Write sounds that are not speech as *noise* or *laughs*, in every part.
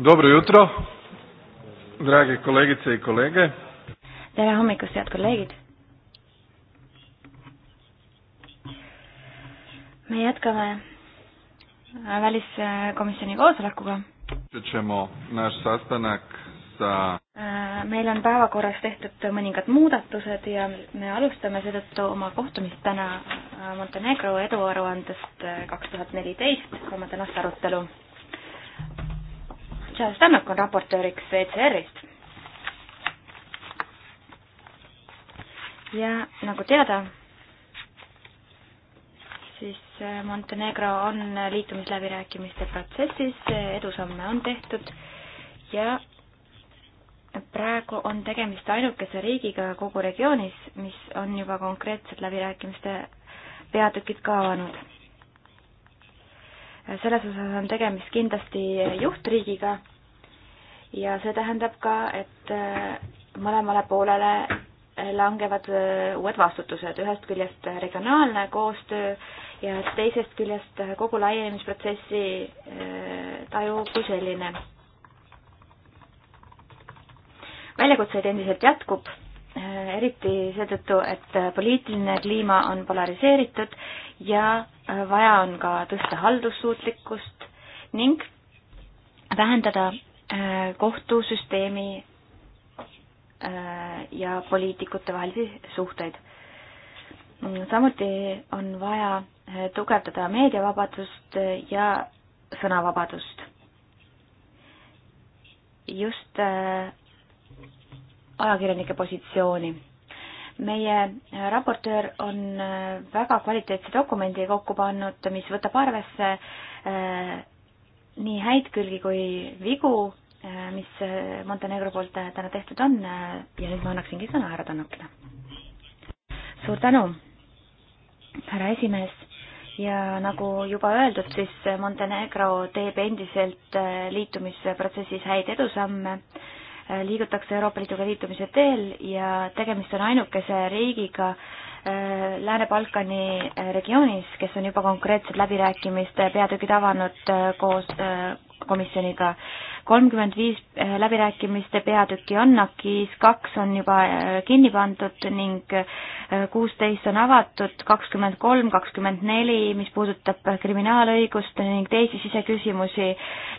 Dobro jutro, drage kolegice i kolege. tere hommikust, head kolleegid. me jätkame väliskomisjoni koosolekuga. Äh, meil on päevakorras tehtud mõningad muudatused ja me alustame seetõttu oma kohtumist täna äh, Montenegro eduaruandest äh, kaks tuhat neliteist, oma tänast arutelu Charles Tannak on raportööriks ECR-ist. ja nagu teada, siis äh, Montenegro on liitumisläbirääkimiste protsessis, edusamme on tehtud ja praegu on tegemist ainukese riigiga kogu regioonis, mis on juba konkreetsed läbirääkimiste peatükid ka avanud selles osas on tegemist kindlasti juhtriigiga ja see tähendab ka, et äh, mõlemale poolele äh, langevad äh, uued vastutused, ühest küljest regionaalne koostöö ja teisest küljest kogu laienemisprotsessi taju kui selline. väljakutseid endiselt jätkub Äh, eriti seetõttu, et äh, poliitiline kliima on polariseeritud ja äh, vaja on ka tõsta haldussuutlikkust ning vähendada kohtusüsteemi ja poliitikute vahelisi suhteid. Mm, samuti on vaja tugevdada meediavabadust ja sõnavabadust. just ajakirjanike positsiooni. meie äh, raportöör on äh, väga kvaliteetse dokumendi kokku pannud, mis võtab arvesse äh, nii häid külgi kui vigu, mis Montenegro poolt täna tehtud on ja nüüd ma annaksingi sõna härra Tannukile. suur tänu, härra esimees ja nagu juba öeldud, siis Montenegro teeb endiselt liitumisprotsessis häid edusamme äh, liigutakse Euroopa Liiduga liitumise teel ja tegemist on ainukese riigiga äh, Lääne-Balkani äh, regioonis, kes on juba konkreetsed läbirääkimiste peatükid avanud äh, koos komisjoniga kolmkümmend viis eh, läbirääkimiste peatükki on AKIS, kaks on juba eh, kinni pandud ning eh, kuusteist on avatud, kakskümmend kolm, kakskümmend neli, mis puudutab kriminaalõigust ning teisi siseküsimusi,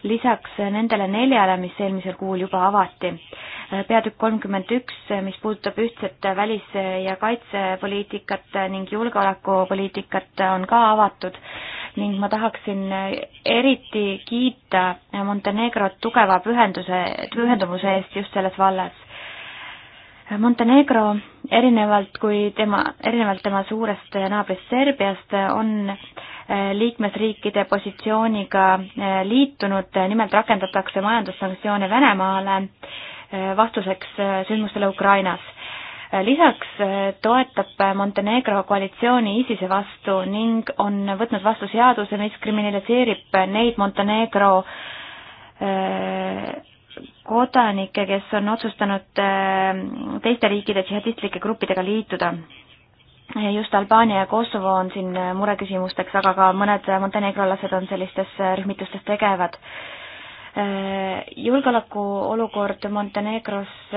lisaks nendele neljale, mis eelmisel kuul juba avati. peatükk kolmkümmend üks, mis puudutab ühtset välis- ja kaitsepoliitikat ning julgeolekupoliitikat, on ka avatud ning ma tahaksin eriti kiita Montenegrot tugeva pühenduse, pühendumuse eest just selles vallas. Montenegro erinevalt kui tema, erinevalt tema suurest naabrist Serbiast on eh, liikmesriikide positsiooniga eh, liitunud, nimelt rakendatakse majandussanktsioone Venemaale eh, vastuseks sündmustele Ukrainas lisaks eh, toetab Montenegro koalitsiooni ISISe vastu ning on võtnud vastu seaduse, mis kriminaliseerib neid Montenegro eh, kodanikke, kes on otsustanud eh, teiste riikide džihadistlike gruppidega liituda. just Albaania ja Kosovo on siin mureküsimusteks, aga ka mõned montenegrolased on sellistes rühmitustes tegevad. Julgeolekuolukord Montenegros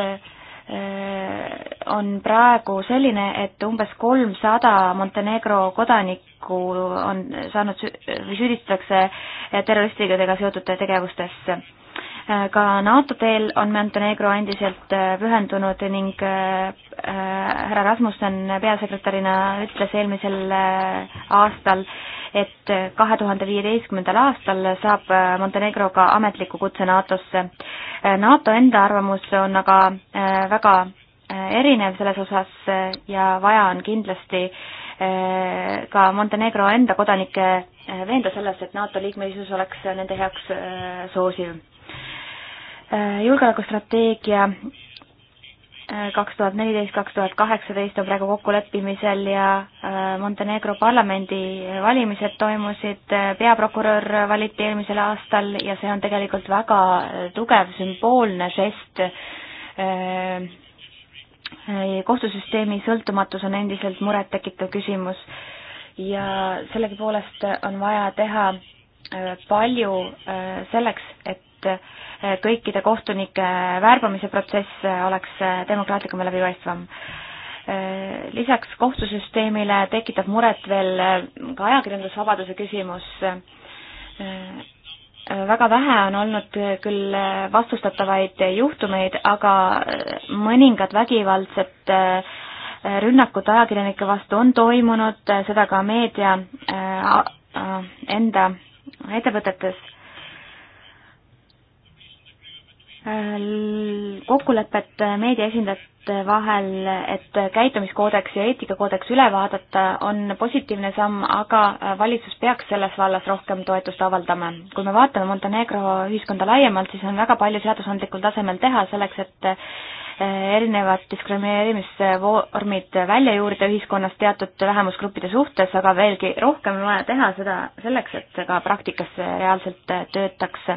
Äh, on praegu selline, et umbes kolmsada Montenegro kodanikku on saanud või süüdistatakse terroristidega seotud tegevustesse. Äh, ka NATO teel on Montenegro endiselt äh, pühendunud ning härra Rasmussen peasekretärina ütles eelmisel aastal, et kahe tuhande viieteistkümnendal aastal saab Montenegro ka ametliku kutse NATO-sse. NATO enda arvamus on aga äh, väga äh, erinev selles osas äh, ja vaja on kindlasti ka Montenegro enda kodanikke veenda selles, et NATO liikmelisus oleks nende heaks soosiv julgeolekustrateegia kaks tuhat neliteist, kaks tuhat kaheksateist on praegu kokkuleppimisel ja äh, Montenegro parlamendi äh, valimised toimusid, äh, peaprokurör valiti eelmisel aastal ja see on tegelikult väga tugev sümboolne žest. kohtusüsteemi sõltumatus on endiselt murettekitav küsimus ja sellegipoolest on vaja teha palju selleks, et et eh, kõikide kohtunike värbamise protsess eh, oleks eh, demokraatlikum ja läbipaistvam. Lisaks kohtusüsteemile tekitab muret veel ka ajakirjandusvabaduse küsimus. väga vähe on olnud küll vastustatavaid juhtumeid, aga mõningad vägivaldsed rünnakud ajakirjanike vastu on toimunud, seda ka meedia enda ettevõtetes Äh, kokkulepet meedia esindajate vahel, et käitumiskoodeks ja eetikakoodeks üle vaadata, on positiivne samm, aga äh, valitsus peaks selles vallas rohkem toetust avaldama. kui me vaatame Montenegro ühiskonda laiemalt, siis on väga palju seadusandlikul tasemel teha selleks, et äh, erinevad diskrimineerimisvormid välja juurida ühiskonnas teatud vähemusgruppide suhtes, aga veelgi rohkem on vaja teha seda selleks, et see ka praktikas reaalselt töötaks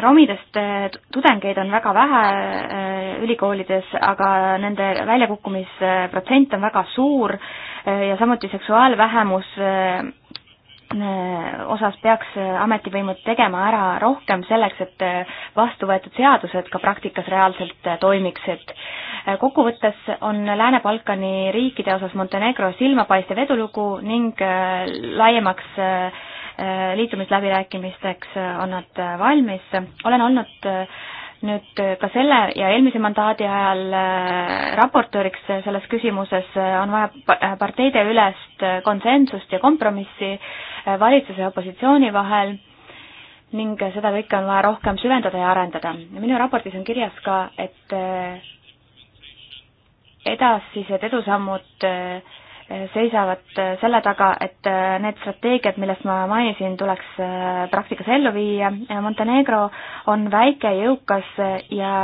romidest eh, tudengeid on väga vähe eh, ülikoolides, aga nende väljakukkumisprotsent on väga suur eh, ja samuti seksuaalvähemus osas peaks ametivõimud tegema ära rohkem selleks, et vastu võetud seadused ka praktikas reaalselt toimiksid. kokkuvõttes on Lääne-Balkani riikide osas Montenegro silmapaistev edulugu ning laiemaks liitumisläbirääkimisteks äh, on nad äh, valmis. olen olnud äh, nüüd ka selle ja eelmise mandaadi ajal raportööriks selles küsimuses on vaja parteide ülest konsensust ja kompromissi valitsuse ja opositsiooni vahel ning seda kõike on vaja rohkem süvendada ja arendada. minu raportis on kirjas ka, et edasised edusammud äh, seisavad selle taga, et need strateegiad, millest ma mainisin, tuleks äh, praktikas ellu viia. Montenegro on väike, jõukas ja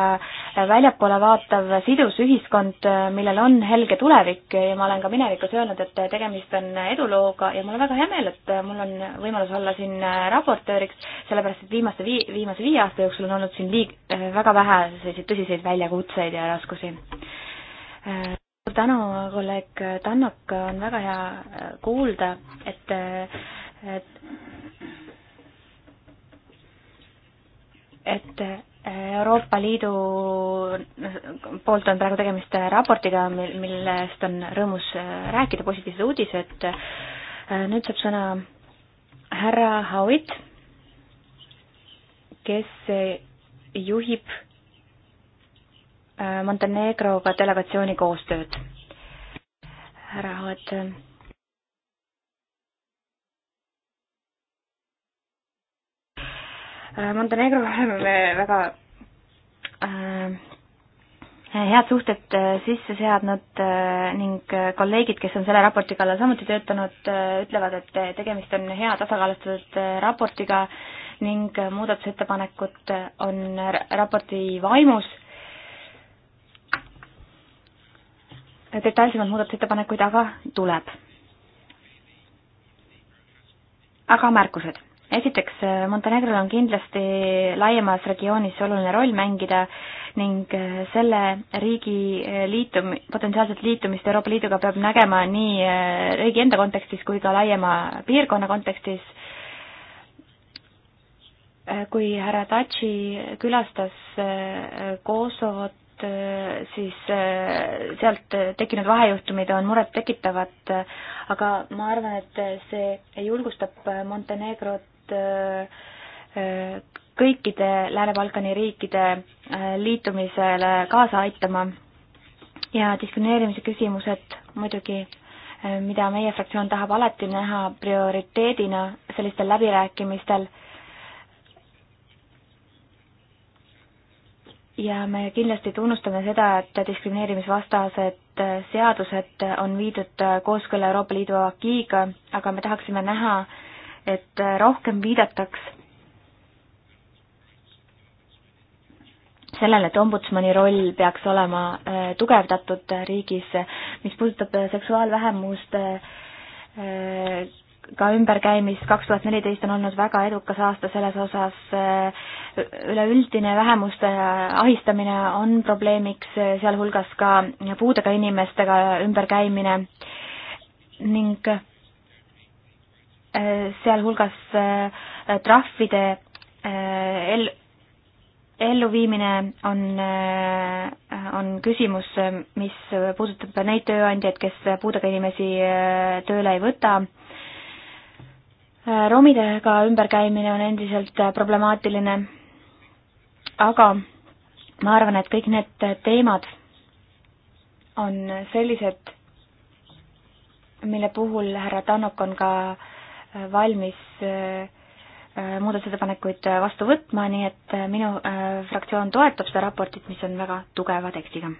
väljapoole vaatav sidus ühiskond, millel on helge tulevik ja ma olen ka minevikus öelnud, et tegemist on edulooga ja mul on väga hea meel, et mul on võimalus olla siin äh, raportööriks, sellepärast et viimaste vii-, viimase viie aasta jooksul on olnud siin liig-, äh, väga vähe selliseid tõsiseid väljakutseid ja raskusi tänu, kolleeg Tannak, on väga hea äh, kuulda, et, et et äh, Euroopa Liidu poolt on praegu tegemist raportiga, mil, millest on rõõmus äh, rääkida, positiivsed uudised. nüüd saab sõna härra Howitt, kes juhib Äh, Montenegroga delegatsiooni koostööd. härra Aet. Äh, Montenegroga oleme me väga äh, head suhted äh, sisse seadnud ning kolleegid, kes on selle raporti kallal samuti töötanud, ütlevad, et tegemist on hea tasakaalustatud raportiga ning muudatusettepanekud on raporti vaimus detailsemaid muudatusettepanekuid aga tuleb. aga märkused. esiteks, Montenegrol on kindlasti laiemas regioonis oluline roll mängida ning selle riigi liitum-, potentsiaalset liitumist Euroopa Liiduga peab nägema nii eh, riigi enda kontekstis kui ka laiema piirkonna kontekstis. Eh, kui härra Tadži külastas eh, Kosovot, Äh, siis äh, sealt tekkinud vahejuhtumid on murettekitavad, äh, aga ma arvan, et see julgustab Montenegrot kõikide Lääne-Balkani riikide liitumisele kaasa aitama ja diskrimineerimise küsimused muidugi, mida meie fraktsioon tahab alati näha prioriteedina sellistel läbirääkimistel ja me kindlasti tunnustame seda, et diskrimineerimisvastased seadused on viidud kooskõlla Euroopa Liidu akiiga, aga me tahaksime näha, et rohkem viidataks sellele, et ombudsmani roll peaks olema äh, tugevdatud riigis, mis puudutab äh, seksuaalvähemuste äh, ka ümberkäimist, kaks tuhat neliteist on olnud väga edukas aasta selles osas, äh, üleüldine vähemuste ahistamine on probleemiks, sealhulgas ka puudega inimestega ümberkäimine ning äh, sealhulgas äh, trahvide el-, elluviimine on, on küsimus, mis puudutab neid tööandjaid, kes puudega inimesi tööle ei võta Äh, romidega ümberkäimine on endiselt äh, problemaatiline, aga ma arvan, et kõik need äh, teemad on sellised, mille puhul härra Tanok on ka valmis muudatusettepanekuid vastu võtma, nii et minu fraktsioon toetab seda raportit, mis on väga tugeva tekstiga.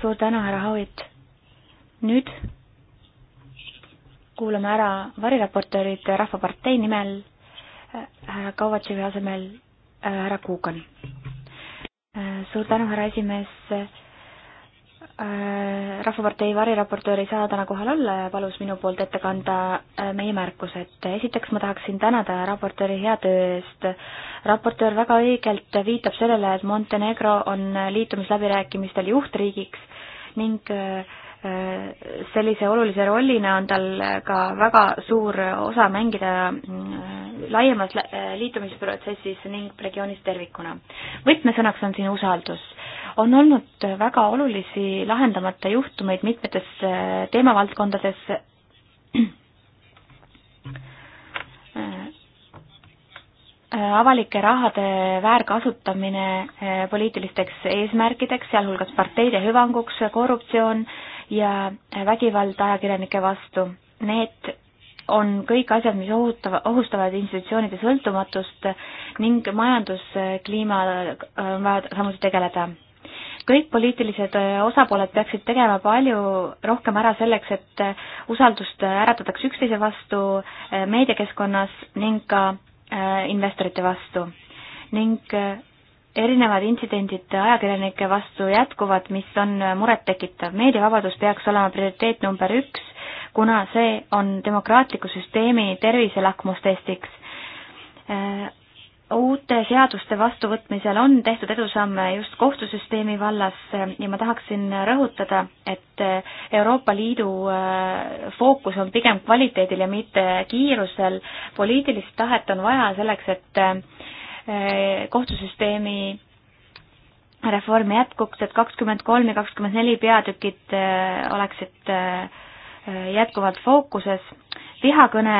suur tänu, härra Howitt. nüüd kuulame ära variraportöörid Rahvapartei nimel härra Kovatševi asemel äh, härra Kuukan. Äh, suur tänu, härra esimees. Äh, rahvapartei variraportöör ei saa täna kohal olla ja palus minu poolt ette kanda meie märkused. esiteks ma tahaksin tänada raportööri hea töö eest. raportöör väga õigelt viitab sellele, et Montenegro on liitumisläbirääkimistel juhtriigiks ning äh, sellise olulise rollina on tal ka väga suur osa mängida mm, laiemas liitumisprotsessis ning regioonis tervikuna. võtmesõnaks on siin usaldus. on olnud väga olulisi lahendamata juhtumeid mitmetes äh, teemavaldkondades, äh, äh, avalike rahade väärkasutamine poliitilisteks eesmärkideks, sealhulgas parteide hüvanguks, korruptsioon äh,, ja vägivald ajakirjanike vastu. Need on kõik asjad, mis ohutavad, ohustavad institutsioonide sõltumatust ning majanduskliimaga äh, on vaja samuti tegeleda. kõik poliitilised äh, osapooled peaksid tegema palju rohkem ära selleks, et äh, usaldust äratatakse üksteise vastu meediakeskkonnas ning ka investorite vastu ning erinevad intsidendid ajakirjanike vastu jätkuvad, mis on murettekitav. meediavabadus peaks olema prioriteet number üks, kuna see on demokraatliku süsteemi tervise lakmustestiks. Äh, uute seaduste vastuvõtmisel on tehtud edusamme just kohtusüsteemi vallas ja ma tahaksin rõhutada, et äh, Euroopa Liidu äh, fookus on pigem kvaliteedil ja mitte kiirusel. poliitilist tahet on vaja selleks, et Eh, kohtusüsteemi reformi jätkuks, et kakskümmend kolm ja kakskümmend neli peatükid eh, oleksid eh, jätkuvalt fookuses. vihakõne,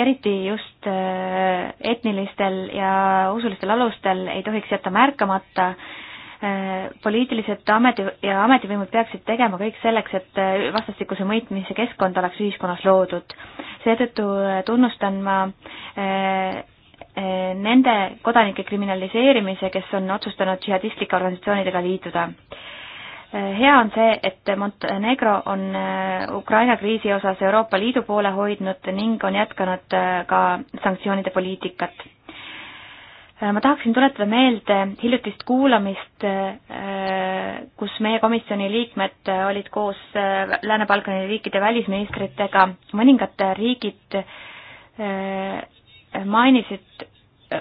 eriti just etnilistel ja usulistel alustel, ei tohiks jätta märkamata. poliitilised ameti- ja ametivõimud peaksid tegema kõik selleks, et vastastikuse mõõtmise keskkond oleks ühiskonnas loodud. seetõttu tunnustan ma Eh, nende kodanike kriminaliseerimise, kes on otsustanud džihadistlike organisatsioonidega liituda. Eh, hea on see, et Montenegro on eh, Ukraina kriisi osas Euroopa Liidu poole hoidnud ning on jätkanud ka sanktsioonide poliitikat ma tahaksin tuletada meelde hiljutist kuulamist, kus meie komisjoni liikmed olid koos Lääne-Balkani riikide välisministritega, mõningad riigid mainisid,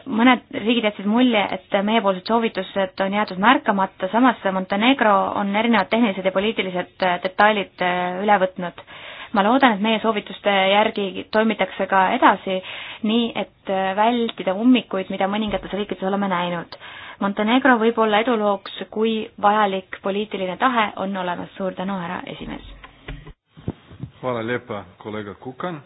mõned riigid jätsid mulje, et meiepoolsed soovitused on jäetud märkamata, samas Montenegro on erinevad tehnilised ja poliitilised detailid äh, üle võtnud. ma loodan, et meie soovituste järgi toimitakse ka edasi, nii et äh, vältida ummikuid, mida mõningates riikides oleme näinud. Montenegro võib olla edulooks, kui vajalik poliitiline tahe on olemas. suur tänu, härra esimees! Hvala lijepa kolega Kukan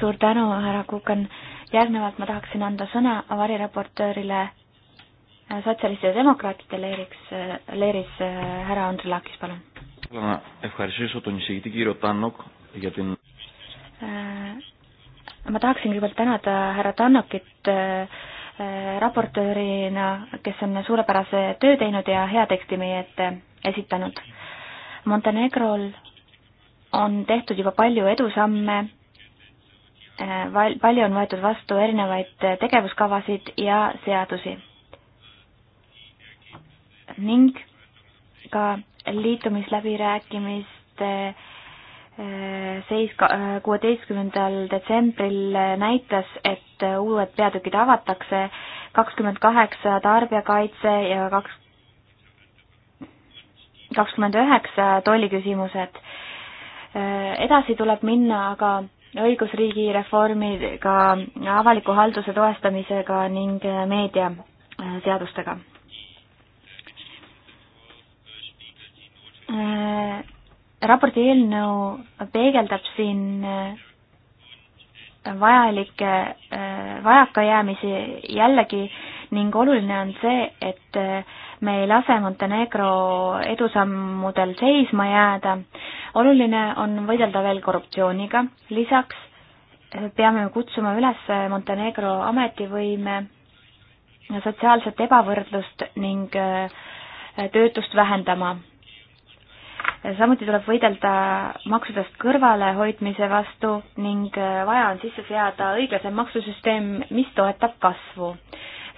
suur tänu, härra Kukan. järgnevalt ma tahaksin anda sõna avariraportöörile äh, sotsialistide demokraatide leeriks, äh, leeris äh, härra Andrelakis, palun. ma tahaksin kõigepealt tänada härra Tannokit raportöörina, kes on suurepärase töö teinud ja hea teksti meie ette esitanud. Montenegrol on tehtud juba palju edusamme, äh, palju on võetud vastu erinevaid tegevuskavasid ja seadusi. ning ka liitumisläbirääkimiste äh, seis äh, kuueteistkümnendal detsembril näitas, et uued peatükid avatakse, kakskümmend kaheksa tarbijakaitse ja kaks, kakskümmend üheksa tolliküsimused Äh, edasi tuleb minna aga õigusriigi reformiga, avaliku halduse toestamisega ning äh, meediaseadustega. Äh, raporti eelnõu peegeldab siin vajalikke vajakajäämisi jällegi ning oluline on see, et me ei lase Montenegro edusammudel seisma jääda. oluline on võidelda veel korruptsiooniga, lisaks eh, peame kutsuma üles Montenegro ametivõime sotsiaalset ebavõrdlust ning eh, töötust vähendama. samuti tuleb võidelda maksudest kõrvalehoidmise vastu ning eh, vaja on sisse seada õiglasem maksusüsteem, mis toetab kasvu.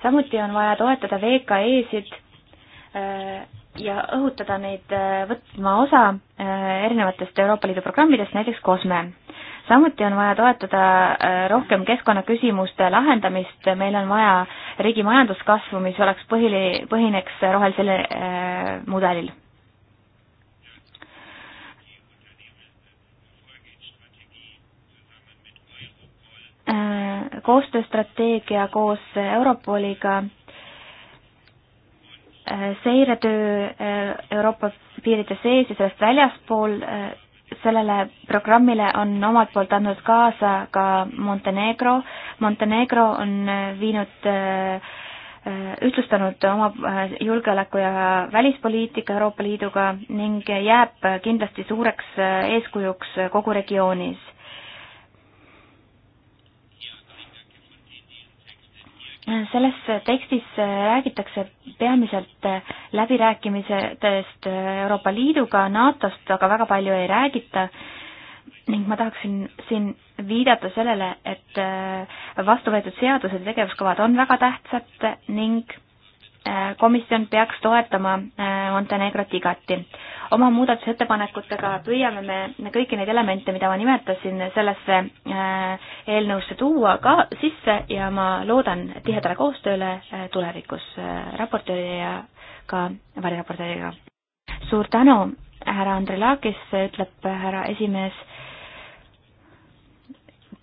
samuti on vaja toetada VKE-sid Äh, ja õhutada neid äh, võtma osa äh, erinevatest Euroopa Liidu programmidest, näiteks COSME. samuti on vaja toetada rohkem keskkonnaküsimuste lahendamist, meil on vaja riigi majanduskasvu, mis oleks põhili, põhineks rohelisel äh, mudelil. koostööstrateegia koos Europoliga Äh, seiretöö äh, Euroopa piiride sees ja sellest väljaspool. Äh, sellele programmile on omalt poolt andnud kaasa ka Montenegro. Montenegro on viinud ühtlustanud oma julgeoleku ja välispoliitika Euroopa Liiduga ning jääb kindlasti suureks eeskujuks kogu regioonis selles tekstis räägitakse peamiselt läbirääkimisest Euroopa Liiduga, NATO-st aga väga palju ei räägita ning ma tahaksin siin viidata sellele, et vastu võetud seadused ja tegevuskavad on väga tähtsad ning Äh, komisjon peaks toetama äh, Montenegrot igati. oma muudatusettepanekutega püüame me kõiki neid elemente, mida ma nimetasin, sellesse äh, eelnõusse tuua ka sisse ja ma loodan tihedale koostööle tulevikus raportööri ja ka variraportööriga. suur tänu, härra Andrei Laagis, ütleb härra esimees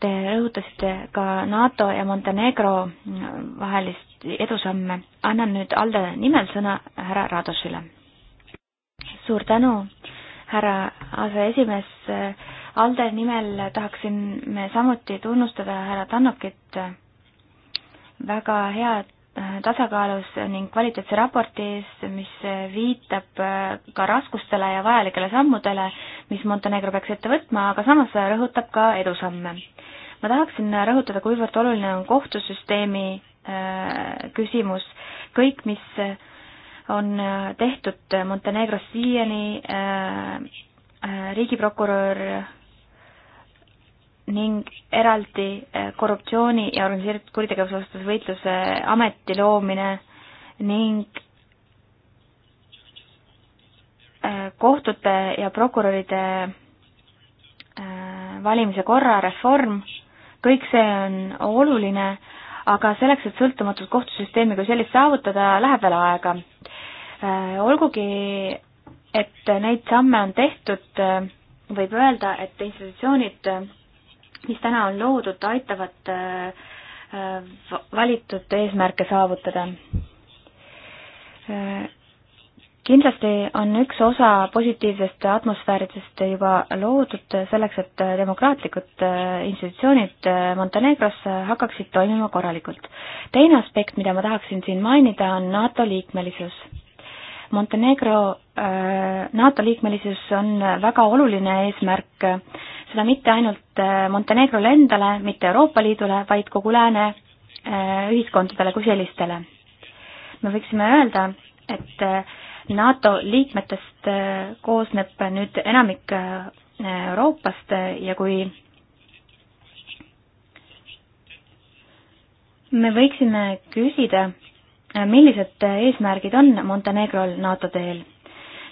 Te rõhutasite ka NATO ja Montenegro mm, vahelist edusamme. annan nüüd Alde nimel sõna härra Radošile. suur tänu, härra aseesimees. Alde nimel tahaksin me samuti tunnustada härra Tannokit väga hea tasakaalus ning kvaliteetse raporti eest, mis viitab äh, ka raskustele ja vajalikele sammudele, mis Montenegro peaks ette võtma, aga samas rõhutab ka edusamme. ma tahaksin rõhutada, kuivõrd oluline on kohtusüsteemi äh, küsimus, kõik, mis on äh, tehtud Montenegros siiani, riigiprokurör ning eraldi eh, korruptsiooni ja organiseeritud kuritegevuse vastase võitluse ameti loomine ning eh, kohtute ja prokuröride eh, valimise korra reform, kõik see on oluline, aga selleks, et sõltumatut kohtusüsteemi kui sellist saavutada, läheb veel aega. olgugi, et neid samme on tehtud, võib öelda, et institutsioonid mis täna on loodud, aitavad äh, äh, valitud eesmärke saavutada. Äh, kindlasti on üks osa positiivsest atmosfääridest juba loodud selleks, et demokraatlikud institutsioonid Montenegros hakkaksid toimima korralikult. teine aspekt, mida ma tahaksin siin mainida, on NATO liikmelisus Montenegro NATO liikmelisus on väga oluline eesmärk seda mitte ainult äh, Montenegrole endale, mitte Euroopa Liidule, vaid kogu lääne äh, ühiskondadele kui sellistele. me võiksime öelda, et äh, NATO liikmetest koosneb nüüd enamik Euroopast ja kui me võiksime küsida, millised eesmärgid on Montenegrol NATO teel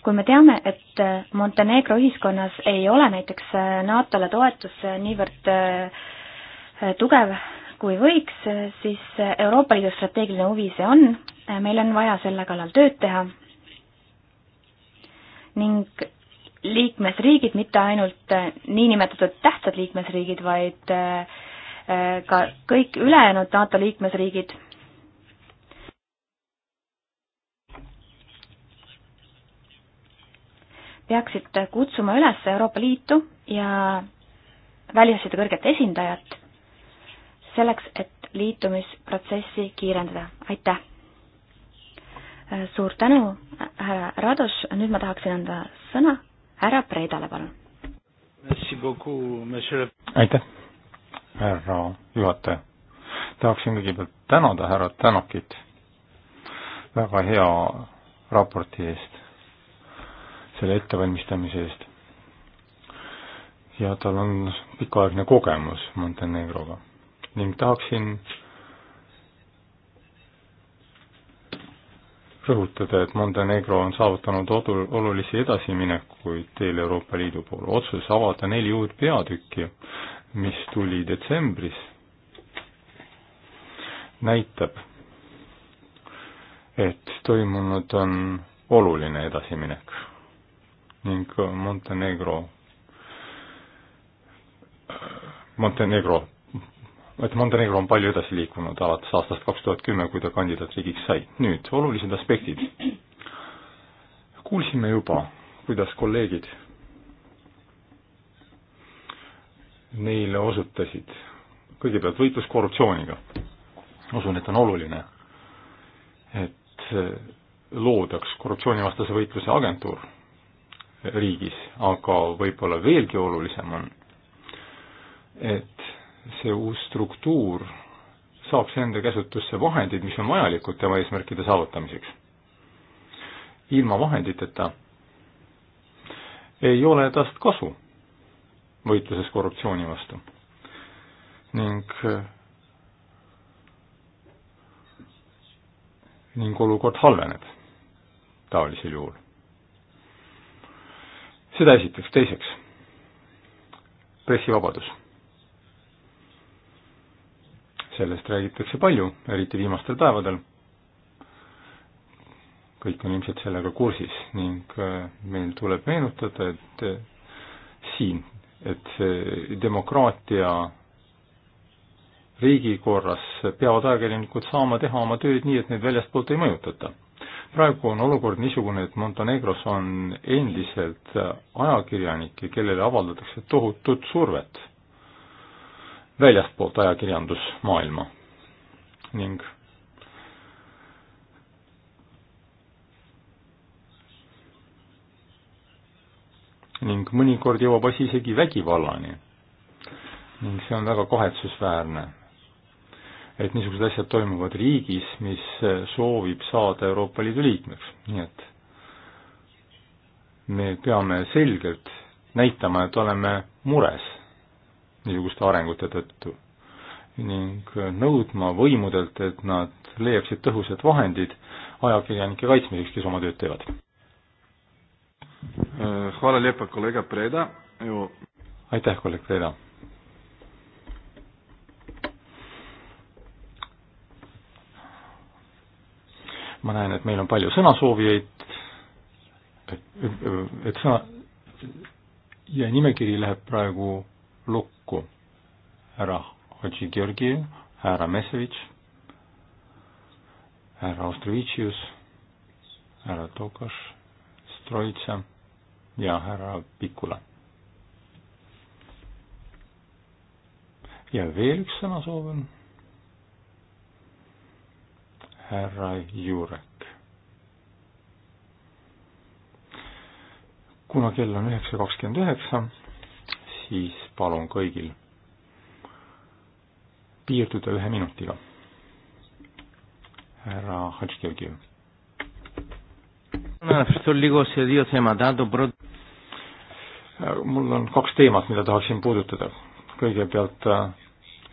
kui me teame, et Montenegro ühiskonnas ei ole näiteks NATO-le toetus niivõrd äh, tugev, kui võiks, siis Euroopa Liidu strateegiline huvi see on, meil on vaja selle kallal tööd teha ning liikmesriigid, mitte ainult niinimetatud tähtsad liikmesriigid, vaid äh, ka kõik ülejäänud NATO liikmesriigid peaksid kutsuma üles Euroopa Liitu ja välisasjade kõrget esindajat selleks, et liitumisprotsessi kiirendada. aitäh! suur tänu, härra Rados, nüüd ma tahaksin anda sõna härra Preedale, palun. aitäh, härra juhataja. tahaksin kõigepealt tänada härra Tänakit väga hea raporti eest selle ettevalmistamise eest. ja tal on pikaaegne kogemus Montenegroga ning tahaksin rõhutada, et Montenegro on saavutanud odu-, olulisi edasiminekuid teel Euroopa Liidu poole. otsus avada neli uut peatükki, mis tuli detsembris, näitab, et toimunud on oluline edasiminek ning Montenegro, Montenegro, et Montenegro on palju edasi liikunud alates aastast kaks tuhat kümme, kui ta kandidaatriigiks sai. nüüd olulised aspektid. kuulsime juba, kuidas kolleegid neile osutasid, kõigepealt võitlus korruptsiooniga. usun, et on oluline, et loodaks korruptsioonivastase võitluse agentuur riigis, aga võib-olla veelgi olulisem on, et see uus struktuur saaks enda käsutusse vahendid, mis on vajalikud tema eesmärkide saavutamiseks. ilma vahenditeta ei ole tast kasu võitluses korruptsiooni vastu ning ning olukord halveneb taolisel juhul seda esiteks, teiseks, pressivabadus. sellest räägitakse palju, eriti viimastel päevadel. kõik on ilmselt sellega kursis ning äh, meil tuleb meenutada, et äh, siin, et see äh, demokraatia riigikorras peavad ajakirjanikud saama teha oma tööd nii, et neid väljastpoolt ei mõjutata praegu on olukord niisugune, et Montenegros on endiselt ajakirjanikke, kellele avaldatakse tohutut survet väljastpoolt ajakirjandusmaailma ning ning mõnikord jõuab asi isegi vägivallani. ning see on väga kahetsusväärne et niisugused asjad toimuvad riigis, mis soovib saada Euroopa Liidu liikmeks, nii et me peame selgelt näitama, et oleme mures niisuguste arengute tõttu ning nõudma võimudelt, et nad leiaksid tõhusad vahendid ajakirjanike kaitsmiseks, kes oma tööd teevad. aitäh, kolleeg Preda. ma näen, et meil on palju sõnasoovijaid, et sõna, ja nimekiri läheb praegu lukku. härra Hadži Georgiev, härra Mesevitš, härra Ostrovitšius, härra Tokaš, Stroitsa ja härra Pikula. ja veel üks sõnasoov on härra Jurek. kuna kell on üheksa kakskümmend üheksa, siis palun kõigil piirduda ühe minutiga. härra Hadžkevkiv. mul on kaks teemat, mida tahaksin puudutada. kõigepealt äh,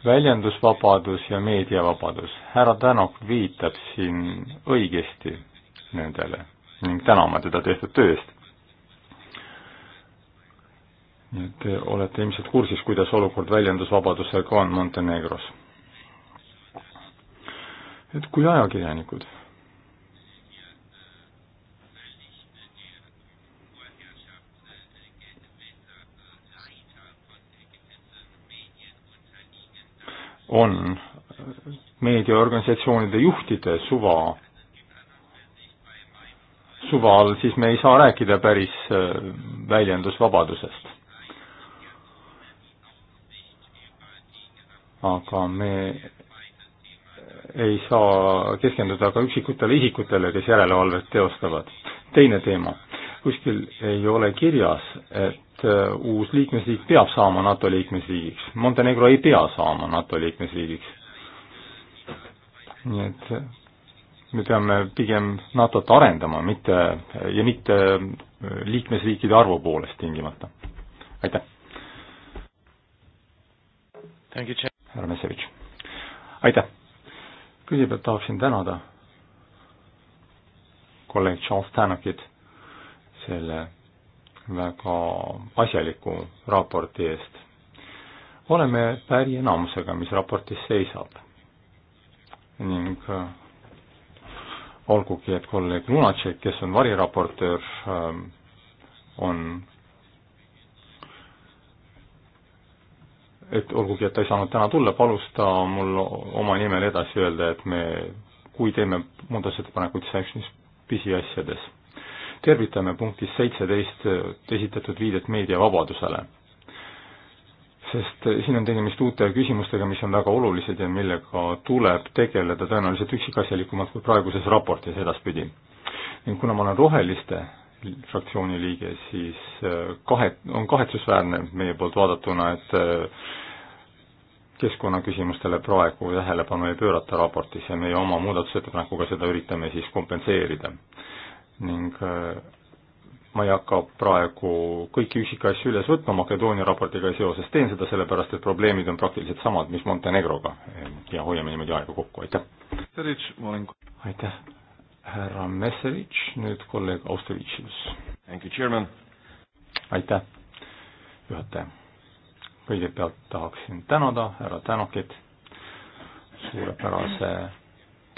väljendusvabadus ja meediavabadus. härra Tänak viitab siin õigesti nendele ning täname teda tehtud töö eest. nii et te olete ilmselt kursis, kuidas olukord väljendusvabadusega on Montenegros. et kui ajakirjanikud on meediaorganisatsioonide juhtide suva, suva all, siis me ei saa rääkida päris äh, väljendusvabadusest. aga me ei saa keskenduda ka üksikutele isikutele, kes järelevalvet teostavad. teine teema kuskil ei ole kirjas, et äh, uus liikmesriik peab saama NATO liikmesriigiks. Montenegro ei pea saama NATO liikmesriigiks. nii et äh, me peame pigem NATO-t arendama, mitte, ja mitte äh, liikmesriikide arvu poolest tingimata. aitäh! härra Messevitš. aitäh! kõigepealt tahaksin tänada kolleeg Charles Tanakit selle väga asjaliku raporti eest. oleme päri enamusega, mis raportis seisab. ning äh, olgugi, et kolleeg Lunatšek, kes on variraportöör, äh, on et olgugi, et ta ei saanud täna tulla, palus ta mul oma nimel edasi öelda, et me, kui teeme muudatusettepanekuid sanctions pisiasjades tervitame punktis seitseteist äh, esitatud viidet meediavabadusele, sest äh, siin on tegemist uute küsimustega, mis on väga olulised ja millega tuleb tegeleda tõenäoliselt üksikasjalikumalt kui praeguses raportis edaspidi. ning kuna ma olen Roheliste fraktsiooni liige, siis äh, kahe, on kahetsusväärne meie poolt vaadatuna, et keskkonnaküsimustele praegu tähelepanu ei pöörata raportis ja meie oma muudatusettepanekuga seda üritame siis kompenseerida ning äh, ma ei hakka praegu kõiki üksikasju üles võtma Makedoonia raportiga seoses, teen seda sellepärast, et probleemid on praktiliselt samad, mis Montenegroga ja hoiame niimoodi aega kokku, aitäh! aitäh, härra Messerich, nüüd kolleeg Austervitšius. aitäh, juhataja! kõigepealt tahaksin tänada härra Tänakit suurepärase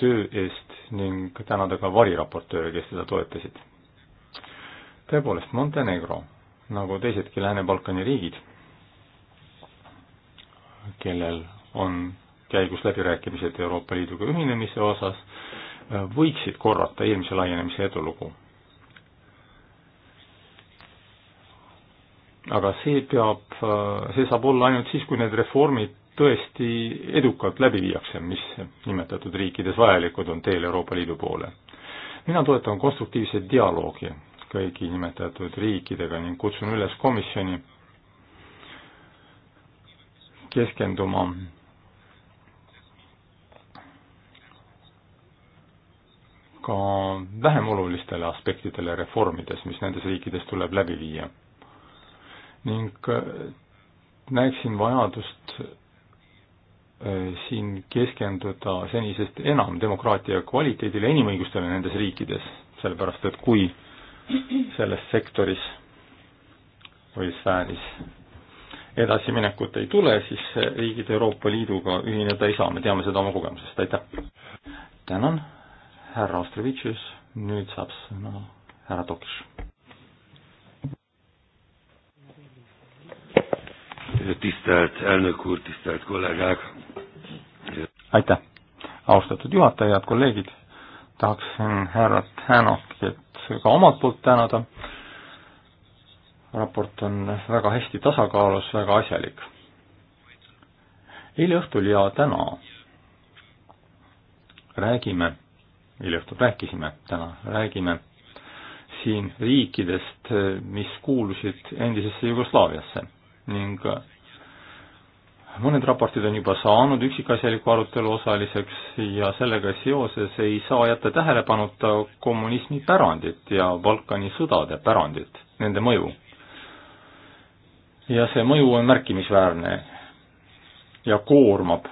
töö eest ning tänada ka variraportööre, kes seda toetasid. tõepoolest, Montenegro, nagu teisedki Lääne-Balkani riigid, kellel on käigus läbirääkimised Euroopa Liiduga ühinemise osas, võiksid korrata eelmise laienemise edulugu. aga see peab, see saab olla ainult siis, kui need reformid tõesti edukalt läbi viiakse, mis nimetatud riikides vajalikud on teel Euroopa Liidu poole. mina toetan konstruktiivset dialoogi kõigi nimetatud riikidega ning kutsun üles komisjoni keskenduma ka vähem olulistele aspektidele reformides, mis nendes riikides tuleb läbi viia. ning äh, näeksin vajadust Äh, siin keskenduda senisest enam demokraatia kvaliteedile ja inimõigustele nendes riikides, sellepärast et kui selles sektoris või sfääris edasiminekut ei tule, siis riigid Euroopa Liiduga ühineda ei saa, me teame seda oma kogemusest, aitäh! tänan, härra Ostrovitšus, nüüd saab sõna härra Tokš. tisztelt elnök úr, tisztelt kollégák! aitäh! austatud juhataja, head kolleegid, tahaksin härra Tänakit ka omalt poolt tänada. raport on väga hästi tasakaalus, väga asjalik. eile õhtul ja täna räägime, eile õhtul rääkisime, täna räägime siin riikidest, mis kuulusid endisesse Jugoslaaviasse ning mõned raportid on juba saanud üksikasjaliku arutelu osaliseks ja sellega seoses ei saa jätta tähelepanuta kommunismi pärandit ja Balkani sõdade pärandit, nende mõju. ja see mõju on märkimisväärne ja koormab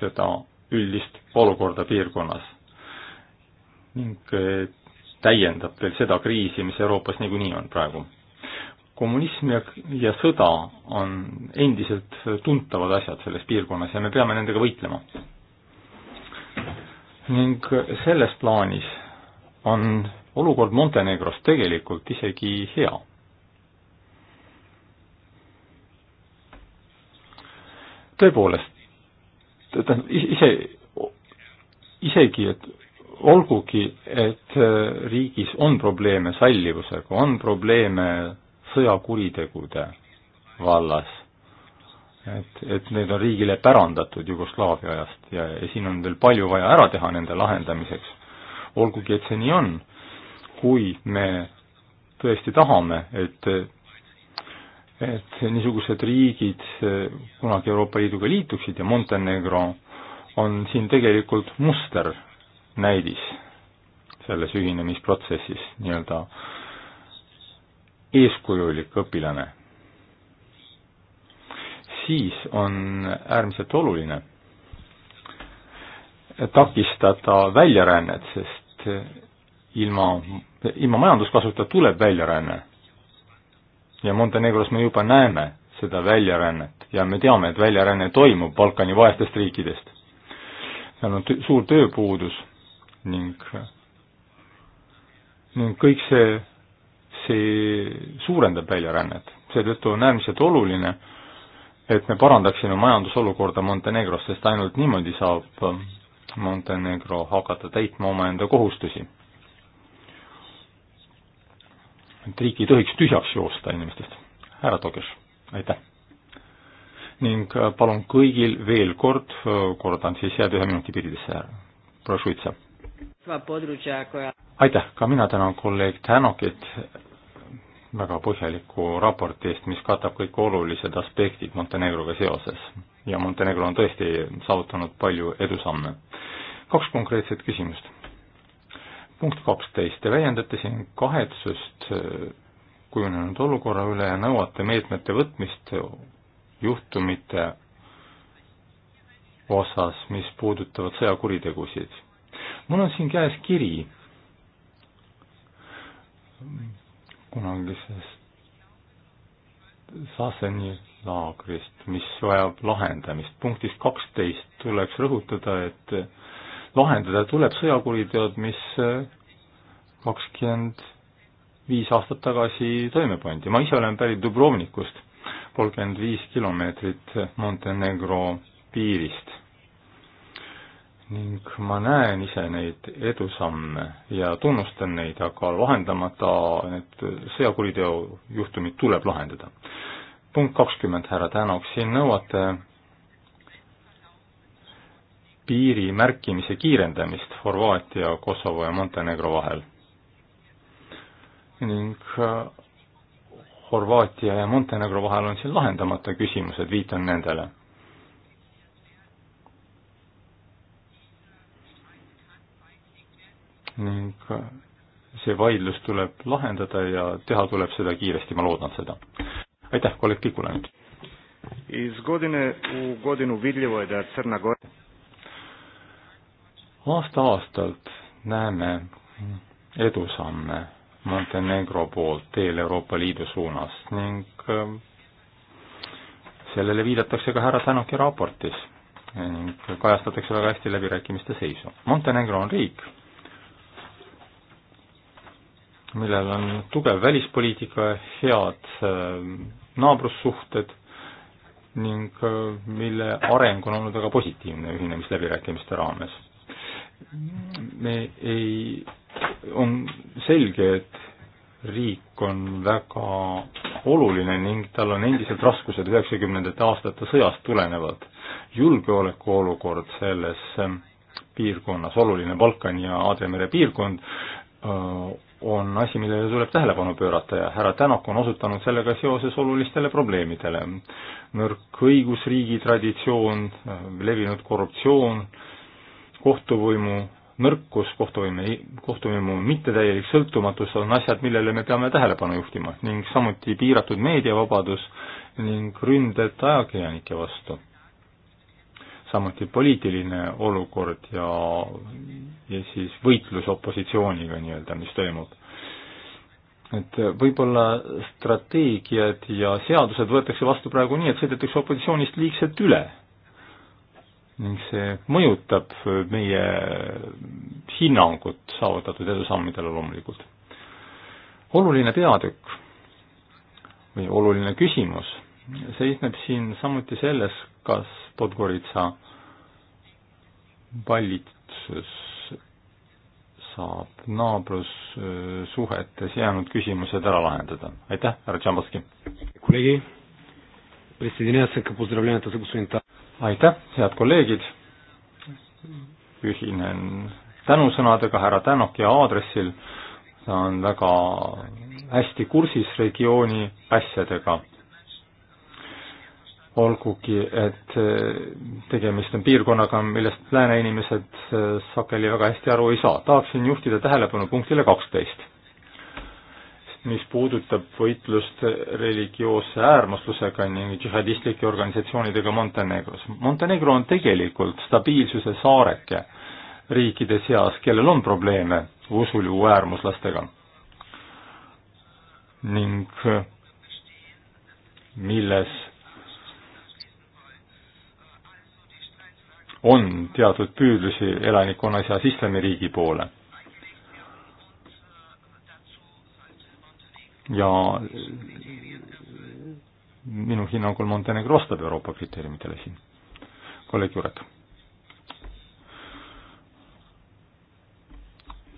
seda üldist olukorda piirkonnas ning eh, täiendab veel seda kriisi, mis Euroopas niikuinii on praegu kommunism ja, ja sõda on endiselt tuntavad asjad selles piirkonnas ja me peame nendega võitlema. ning selles plaanis on olukord Montenegros tegelikult isegi hea. tõepoolest, tähendab ise, isegi, et olgugi, et riigis on probleeme sallivusega, on probleeme sõjakuritegude vallas. et, et need on riigile pärandatud Jugoslaavia ajast ja, ja siin on veel palju vaja ära teha nende lahendamiseks. olgugi, et see nii on, kui me tõesti tahame, et et niisugused riigid kunagi Euroopa Liiduga liituksid ja Montenegro on siin tegelikult musternäidis selles ühinemisprotsessis nii-öelda äh, eeskujulik õpilane, siis on äärmiselt oluline takistada väljarännet, sest ilma, ilma majanduskasvuta tuleb väljaränne. ja Montenegros me juba näeme seda väljarännet ja me teame, et väljaränne toimub Balkani vaestest riikidest. seal on suur tööpuudus ning, ning kõik see see suurendab väljarännet. seetõttu on äärmiselt oluline, et me parandaksime majandusolukorda Montenegros, sest ainult niimoodi saab Montenegro hakata täitma omaenda kohustusi. et riik ei tohiks tühjaks joosta inimestest. härra Tokes, aitäh! ning äh, palun kõigil veel kord, äh, kordan siis, jääda ühe minuti piiridesse ära. proua Šuitsa. aitäh, ka mina tänan kolleeg Tänokit väga põhjaliku raporti eest, mis katab kõik olulised aspektid Montenegroga seoses. ja Montenegro on tõesti saavutanud palju edusamme. kaks konkreetset küsimust. punkt kaksteist, te väljendate siin kahetsust äh, kujunenud olukorra üle ja nõuate meetmete võtmist juhtumite osas, mis puudutavad sõjakuritegusid. mul on siin käes kiri kunagisest Saseni laagrist, mis vajab lahendamist. punktis kaksteist tuleks rõhutada, et lahendada tuleb sõjakuriteod, mis kakskümmend viis aastat tagasi toime pandi. ma ise olen pärit Dubrovnikust, kolmkümmend viis kilomeetrit Montenegro piirist ning ma näen ise neid edusamme ja tunnustan neid, aga lahendamata need sõjakuriteo juhtumid tuleb lahendada. punkt kakskümmend, härra Tänak, siin nõuate piiri märkimise kiirendamist Horvaatia, Kosovo ja Montenegro vahel. ning äh, Horvaatia ja Montenegro vahel on siin lahendamata küsimused, viitan nendele ning see vaidlus tuleb lahendada ja teha tuleb seda kiiresti, ma loodan seda. aitäh, kolleeg Kikula nüüd. aasta-aastalt näeme edusamme Montenegro poolt teel Euroopa Liidu suunas ning äh, sellele viidatakse ka härra Tänuki raportis ning kajastatakse väga hästi läbirääkimiste seisu. Montenegro on riik, millel on tugev välispoliitika, head ähm, naabrussuhted ning äh, mille areng on olnud väga positiivne ühinemisläbirääkimiste raames. me ei, on selge, et riik on väga oluline ning tal on endiselt raskused üheksakümnendate aastate sõjast tulenevalt. julgeolekuolukord selles ähm, piirkonnas, oluline Balkan ja Aadria mere piirkond, äh, on asi, millele tuleb tähelepanu pöörata ja härra Tänak on osutanud sellega seoses olulistele probleemidele. nõrk õigusriigi traditsioon, levinud korruptsioon, kohtuvõimu nõrkus, kohtuvõime, kohtuvõimu mittetäielik sõltumatus on asjad, millele me peame tähelepanu juhtima ning samuti piiratud meediavabadus ning ründed ajakirjanike vastu samuti poliitiline olukord ja, ja siis võitlus opositsiooniga nii-öelda, mis toimub. et võib-olla strateegiad ja seadused võetakse vastu praegu nii, et sõidetakse opositsioonist liigselt üle. ning see mõjutab meie hinnangut saavutatud edusammidele loomulikult. oluline peatükk või oluline küsimus seisneb siin samuti selles, kas Podgorica valitsus saab naabrussuhetes jäänud küsimused ära lahendada. aitäh, härra Tšambaski! aitäh, head kolleegid! ühinen tänusõnadega härra Tänoki aadressil, ta on väga hästi kursis regiooni asjadega olgugi, et äh, tegemist on piirkonnaga, millest lääne inimesed äh, sageli väga hästi aru ei saa. tahaksin juhtida tähelepanu punktile kaksteist, mis puudutab võitlust religioosse äärmuslusega ning džihadistlike organisatsioonidega Montenegros. Montenegro on tegelikult stabiilsuse saareke riikide seas, kellel on probleeme usuliu äärmuslastega. ning äh, milles on teatud püüdlusi elanikkonna seas islamiriigi poole. ja minu hinnangul Montenegro vastab Euroopa kriteeriumitele siin. kolleeg Jurek.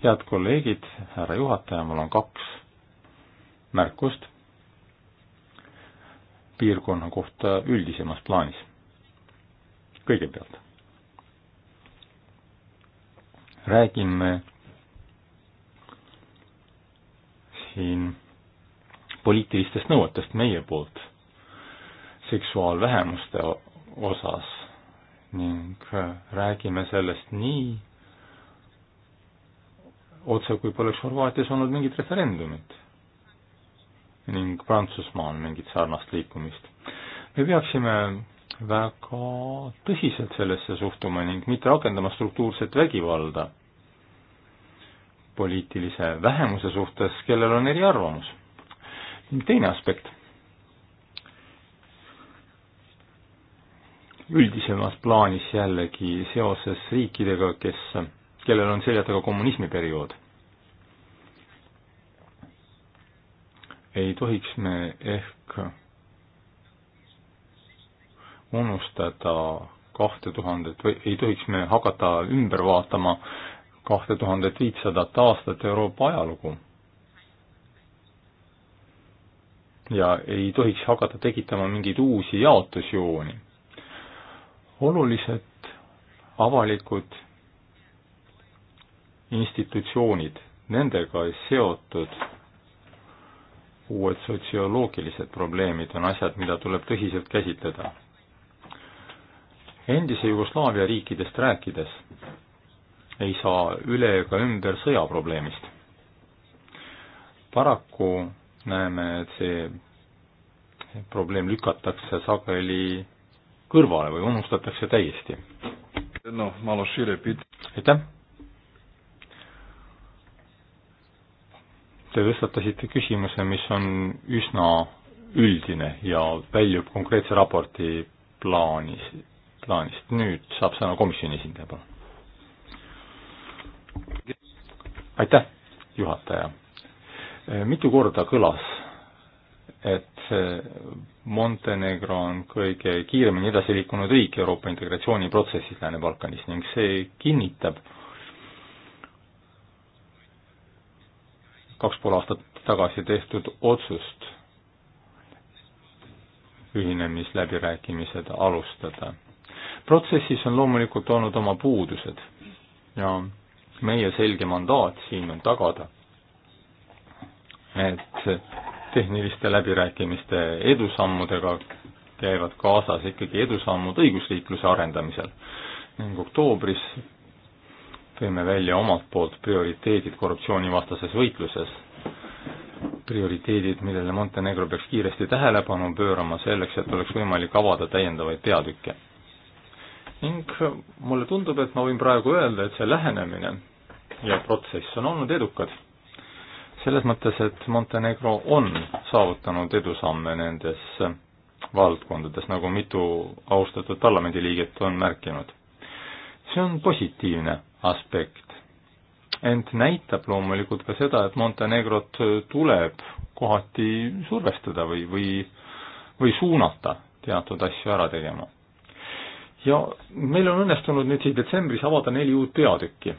head kolleegid, härra juhataja, mul on kaks märkust piirkonna kohta üldisemas plaanis. kõigepealt räägime siin poliitilistest nõuetest meie poolt seksuaalvähemuste osas ning räägime sellest nii otse, kui poleks Horvaatias olnud mingit referendumit ning Prantsusmaal mingit sarnast liikumist. me peaksime väga tõsiselt sellesse suhtuma ning mitte rakendama struktuurset vägivalda poliitilise vähemuse suhtes, kellel on eriarvamus. ning teine aspekt. üldisemas plaanis jällegi seoses riikidega, kes, kellel on selja taga kommunismiperiood. ei tohiks me ehk unustada kahte tuhandet või ei tohiks me hakata ümber vaatama kahte tuhandet viitsadat aastat Euroopa ajalugu. ja ei tohiks hakata tekitama mingeid uusi jaotusjooni. olulised avalikud institutsioonid, nendega seotud uued sotsioloogilised probleemid on asjad, mida tuleb tõsiselt käsitleda endise Jugoslaavia riikidest rääkides ei saa üle ega ümber sõjaprobleemist. paraku näeme, et see probleem lükatakse sageli kõrvale või unustatakse täiesti. noh, malo širepid. aitäh! Te tõstatasite küsimuse, mis on üsna üldine ja väljub konkreetse raporti plaanis, plaanist. nüüd saab sõna komisjoni esindaja, palun. aitäh, juhataja. Äh, mitu korda kõlas, et äh, Montenegro on kõige kiiremini edasi liikunud riik Euroopa integratsiooniprotsessis Lääne-Balkanis ning see kinnitab kaks pool aastat tagasi tehtud otsust ühinemisläbirääkimised alustada protsessis on loomulikult olnud oma puudused ja meie selge mandaat siin on tagada, et tehniliste läbirääkimiste edusammudega käivad kaasas ikkagi edusammud õigusriikluse arendamisel ning oktoobris tõime välja omalt poolt prioriteedid korruptsioonivastases võitluses. prioriteedid, millele Montenegro peaks kiiresti tähelepanu pöörama selleks, et oleks võimalik avada täiendavaid peatükke ning äh, mulle tundub, et ma võin praegu öelda, et see lähenemine ja protsess on olnud edukad. selles mõttes, et Montenegro on saavutanud edusamme nendes äh, valdkondades, nagu mitu austatud parlamendiliiget on märkinud. see on positiivne aspekt, ent näitab loomulikult ka seda, et Montenegrot tuleb kohati survestada või, või, või suunata teatud asju ära tegema ja meil on õnnestunud nüüd siis detsembris avada neli uut peatükki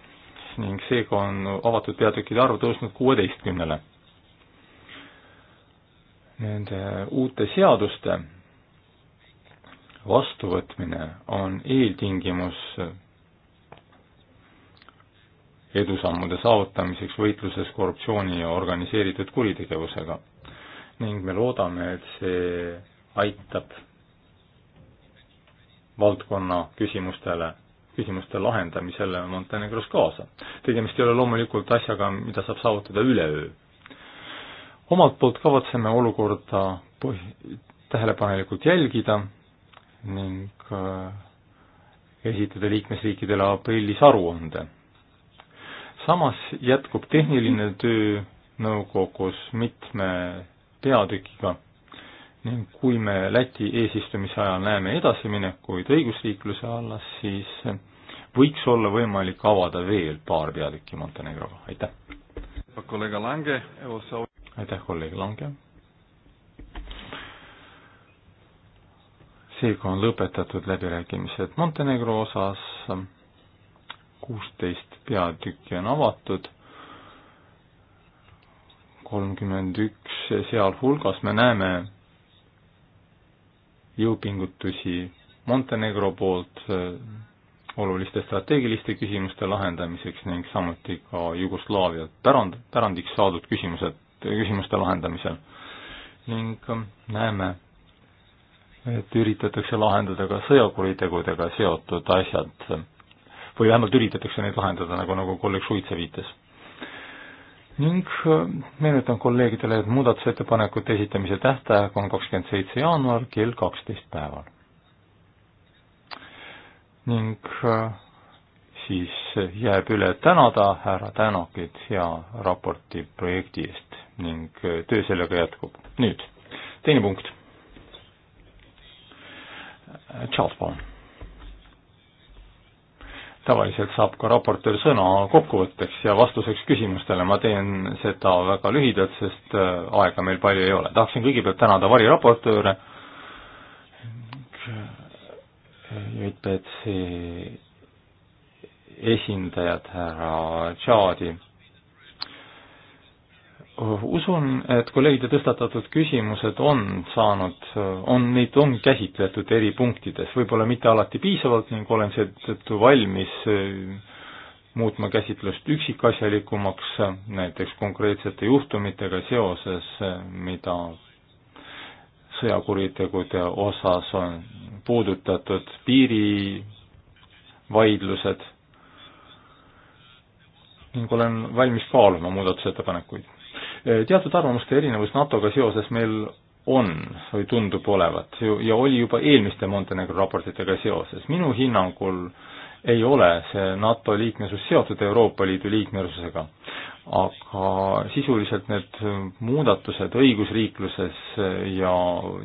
ning seega on avatud peatükkide arv tõusnud kuueteistkümnele. Nende uute seaduste vastuvõtmine on eeltingimus edusammude saavutamiseks võitluses korruptsiooni ja organiseeritud kuritegevusega ning me loodame, et see aitab valdkonna küsimustele, küsimuste lahendamisele Montenegros kaasa. tegemist ei ole loomulikult asjaga, mida saab saavutada üleöö. omalt poolt kavatseme olukorda põh-, tähelepanelikult jälgida ning äh, esitada liikmesriikidele aprillis aruande. samas jätkub tehniline töö nõukogus mitme peatükiga ning kui me Läti eesistumise ajal näeme edasiminekuid õigusriikluse allas, siis võiks olla võimalik avada veel paar peatükki Montenegroga, aitäh! aitäh, kolleeg Lange! seega on lõpetatud läbirääkimised Montenegro osas, kuusteist peatükki on avatud kolmkümmend üks, sealhulgas me näeme jõupingutusi Montenegro poolt äh, oluliste strateegiliste küsimuste lahendamiseks ning samuti ka Jugoslaaviat pärand, pärandiks saadud küsimused, küsimuste lahendamisel. ning äh, näeme, et üritatakse lahendada ka sõjakuritegudega seotud asjad äh, või vähemalt üritatakse neid lahendada, nagu, nagu kolleeg Šuitsa viitas ning äh, meenutan kolleegidele, et muudatusettepanekute esitamise tähtaeg on kakskümmend seitse jaanuar kell kaksteist päeval. ning äh, siis jääb üle tänada härra Tänakit hea raporti projekti eest ning äh, töö sellega jätkub. nüüd teine punkt. Charles, palun tavaliselt saab ka raportöör sõna kokkuvõtteks ja vastuseks küsimustele, ma teen seda väga lühidalt, sest äh, aega meil palju ei ole. tahaksin kõigepealt tänada variraportööre, JPC esindajad härra Tšaadi usun, et kolleegide tõstatatud küsimused on saanud, on, neid on käsitletud eri punktides, võib-olla mitte alati piisavalt ning olen seetõttu valmis eh, muutma käsitlust üksikasjalikumaks, näiteks konkreetsete juhtumitega seoses, mida sõjakuritegude osas on puudutatud, piirivaidlused ning olen valmis kaaluma muudatusettepanekuid Eh, teatud arvamuste erinevus NATO-ga seoses meil on või tundub olevat ja oli juba eelmiste Montenegro raportitega seoses. minu hinnangul ei ole see NATO liikmesus seotud Euroopa Liidu liikmesusega, aga sisuliselt need muudatused õigusriikluses eh, ja,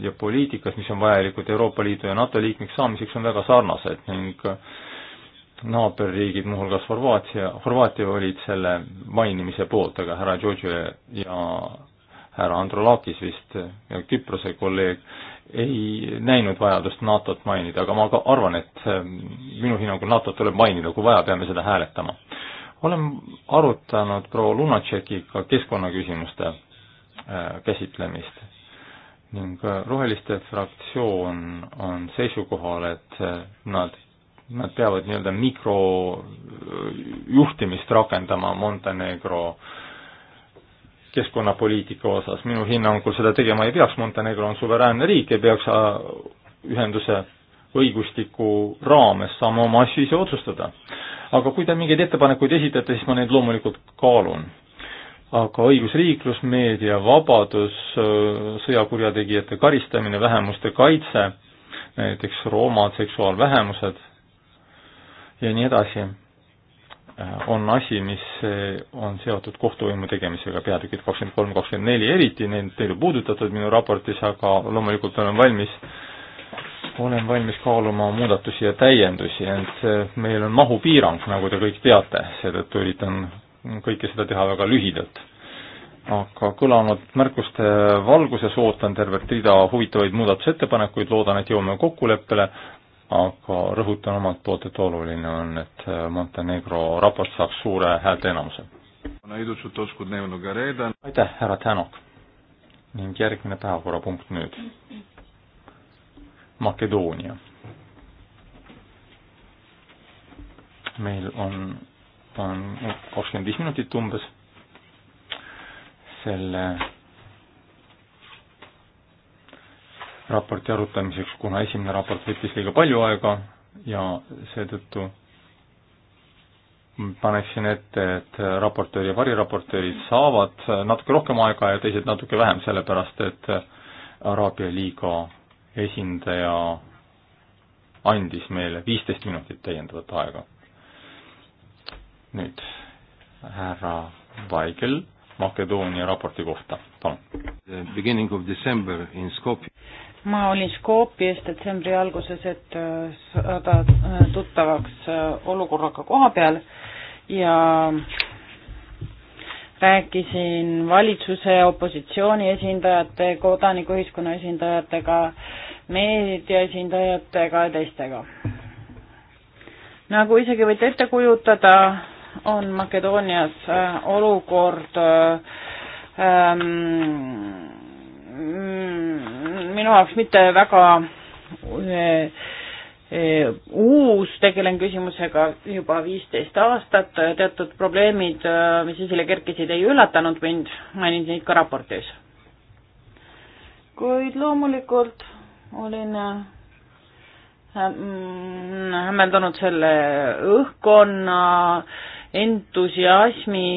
ja poliitikas, mis on vajalikud Euroopa Liidu ja NATO liikmeks saamiseks, on väga sarnased ning äh, naaberriigid, muuhulgas Horvaatia, Horvaatia olid selle mainimise poolt, aga härra Giorgio ja härra Androlakis vist, Küprose kolleeg, ei näinud vajadust NATO-t mainida, aga ma ka arvan, et ähm, minu hinnangul NATO-t tuleb mainida, kui vaja, peame seda hääletama. olen arutanud proua Lunatšekiga keskkonnaküsimuste äh, käsitlemist ning äh, Roheliste fraktsioon on seisukohal, et äh, nad nad peavad nii-öelda mikrojuhtimist rakendama Montenegro keskkonnapoliitika osas, minu hinnangul seda tegema ei peaks, Montenegro on suveräänne riik ja peaks äh, ühenduse õigustiku raames saama oma asju ise otsustada. aga kui te mingeid ettepanekuid esitate, siis ma neid loomulikult kaalun. aga õigusriiklus, meediavabadus, äh, sõjakurjategijate karistamine, vähemuste kaitse, näiteks roomad, seksuaalvähemused ja nii edasi, äh, on asi, mis äh, on seotud kohtuvõimu tegemisega, peatükid kakskümmend kolm, kakskümmend neli eriti, neid ei ole puudutatud minu raportis, aga loomulikult olen valmis, olen valmis kaaluma muudatusi ja täiendusi, ent äh, meil on mahupiirang, nagu te kõik teate, seetõttu üritan kõike seda teha väga lühidalt aga kõlanud märkuste valguses ootan tervet rida huvitavaid muudatusettepanekuid, loodan, et jõuame kokkuleppele, aga rõhutan omalt poolt, et oluline on, et äh, Montenegro raport saaks suure häälteenamuse. aitäh, härra Tänok! ning järgmine päevakorrapunkt nüüd. Makedoonia. meil on, on kakskümmend viis minutit umbes selle raporti arutamiseks, kuna esimene raport võttis liiga palju aega ja seetõttu paneksin ette, et raportöör ja variraportöörid saavad natuke rohkem aega ja teised natuke vähem, sellepärast et Araabia liiga esindaja andis meile viisteist minutit täiendavat aega. nüüd härra Vaigel Makedoonia raporti kohta, palun. Beginning of December in Skopje ma olin Skopjes detsembri alguses, et äh, saada äh, tuttavaks äh, olukorraga koha peal ja rääkisin valitsuse, opositsiooni esindajate, kodanikuühiskonna esindajatega, meedia esindajatega ja teistega. nagu isegi võite ette kujutada, on Makedoonias olukord ähm, Mm, minu jaoks mitte väga eh, eh, uus, tegelen küsimusega juba viisteist aastat, teatud probleemid, eh, mis esile kerkisid, ei üllatanud mind, mainin neid ka raportis. kuid loomulikult olin mm, hämmeldunud selle õhkkonna entusiasmi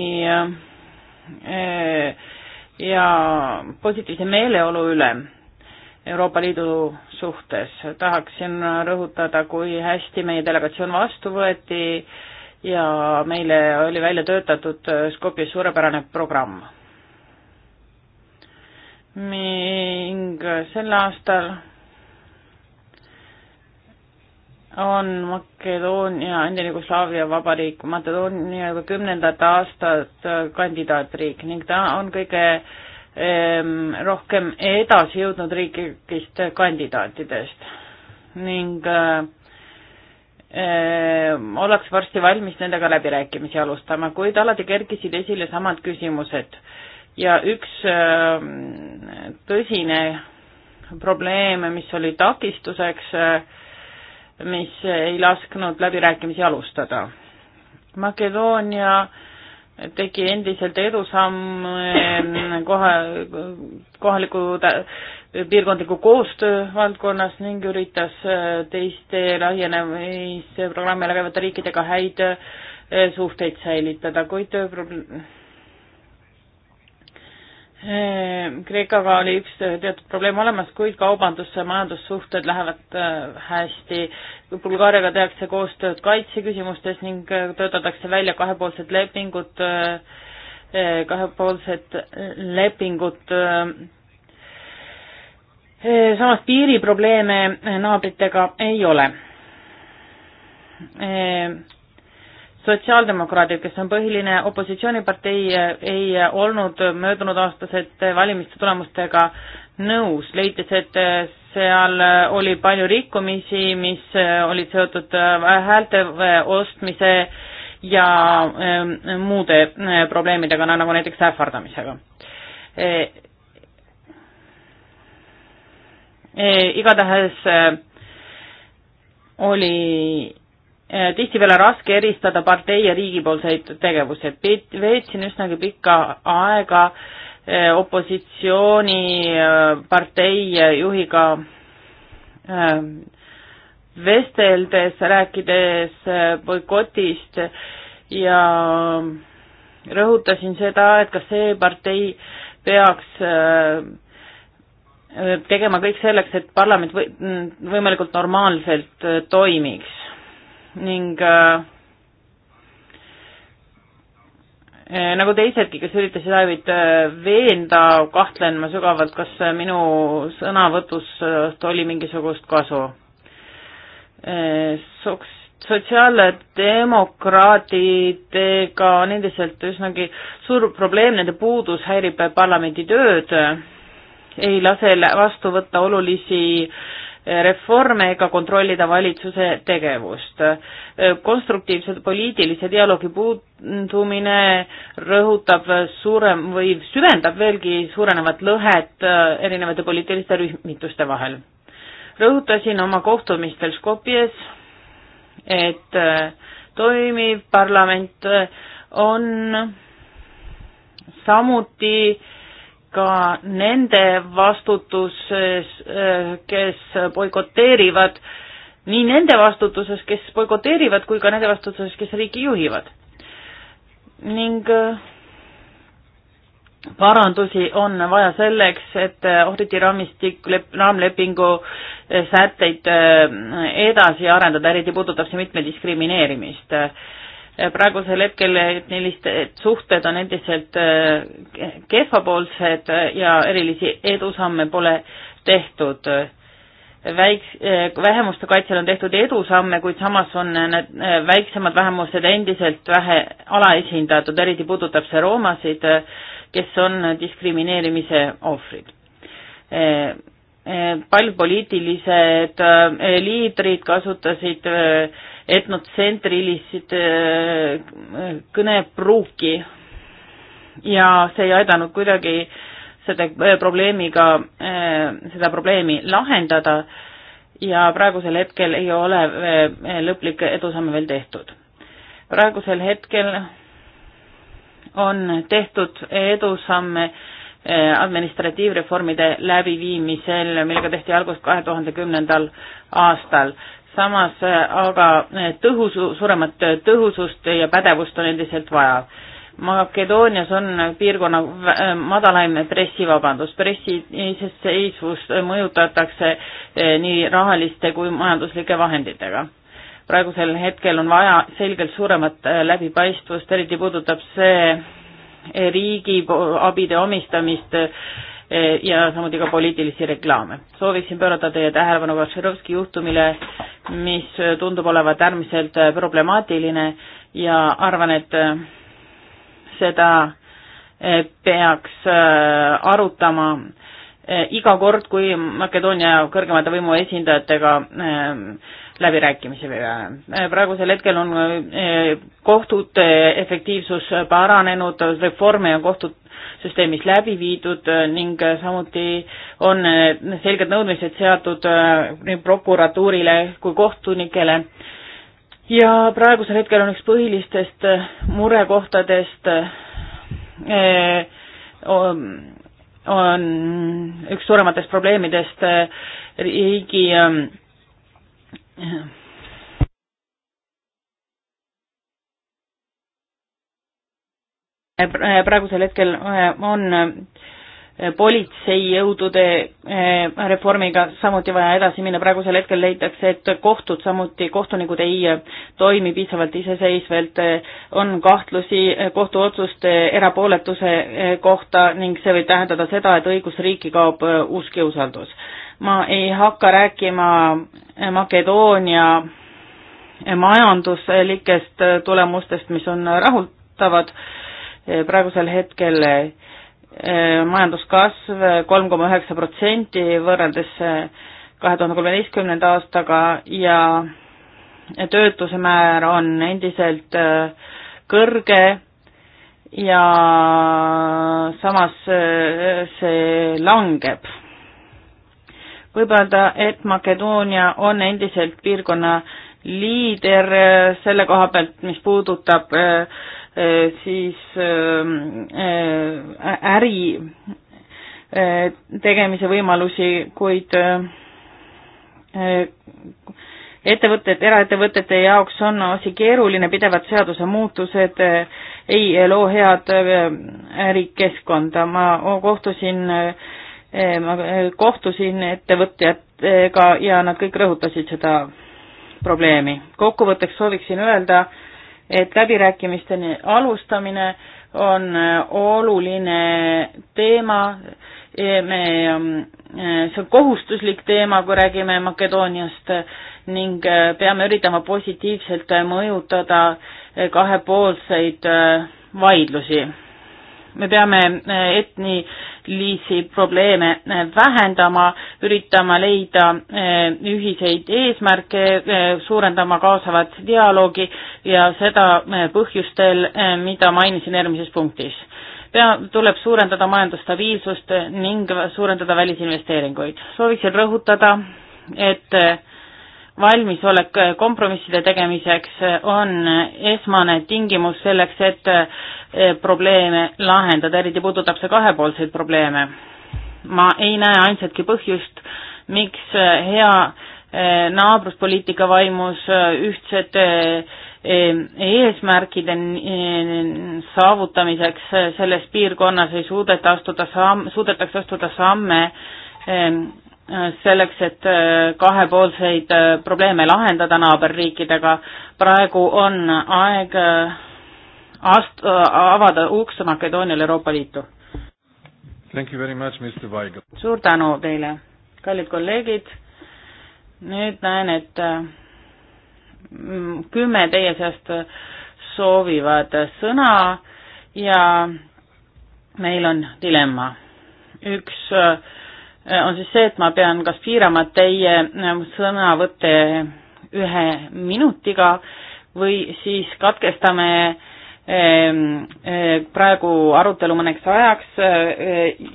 äh, ja positiivse meeleolu üle Euroopa Liidu suhtes. tahaksin rõhutada, kui hästi meie delegatsioon vastu võeti ja meile oli välja töötatud Skopjes suurepärane programm. ning sel aastal on Makedoonia, endine Jugoslaavia vabariik, Makedoonia juba kümnendat aastat äh, kandidaatriik ning ta on kõige ehm, rohkem edasi jõudnud riikidest kandidaatidest ning eh, ollakse varsti valmis nendega läbirääkimisi alustama, kuid alati kerkisid esile samad küsimused ja üks eh, tõsine probleem, mis oli takistuseks eh, mis ei lasknud läbirääkimisi alustada. Makedoonia tegi endiselt edusamme koha, kohaliku piirkondliku koostöö valdkonnas ning üritas äh, teiste laienemisprogramme läbivate riikidega häid äh, suhteid säilitada, kuid äh, Ehm, Kreekaga oli üks äh, teatud probleem olemas, kuid kaubandus- ja majandussuhted lähevad äh, hästi. Bulgaariaga tehakse koostööd kaitseküsimustes ning äh, töötatakse välja kahepoolsed lepingud, kahepoolsed lepingud. samas piiriprobleeme naabritega ei ole ehm, sotsiaaldemokraadid, kes on põhiline opositsioonipartei, ei olnud möödunud aastasete valimiste tulemustega nõus, leides, et seal oli palju rikkumisi, mis olid seotud häälte ostmise ja ähm, muude äh, probleemidega, no nagu näiteks ähvardamisega. Äh, äh, igatahes oli Eh, tihtipeale raske eristada partei ja riigipoolseid tegevusi. veetsin üsnagi pikka aega eh, opositsioonipartei eh, juhiga vesteldes, rääkides boikotist ja rõhutasin seda, et kas see partei peaks tegema kõik selleks, et parlament või, mm, võimalikult normaalselt toimiks ning äh, äh, nagu teisedki, kes üritasid Aivit äh, veenda, kahtlen ma sügavalt, kas äh, minu sõnavõtust oli mingisugust kasu. Soks-, sotsiaaldemokraatidega on endiselt üsnagi suur probleem, nende puudus häirib parlamendi tööd, ei lase vastu võtta olulisi äh, reforme ega kontrollida valitsuse tegevust. konstruktiivse poliitilise dialoogi puudumine rõhutab suurem või süvendab veelgi suurenevat lõhet erinevate poliitiliste rühmituste vahel. rõhutasin oma kohtumistel Skopjes, et toimiv parlament on samuti äh, ka nende vastutuses, äh, kes boikoteerivad, nii nende vastutuses, kes boikoteerivad, kui ka nende vastutuses, kes riiki juhivad. ning äh, parandusi on vaja selleks, et äh, ohvriti raamistik, raamlepingu sätteid edasi arendada, eriti puudutab see mitmediskrimineerimist Eh, praegusel hetkel, et millised suhted on endiselt eh, kehvapoolsed eh, ja erilisi edusamme pole tehtud. Väiks-, vähemuste kaitsel on tehtud edusamme, kuid samas on need väiksemad vähemused endiselt vähe alaesindatud, eriti puudutab see roomasid, kes on diskrimineerimise ohvrid. paljud poliitilised liidrid kasutasid äh, etnotsentrilised äh, kõnepruuki ja see ei aidanud kuidagi seda äh, probleemiga, äh, seda probleemi lahendada ja praegusel hetkel ei ole lõplikke edusamme veel tehtud. praegusel hetkel on tehtud edusamme administratiivreformide läbiviimisel, millega tehti algust kahe tuhande kümnendal aastal samas äh, aga äh, tõhusu, suuremat äh, tõhusust ja pädevust on endiselt vaja. Makedoonias on piirkonna madalaim pressivabandus, pressi iseseisvust mõjutatakse nii rahaliste kui majanduslike vahenditega. praegusel hetkel on vaja selgelt suuremat läbipaistvust, eriti puudutab see riigi abide omistamist Eh, ja samuti ka poliitilisi reklaame. sooviksin pöörata teie tähelepanu Vašerovski juhtumile, mis tundub olevat äärmiselt problemaatiline ja arvan, et eh, seda eh, peaks arutama iga kord, kui Makedoonia kõrgemate võimu esindajatega läbirääkimisi peame. praegusel hetkel on kohtute efektiivsus paranenud, reforme on kohtud süsteemis läbi viidud äh, ning äh, samuti on äh, selged nõudmised seatud nii prokuratuurile kui kohtunikele. ja praegusel hetkel on üks põhilistest murekohtadest on üks suurematest probleemidest riigi ähm, praegusel hetkel äh, on äh, politseijõudude äh, reformiga samuti vaja edasi minna, praegusel hetkel leitakse, et kohtud samuti, kohtunikud ei toimi piisavalt iseseisvalt, on kahtlusi kohtuotsuste erapooletuse kohta ning see võib tähendada seda, et õigusriiki kaob usk ja usaldus. ma ei hakka rääkima Makedoonia majanduslikest tulemustest, mis on rahuldavad, Eh, praegusel hetkel eh, majanduskasv eh, kolm koma üheksa protsenti võrreldes kahe tuhande kolmeteistkümnenda aastaga ja töötuse määr on endiselt kõrge ja samas see langeb. võib öelda, et Makedoonia on endiselt piirkonna liider selle koha pealt, mis puudutab äh, Eh, siis ehm, eh, äri eh, tegemise võimalusi, kuid ettevõtted, eraettevõtete jaoks on asi keeruline, pidevad seadusemuutused ei loo head ärikeskkonda, ma kohtusin ma kohtusin ettevõtjatega ja nad kõik rõhutasid seda probleemi. kokkuvõtteks sooviksin öelda, et läbirääkimisteni alustamine on äh, oluline teema, e, me, ähm, äh, see on kohustuslik teema, kui räägime Makedooniast äh, ning peame üritama positiivselt mõjutada kahepoolseid vaidlusi me peame eh, etnilisi probleeme eh, vähendama, üritama leida eh, ühiseid eesmärke, suurendama kaasavat dialoogi ja seda põhjustel, mida mainisin järgmises punktis. pea, tuleb suurendada majandusstabiilsust ning suurendada välisinvesteeringuid. sooviksin rõhutada, et äh, valmisolek kompromisside tegemiseks on esmane tingimus selleks, et eh, probleeme lahendada, eriti puudutab see kahepoolseid probleeme. ma ei näe ainsatki põhjust, miks eh, hea eh, naabruspoliitika vaimus ühtsete eesmärkide saavutamiseks selles piirkonnas ei suudeta astuda samm, suudetakse astuda samme selleks, et äh, kahepoolseid äh, probleeme lahendada naaberriikidega. praegu on aeg äh, ast-, avada uks Makedooniale Euroopa Liitu. suur tänu teile, kallid kolleegid. nüüd näen, et kümme teie seast soovivad sõna ja meil on dilemma. üks äh, Äh, on siis see, et ma pean kas piirama teie äh, sõnavõtte ühe minutiga või siis katkestame ähm, äh, praegu arutelu mõneks ajaks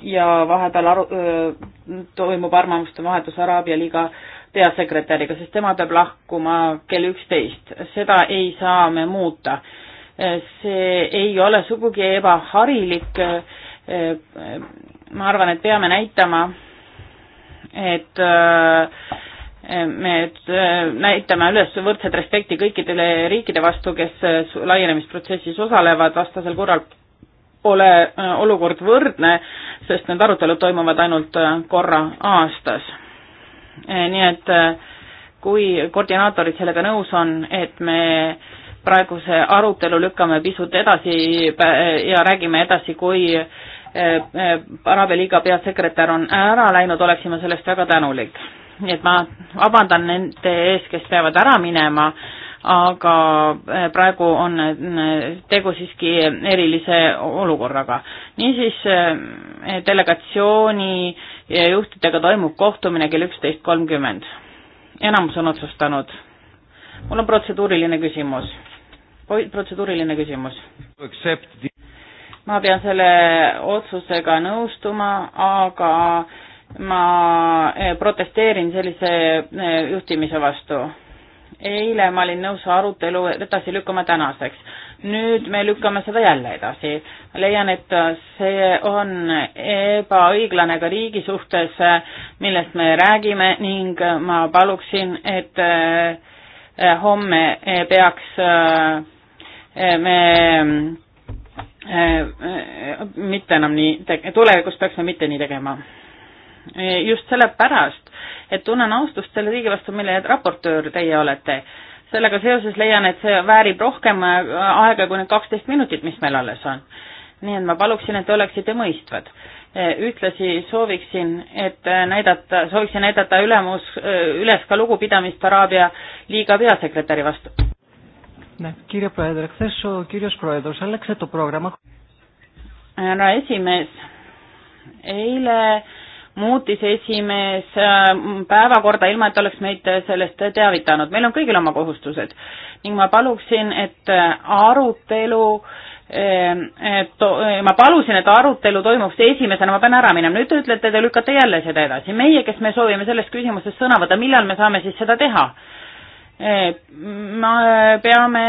ja vahepeal aru, toimub arvamuste vahetus Araabia liiga peasekretäriga, sest tema peab lahkuma kell üksteist, seda ei saa me muuta. see ei ole sugugi ebaharilik. ma arvan, et peame näitama et me äh, et äh, näitame üles võrdset respekti kõikidele riikide vastu, kes äh, laienemisprotsessis osalevad, vastasel korral pole olukord võrdne, sest need arutelud toimuvad ainult korra aastas. nii et kui koordinaatorid sellega nõus on, et me praeguse arutelu lükkame pisut edasi ja räägime edasi, kui Äh, äh, Araabia liiga peasekretär on ära läinud, oleksin ma sellest väga tänulik. nii et ma vabandan nende ees, kes peavad ära minema, aga äh, praegu on tegu siiski erilise olukorraga. niisiis delegatsiooni juhtidega toimub kohtumine kell üksteist kolmkümmend. enamus on otsustanud. mul on protseduuriline küsimus. protseduuriline küsimus ma pean selle otsusega nõustuma, aga ma eh, protesteerin sellise eh, juhtimise vastu. eile ma olin nõus arutelu edasi lükkama tänaseks. nüüd me lükkame seda jälle edasi. leian, et see on ebaõiglane ka riigi suhtes, millest me räägime ning ma paluksin, et eh, homme peaks me Äh, äh, mitte enam nii tege-, tulevikus peaksime mitte nii tegema. Äh, just sellepärast, et tunnen austust selle riigi vastu, mille raportöör teie olete. sellega seoses leian, et see väärib rohkem aega kui need kaksteist minutit, mis meil alles on. nii et ma paluksin, et te oleksite mõistvad. ühtlasi sooviksin, et näidata, sooviksin näidata ülemus, üles ka lugupidamist Araabia liiga peasekretäri vastu Ναι, κύριε Πρόεδρε, χθε ο κύριος Πρόεδρος άλλαξε το πρόγραμμα. Härra esimees, eile muutis esimees päevakorda ilma, et oleks meid sellest teavitanud. meil on kõigil oma kohustused ning ma paluksin, et arutelu et ma palusin, et arutelu toimuks esimesena, ma pean ära minema, nüüd te ütlete, te lükkate jälle seda edasi. meie, kes me soovime selles küsimuses sõna võtta, millal me saame siis seda teha? Eh, ma eh, peame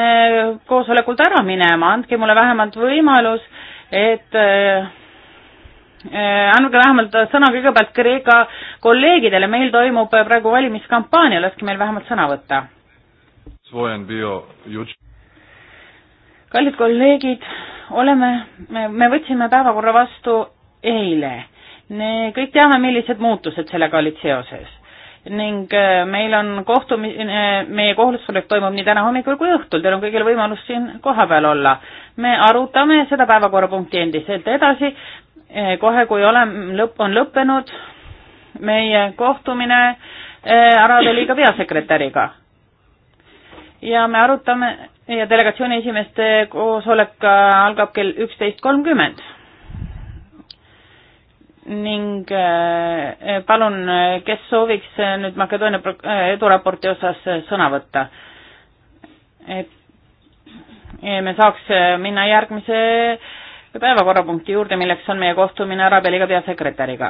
koosolekult ära minema, andke mulle vähemalt võimalus, et eh, andke vähemalt sõna kõigepealt Kreeka kolleegidele, meil toimub praegu valimiskampaania, laske meil vähemalt sõna võtta. kallid kolleegid, oleme, me võtsime päevakorra vastu eile. me kõik teame, millised muutused sellega olid seoses ning äh, meil on kohtumine, äh, meie koosolek toimub nii täna hommikul kui õhtul, teil on kõigil võimalus siin kohapeal olla. me arutame seda päevakorrapunkti endiselt edasi, äh, kohe kui oleme, lõpp on lõppenud meie kohtumine Araabia liiga peasekretäriga. ja me arutame ja delegatsiooni esimeeste koosolek algab kell üksteist kolmkümmend ning eh, palun, kes sooviks eh, nüüd Makedoonia eh, eduraporti osas sõna võtta? et me saaks minna järgmise päevakorrapunkti juurde, milleks on meie kohtumine Araabia liiga peasekretäriga.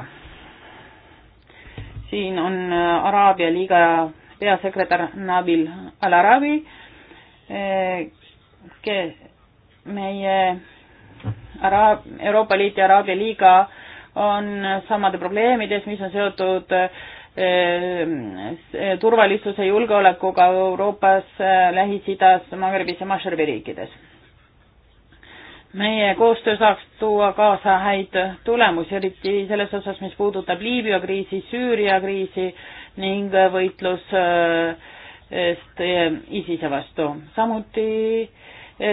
siin on Araabia liiga peasekretär Nabil Al-Arabi, meie Araab-, Euroopa Liit ja Araabia liiga on samade probleemides, mis on seotud eh, eh, turvalisuse julgeolekuga Euroopas, eh, Lähis-Idas, Magrebis ja Mašerbi riikides. meie koostöö saaks tuua kaasa häid tulemusi, eriti selles osas, mis puudutab Liibüa kriisi, Süüria kriisi ning võitlust ISISe vastu. samuti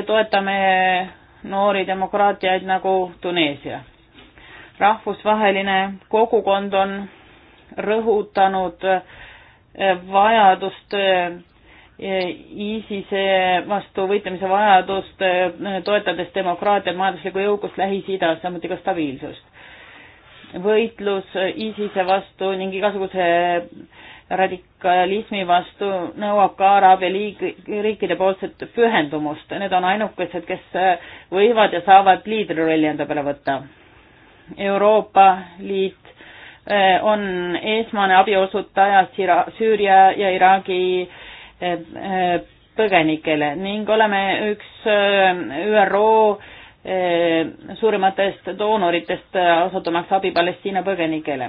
toetame noori demokraatiaid nagu Tuneesia rahvusvaheline kogukond on rõhutanud eh, vajadust eh, ISISe vastu võitlemise vajadust, eh, toetades demokraatiat, majanduslikku jõukust Lähis-Idas, samuti ka stabiilsust. võitlus ISISe vastu ning igasuguse radikalismi vastu nõuab ka Araabia riikide poolset pühendumust, need on ainukesed, kes võivad ja saavad liidrirolli enda peale võtta Euroopa Liit eh, on esmane abiosutaja Süüria ja Iraagi eh, eh, põgenikele ning oleme üks ÜRO suurimatest doonoritest osutamaks abi Palestiina põgenikele.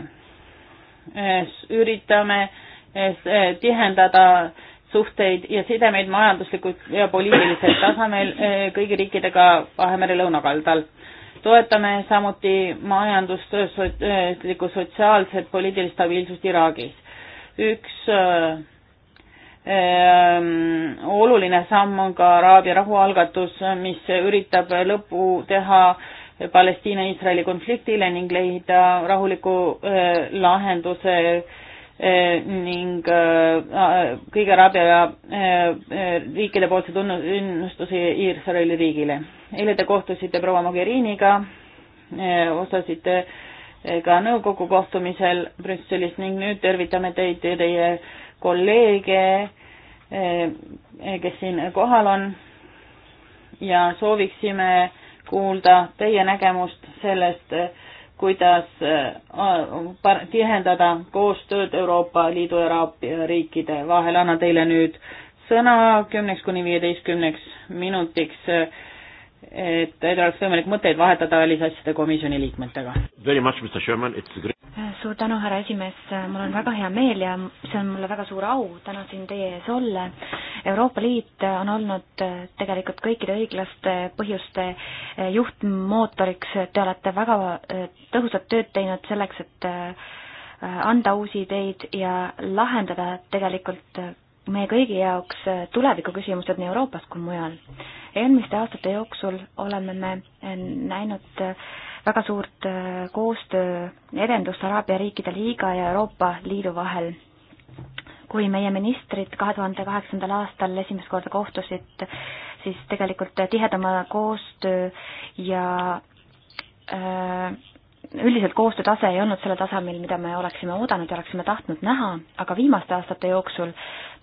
üritame tihendada suhteid ja sidemeid majanduslikult ja poliitilisel tasemel kõigi riikidega Vahemere lõunakaldal toetame samuti majandustööstuslikku sotsiaalset poliitilist stabiilsust Iraagis. üks öö, äh, ähm, oluline samm on ka Araabia rahualgatus, mis üritab lõpu teha Palestiina-Iisraeli konfliktile ning leida rahuliku öö, äh, lahenduse öö, ning äh, äh, kõige araabia äh, riikide poolse tunnustusi Iisraeli riigile. eile te kohtusite proua Mogheriniga, osalesite ka nõukogu kohtumisel Brüsselis ning nüüd tervitame teid ja teie kolleege, kes siin kohal on ja sooviksime kuulda teie nägemust sellest, kuidas äh, tihendada koostööd Euroopa Liidu ja riikide vahel. annan teile nüüd sõna kümneks kuni viieteistkümneks minutiks äh, et teil oleks võimalik mõtteid vahetada välisasjade komisjoni liikmetega. suur tänu, härra esimees, mul on väga hea meel ja see on mulle väga suur au täna siin teie ees olla. Euroopa Liit on olnud tegelikult kõikide õiglaste põhjuste juhtmootoriks, te olete väga tõhusat tööd teinud selleks, et anda uusi ideid ja lahendada tegelikult meie kõigi jaoks eh, tulevikuküsimused nii Euroopas kui mujal. eelmiste aastate jooksul oleme me eh, näinud eh, väga suurt koostöö edendust Araabia riikide liiga ja Euroopa Liidu vahel. kui meie ministrid kahe tuhande kaheksandal aastal esimest korda kohtusid, siis tegelikult tihedama koostöö ja öö, üldiselt koostöötase ei olnud sellel tasemel, mida me oleksime oodanud ja oleksime tahtnud näha, aga viimaste aastate jooksul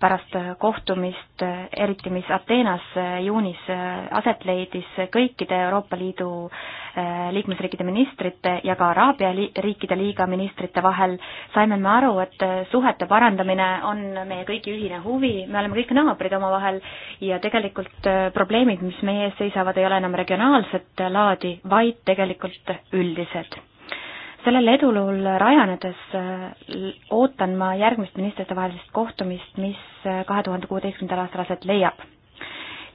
pärast kohtumist, eriti mis Ateenas juunis aset leidis kõikide Euroopa Liidu eh, liikmesriikide ministrite ja ka Araabia li riikide liiga ministrite vahel, saime me aru, et suhete parandamine on meie kõigi ühine huvi, me oleme kõik naabrid omavahel ja tegelikult eh, probleemid, mis meie ees seisavad, ei ole enam regionaalset laadi, vaid tegelikult üldised sellel edulool rajanedes äh, ootan ma järgmist ministritevahelist kohtumist, mis äh, kahe tuhande kuueteistkümnendal aastal aset leiab.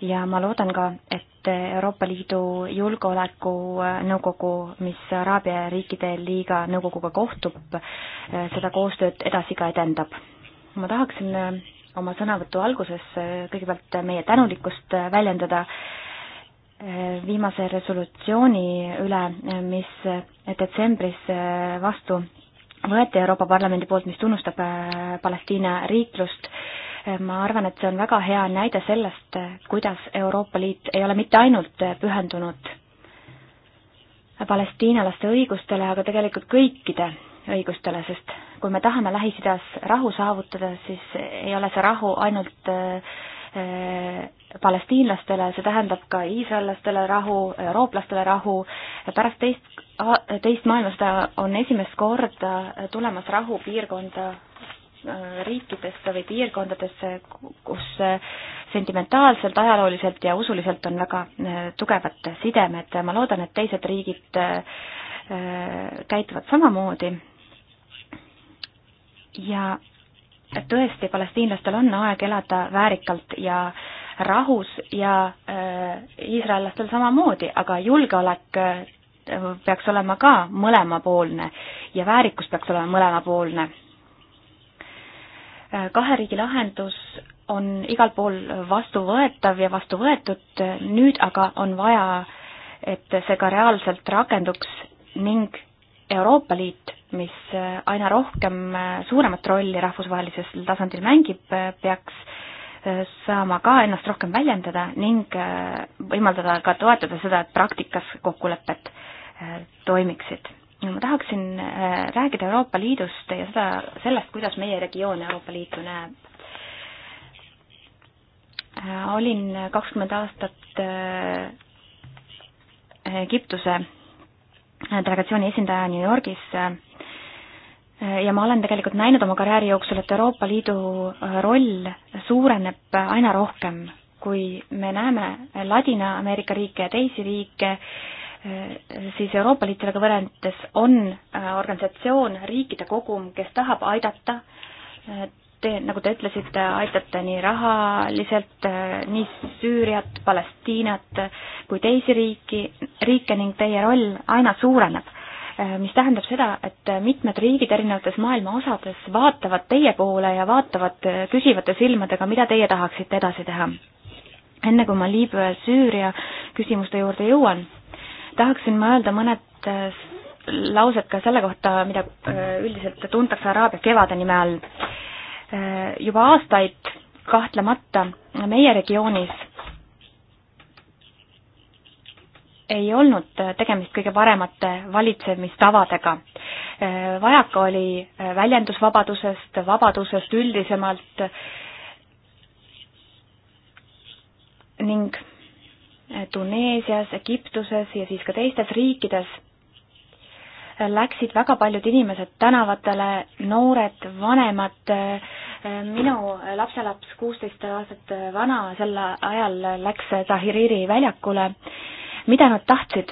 ja ma loodan ka, et äh, Euroopa Liidu Julgeolekunõukogu, mis Araabia riikide liiga nõukoguga kohtub, seda koostööd edasi ka edendab. ma tahaksin oma sõnavõtu alguses kõigepealt meie tänulikkust väljendada äh, viimase resolutsiooni üle, mis detsembris vastu võeti Euroopa Parlamendi poolt, mis tunnustab äh, Palestiina riiklust. ma arvan, et see on väga hea näide sellest, kuidas Euroopa Liit ei ole mitte ainult pühendunud palestiinalaste õigustele, aga tegelikult kõikide õigustele, sest kui me tahame Lähis-Idas rahu saavutada, siis ei ole see rahu ainult äh, palestiinlastele, see tähendab ka iisraellastele rahu, eurooplastele rahu, pärast teist, teist maailmasõda on esimest korda tulemas rahu piirkonda äh, riikidesse või piirkondadesse, kus sentimentaalselt, ajalooliselt ja usuliselt on väga äh, tugevad sidemed, ma loodan, et teised riigid äh, käituvad samamoodi ja tõesti, palestiinlastel on aeg elada väärikalt ja äh, rahus ja äh, iisraellastel samamoodi, aga julgeolek äh, peaks olema ka mõlemapoolne ja väärikus peaks olema mõlemapoolne. Äh, kahe riigi lahendus on igal pool vastuvõetav ja vastu võetud, nüüd aga on vaja, et see ka reaalselt rakenduks ning Euroopa Liit, mis aina rohkem suuremat rolli rahvusvahelisel tasandil mängib, peaks saama ka ennast rohkem väljendada ning äh, võimaldada ka toetada seda, et praktikas kokkulepped äh, toimiksid. ma tahaksin äh, rääkida Euroopa Liidust ja seda, sellest, kuidas meie regioon Euroopa Liitu näeb. olin kakskümmend aastat Egiptuse delegatsiooni esindaja New Yorgis ja ma olen tegelikult näinud oma karjääri jooksul, et Euroopa Liidu äh, roll suureneb aina rohkem, kui me näeme Ladina-Ameerika riike ja teisi riike, äh, siis Euroopa Liit sellega võrreldes on äh, organisatsioon, riikide kogum, kes tahab aidata. Te, nagu te ütlesite, aitate nii rahaliselt nii Süüriat, Palestiinat kui teisi riiki, riike ning teie roll aina suureneb Äh, mis tähendab seda, et äh, mitmed riigid erinevates maailma osades vaatavad teie poole ja vaatavad äh, küsivate silmadega, mida teie tahaksite edasi teha. enne kui ma Liibüa ja Süüria küsimuste juurde jõuan, tahaksin ma öelda mõned laused ka selle kohta, mida üldiselt tuntakse Araabia kevade nime all. juba aastaid kahtlemata meie regioonis ei olnud tegemist kõige paremate valitsemistavadega. vajaka oli väljendusvabadusest, vabadusest üldisemalt ning Tuneesias, Egiptuses ja siis ka teistes riikides läksid väga paljud inimesed tänavatele, noored, vanemad, minu lapselaps, kuusteist aastat vana, sel ajal läks Tahiriri väljakule mida nad tahtsid,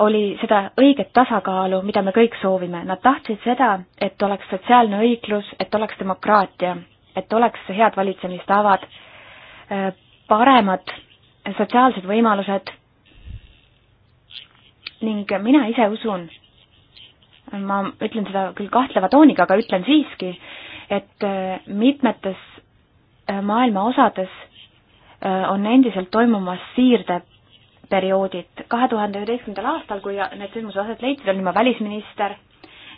oli seda õiget tasakaalu, mida me kõik soovime. Nad tahtsid seda, et oleks sotsiaalne õiglus, et oleks demokraatia, et oleks head valitsemistavad, äh, paremad sotsiaalsed võimalused ning mina ise usun, ma ütlen seda küll kahtleva tooniga, aga ütlen siiski, et äh, mitmetes äh, maailma osades on endiselt toimumas siirded perioodid. kahe tuhande üheteistkümnendal aastal, kui need sündmused aset leidsid, olin ma välisminister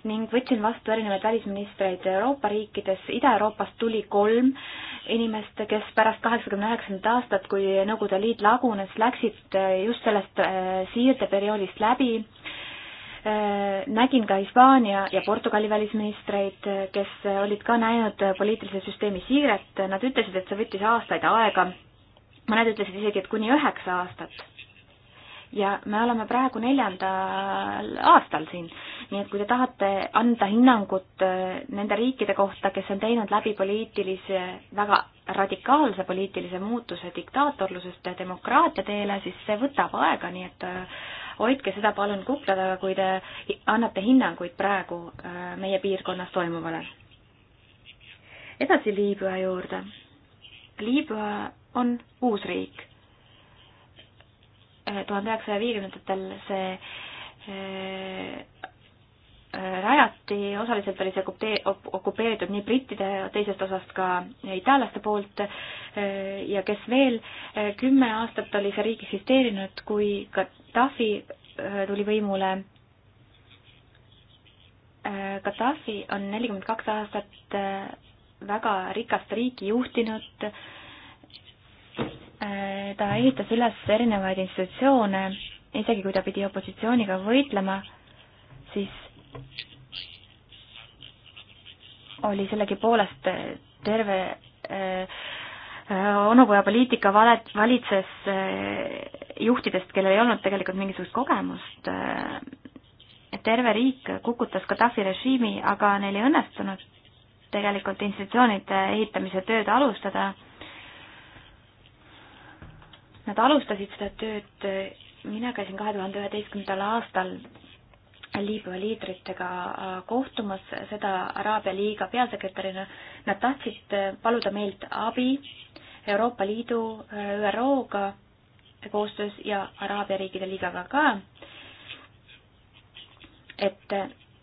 ning võtsin vastu erinevaid välisministreid Euroopa riikides. Ida-Euroopast tuli kolm inimest, kes pärast kaheksakümne üheksandat aastat, kui Nõukogude Liit lagunes, läksid eh, just sellest eh, siirdeperioodist läbi eh, nägin ka Hispaania ja Portugali välisministreid, kes olid ka näinud poliitilise süsteemi siiret, nad ütlesid, et see võttis aastaid aega, mõned ütlesid isegi, et kuni üheksa aastat ja me oleme praegu neljandal aastal siin. nii et kui te tahate anda hinnangut äh, nende riikide kohta, kes on teinud läbi poliitilise, väga radikaalse poliitilise muutuse diktaatorlusest demokraatia teele, siis see võtab aega, nii et äh, hoidke seda palun kukla taga, kui te annate hinnanguid praegu äh, meie piirkonnas toimuvale. edasi Liibüa juurde. Liibüa on uus riik Äh, tuhande üheksasaja viiekümnendatel see äh, äh, rajati, osaliselt oli see okupeeritud nii brittide, teisest osast ka itaallaste poolt ja kes veel, kümme aastat oli see riik eksisteerinud, kui Gaddafi tuli võimule. Gaddafi on nelikümmend kaks aastat väga rikast riiki juhtinud Äh, ta ehitas üles erinevaid institutsioone, isegi kui ta pidi opositsiooniga võitlema, siis oli sellegipoolest terve äh, äh, onupojapoliitika valet-, valitses juhtidest, kellel ei olnud tegelikult mingisugust kogemust. terve riik kukutas Gaddafi režiimi, aga neil ei õnnestunud tegelikult institutsioonide ehitamise tööd alustada Nad alustasid seda tööd, mina käisin kahe tuhande üheteistkümnendal aastal Liibüa liidritega kohtumas, seda Araabia liiga peasekretärina. Nad tahtsid paluda meilt abi Euroopa Liidu ÜRO-ga koostöös ja Araabia riikide liigaga ka, et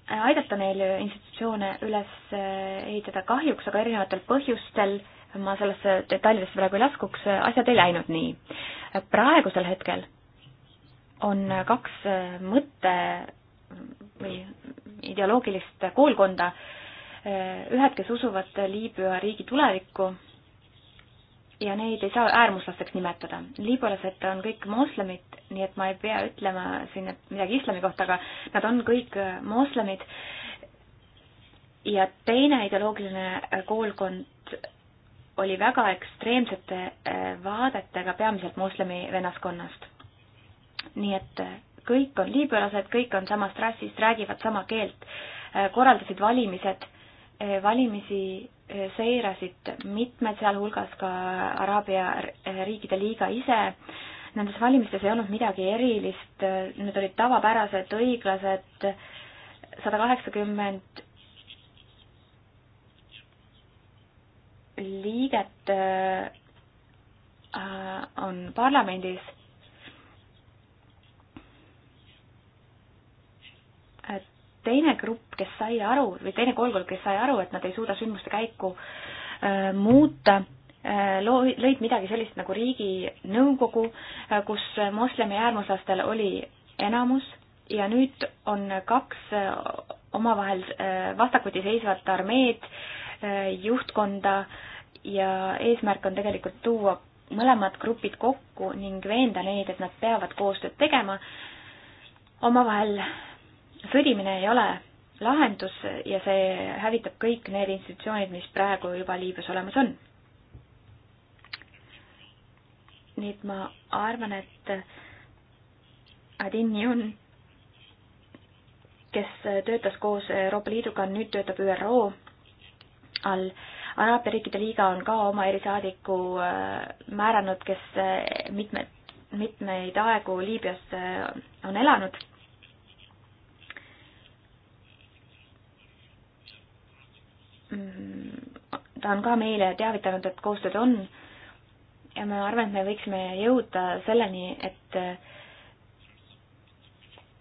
aidata neil institutsioone üles ehitada kahjuks, aga erinevatel põhjustel äh, ma sellesse detailidesse praegu ei laskuks, asjad ei läinud nii. praegusel hetkel on kaks mõtte või ideoloogilist koolkonda, ühed, kes usuvad Liibüa riigi tulevikku ja neid ei saa äärmuslasteks nimetada. liibüalased on kõik moslemid, nii et ma ei pea ütlema siin midagi islami kohta, aga nad on kõik moslemid. ja teine ideoloogiline koolkond oli väga ekstreemsete äh, vaadetega peamiselt moslemi vennaskonnast. nii et äh, kõik on liibüalased, kõik on samast rassist, räägivad sama keelt, äh, korraldasid valimised, valimisi seirasid mitmed, sealhulgas ka Araabia riikide liiga ise. Nendes valimistes ei olnud midagi erilist, need olid tavapärased, õiglased, sada kaheksakümmend liiget äh, on parlamendis. teine grupp, kes sai aru või teine kolmkond, kes sai aru, et nad ei suuda sündmuste käiku äh, muuta, äh, lõid midagi sellist nagu riiginõukogu, kus moslemi äärmuslastel oli enamus ja nüüd on kaks omavahel vastakuti seisvat armeed, juhtkonda äh, ja eesmärk on tegelikult tuua mõlemad grupid kokku ning veenda neid, et nad peavad koostööd tegema. omavahel sõdimine ei ole lahendus ja see hävitab kõik need institutsioonid, mis praegu juba Liibüas olemas on. nii et ma arvan, et Adin Jun, kes töötas koos Euroopa Liiduga, nüüd töötab ÜRO all Araabia riikide liiga on ka oma erisaadiku äh, määranud, kes äh, mitmed, mitmeid aegu Liibüas äh, on elanud. Mm, ta on ka meile teavitanud, et koostööd on ja ma arvan, et me võiksime jõuda selleni, et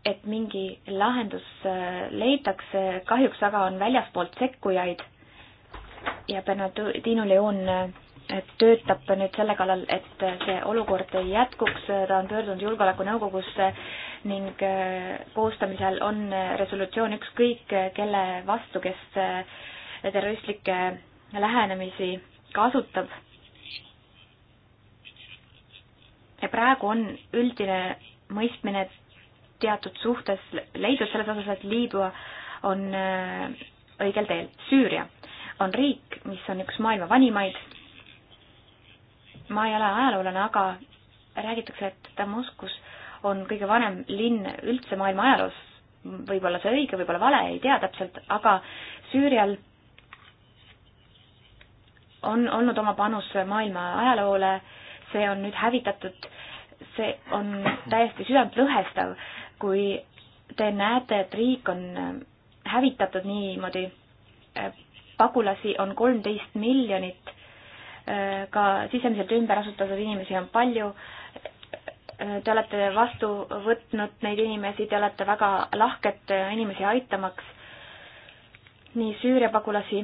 et mingi lahendus leitakse, kahjuks aga on väljaspoolt sekkujaid ja Bernardino Leon äh, töötab nüüd selle kallal, et see olukord ei jätkuks, ta on pöördunud Julgeolekunõukogusse ning äh, koostamisel on äh, resolutsioon ükskõik kelle vastu, kes terroristlikke lähenemisi kasutab. ja praegu on üldine mõistmine teatud suhtes leidnud selles osas, et Liibüa on õigel teel. Süüria on riik, mis on üks maailma vanimaid. ma ei ole ajaloolane, aga räägitakse, et Damaskus on kõige vanem linn üldse maailma ajaloos. võib-olla see õige, võib-olla vale, ei tea täpselt, aga Süürial on olnud oma panus maailma ajaloole, see on nüüd hävitatud, see on täiesti südantlõhestav, kui te näete, et riik on hävitatud niimoodi pagulasi on kolmteist miljonit, ka sisemiselt ümber asutatud inimesi on palju. Te olete vastu võtnud neid inimesi, te olete väga lahked inimesi aitamaks, nii Süüria pagulasi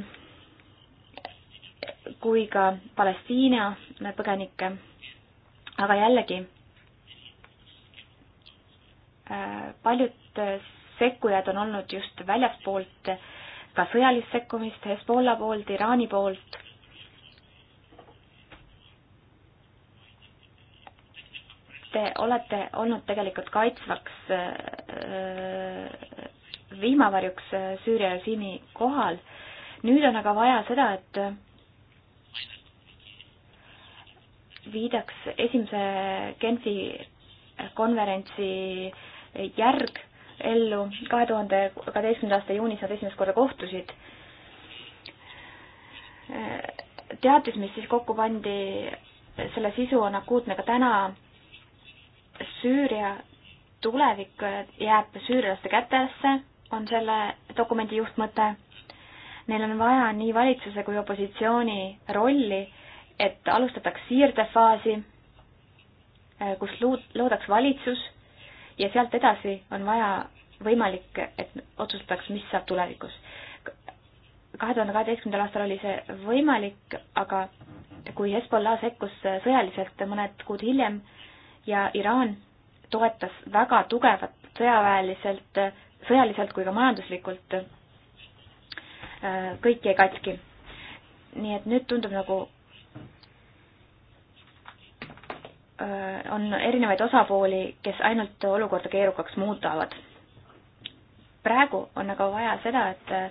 kui ka Palestiina põgenikke. aga jällegi, paljud sekkujad on olnud just väljaspoolt ka sõjalist sekkumist Hezbollah poolt, Iraani poolt. Te olete olnud tegelikult kaitsvaks äh, vihmavarjuks äh, Süüria režiimi kohal. nüüd on aga vaja seda, et viidaks esimese Genfi konverentsi järg ellu. kahe tuhande kaheteistkümnenda aasta juunis nad esimest korda kohtusid. teatis, mis siis kokku pandi, selle sisu on akuutne ka täna. Süüria tulevik jääb süürlaste kätesse, on selle dokumendi juhtmõte. Neil on vaja nii valitsuse kui opositsiooni rolli, et alustataks siirdefaasi, kus luud-, loodaks valitsus ja sealt edasi on vaja võimalik, et otsustataks, mis saab tulevikus. kahe tuhande kaheteistkümnendal aastal oli see võimalik, aga kui Hezbollah sekkus sõjaliselt mõned kuud hiljem ja Iraan toetas väga tugevat sõjaväeliselt, sõjaliselt kui ka majanduslikult kõiki ei katki. nii et nüüd tundub nagu äh, on erinevaid osapooli, kes ainult olukorda keerukaks muudavad praegu on aga vaja seda, et äh,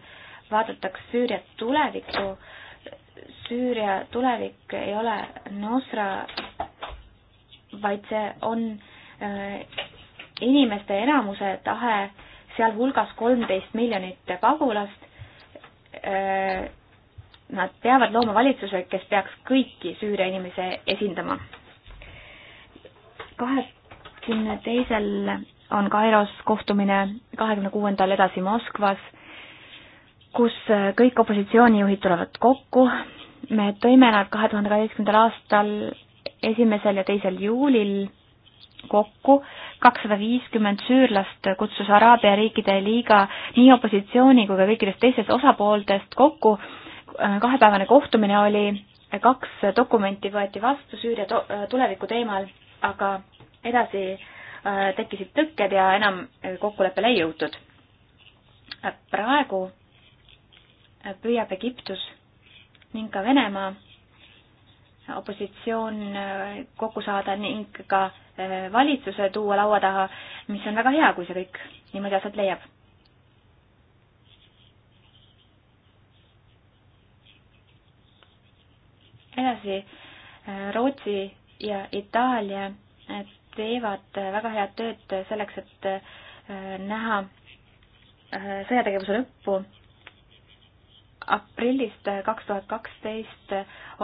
vaadataks Süüria tulevikku. Süüria tulevik ei ole Nosra, vaid see on äh, inimeste enamuse tahe, sealhulgas kolmteist miljonit pagulast. Äh, nad peavad looma valitsuse, kes peaks kõiki Süüria inimesi esindama. kahekümne teisel on Kairos kohtumine, kahekümne kuuendal edasi Moskvas, kus kõik opositsioonijuhid tulevad kokku. me tõime nad kahe tuhande kaheteistkümnendal aastal esimesel ja teisel juulil kokku, kakssada viiskümmend süürlast kutsus Araabia riikide liiga nii opositsiooni kui ka kõikidest teistest osapooltest kokku. kahepäevane kohtumine oli, kaks dokumenti võeti vastu Süüria tuleviku teemal, aga edasi äh, Äh, tekkisid tõkked ja enam äh, kokkuleppele ei jõutud. Äh, praegu püüab Egiptus ning ka Venemaa opositsioon kokku saada ning ka valitsuse tuua laua taha, mis on väga hea, kui see kõik niimoodi aset leiab edasi Rootsi ja Itaalia teevad väga head tööd selleks, et äh, näha äh, sõjategevuse lõppu. aprillist kaks tuhat kaksteist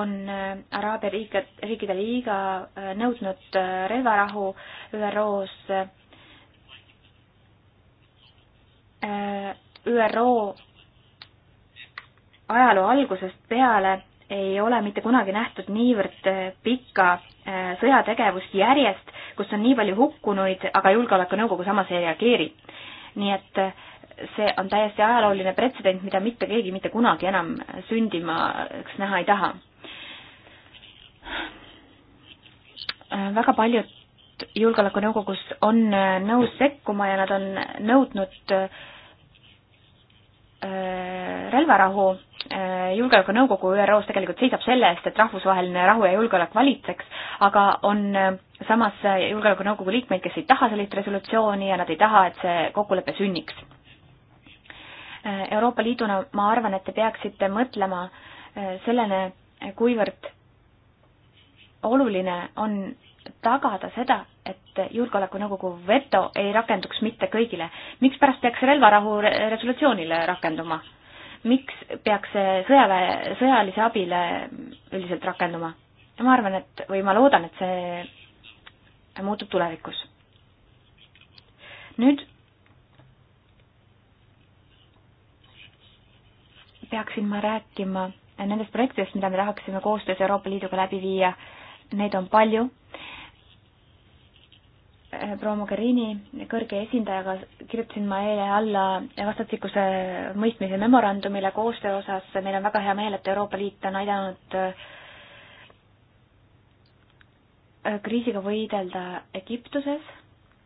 on äh, Araabia riikide, riikide liiga nõudnud relvarahu ÜRO-s. ÜRO ajaloo algusest peale ei ole mitte kunagi nähtud niivõrd pika Äh, sõjategevust järjest, kus on nii palju hukkunuid, aga Julgeolekunõukogu samas ei reageeri. nii et äh, see on täiesti ajalooline pretsedent, mida mitte keegi mitte kunagi enam sündimaks näha ei taha. Äh, väga paljud Julgeolekunõukogus on nõus sekkuma ja nad on nõudnud äh, Äh, relvarahu äh, julgeolekunõukogu ÜRO-s tegelikult seisab selle eest, et rahvusvaheline rahu ja julgeolek valitseks, aga on äh, samas julgeolekunõukogu liikmeid, kes ei taha sellist resolutsiooni ja nad ei taha, et see kokkulepe sünniks. Euroopa Liiduna ma arvan, et te peaksite mõtlema sellele, kuivõrd oluline on tagada seda, et Julgeolekunõukogu veto ei rakenduks mitte kõigile. mikspärast peaks relvarahu resolutsioonile rakenduma? miks peaks see sõjaväe, sõjalise abile üldiselt rakenduma? ma arvan, et või ma loodan, et see muutub tulevikus. nüüd peaksin ma rääkima nendest projektidest, mida me tahaksime koostöös Euroopa Liiduga läbi viia. Neid on palju proua Mogherini kõrge esindajaga kirjutasin ma eile alla vastastikuse mõistmise memorandumile koostöö osas. meil on väga hea meel, et Euroopa Liit on aidanud äh, kriisiga võidelda Egiptuses.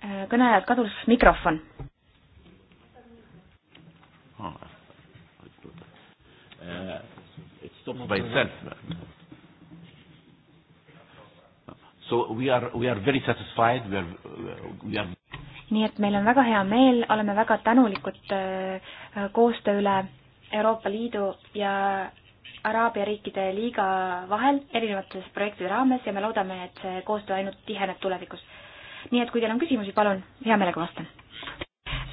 Äh, kõnelejalt kadus mikrofon. Ah, It stops by itself. So we are, we are very satisfied, we are, we are nii et meil on väga hea meel, oleme väga tänulikud äh, koostöö üle Euroopa Liidu ja Araabia riikide liiga vahel erinevates projektide raames ja me loodame, et see koostöö ainult tiheneb tulevikus. nii et kui teil on küsimusi, palun, hea meelega vastan.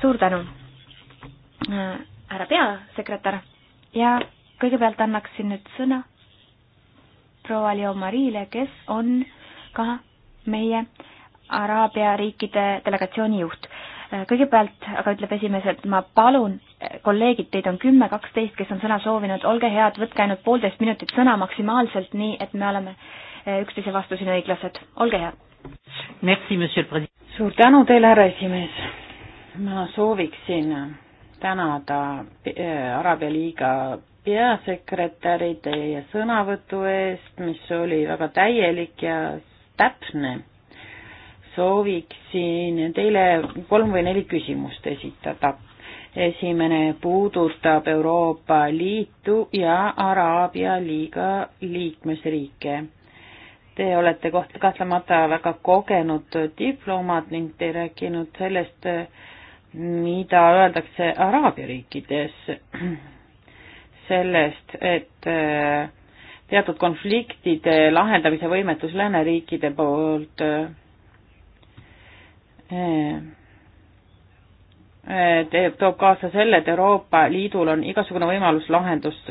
suur tänu, äh, härra peasekretär ja kõigepealt annaksin nüüd sõna proua Leo Marile, kes on äh, ka meie Araabia riikide delegatsiooni juht. kõigepealt aga ütleb esimees, et ma palun, kolleegid, teid on kümme, kaksteist, kes on sõna soovinud, olge head, võtke ainult poolteist minutit sõna maksimaalselt, nii et me oleme eh, üksteise vastu siin õiglased, olge head. suur tänu teile, härra esimees. ma sooviksin tänada eh, Araabia liiga peasekretäri teie sõnavõtu eest, mis oli väga täielik ja täpne, sooviksin teile kolm või neli küsimust esitada. esimene puudutab Euroopa Liitu ja Araabia Liiga liikmesriike. Te olete koht-, kahtlemata väga kogenud diplomaat ning te rääkinud sellest, mida öeldakse Araabia riikides *clears throat* sellest, et äh, teatud konfliktide lahendamise võimetus lääneriikide poolt teeb, toob kaasa selle, et Euroopa Liidul on igasugune võimalus lahendust,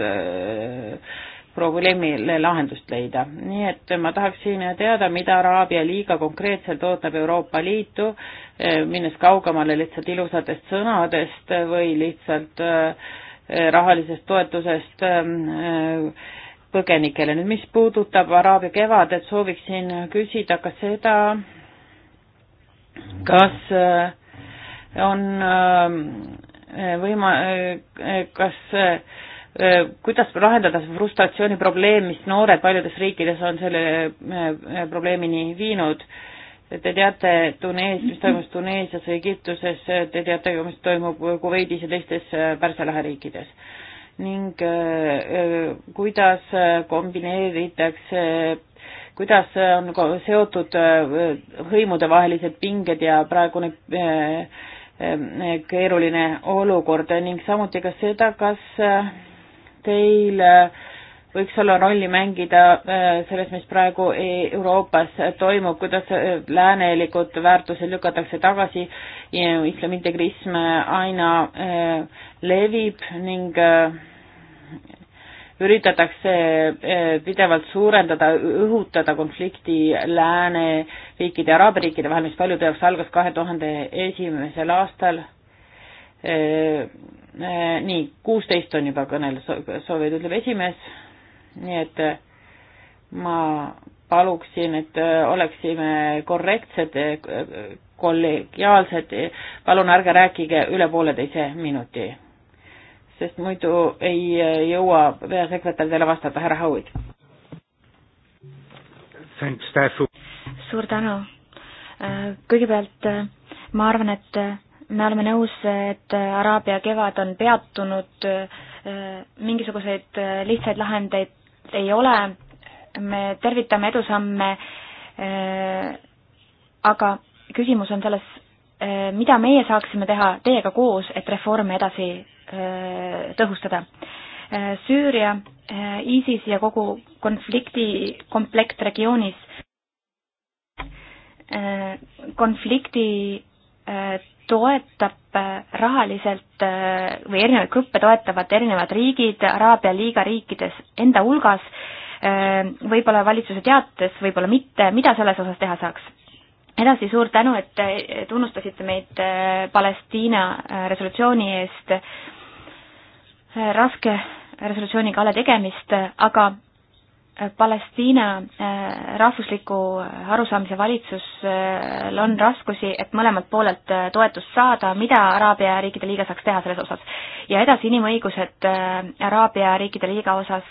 probleemile lahendust leida. nii et ma tahaksin teada, mida Araabia liiga konkreetselt ootab Euroopa Liitu, minnes kaugemale lihtsalt ilusatest sõnadest või lihtsalt eh, rahalisest toetusest äh, põgenikele. nüüd, mis puudutab Araabia kevadet, sooviksin küsida ka seda, kas äh, on äh, võima-, äh, kas, kuidas lahendada see frustratsiooni probleem, mis noored paljudes riikides on selle probleemini viinud te teate Tunees, mis toimus Tuneesias, Egiptuses, te teate, mis toimub Kuveidis ja teistes Pärsia lahe riikides ning äh, äh, kuidas äh, kombineeritakse, kuidas on seotud hõimudevahelised pinged ja praegune keeruline olukord ning samuti ka seda, kas teil võiks olla rolli mängida selles, mis praegu e-, Euroopas toimub, kuidas läänelikud väärtused lükatakse tagasi, islamiintegrism aina levib ning üritatakse eh, pidevalt suurendada, õhutada konflikti lääneriikide ja araabia riikide vahel, mis paljude jaoks algas kahe tuhande esimesel aastal. Eh, eh, nii, kuusteist on juba kõnel soovid, ütleb esimees. nii et ma paluksin, et oleksime korrektsed, kollegiaalsed, palun ärge rääkige üle pooleteise minuti sest muidu ei jõua peasekretär teile vastata, härra Howard. suur tänu. Äh, kõigepealt äh, ma arvan, et äh, me oleme nõus, et Araabia kevad on peatunud, mingisuguseid lihtsaid lahendeid ei ole, me tervitame edusamme, aga küsimus on selles, mida meie saaksime teha teiega koos, et reforme edasi Äh, tõhustada. Äh, Süüria, äh, ISIS ja kogu konflikti komplekt regioonis, konflikti toetab rahaliselt või erinevaid gruppe toetavad erinevad riigid Araabia liiga riikides enda hulgas, võib-olla valitsuse teates, võib-olla mitte, mida selles osas teha saaks? edasi suur tänu, et tunnustasite meid äh, Palestiina äh, resolutsiooni eest, äh, raske resolutsiooniga alla tegemist, aga Palestiina rahvusliku arusaamise valitsusel on raskusi, et mõlemalt poolelt toetust saada, mida Araabia riikide liiga saaks teha selles osas. ja edasi inimõigused Araabia riikide liiga osas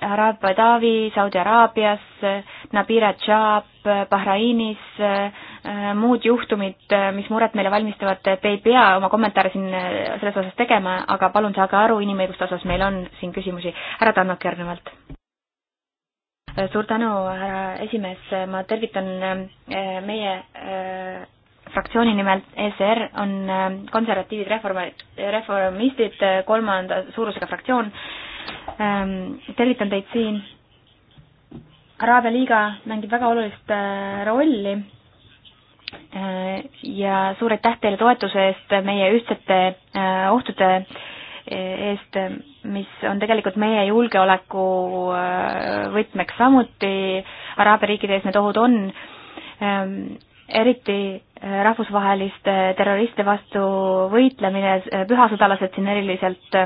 Arab Badavi Saudi Araabias, Nabira Tšaab, Bahrainis, äh, muud juhtumid, äh, mis muret meile valmistavad, te ei pea oma kommentaare siin äh, selles osas tegema, aga palun saage aru, inimõiguste osas meil on siin küsimusi. härra Tannok järgnevalt. suur tänu, härra esimees, ma tervitan meie fraktsiooni nimel ECR on konservatiivid reform-, reformistid, kolmanda suurusega fraktsioon Ähm, tervitan teid siin. Araabia liiga mängib väga olulist äh, rolli äh, ja suur aitäh teile toetuse eest meie ühtsete äh, ohtude e, eest, mis on tegelikult meie julgeoleku võtmeks samuti, Araabia riikide ees need ohud on, ähm, eriti rahvusvaheliste terroristide vastu võitlemine, pühasõdalased siin eriliselt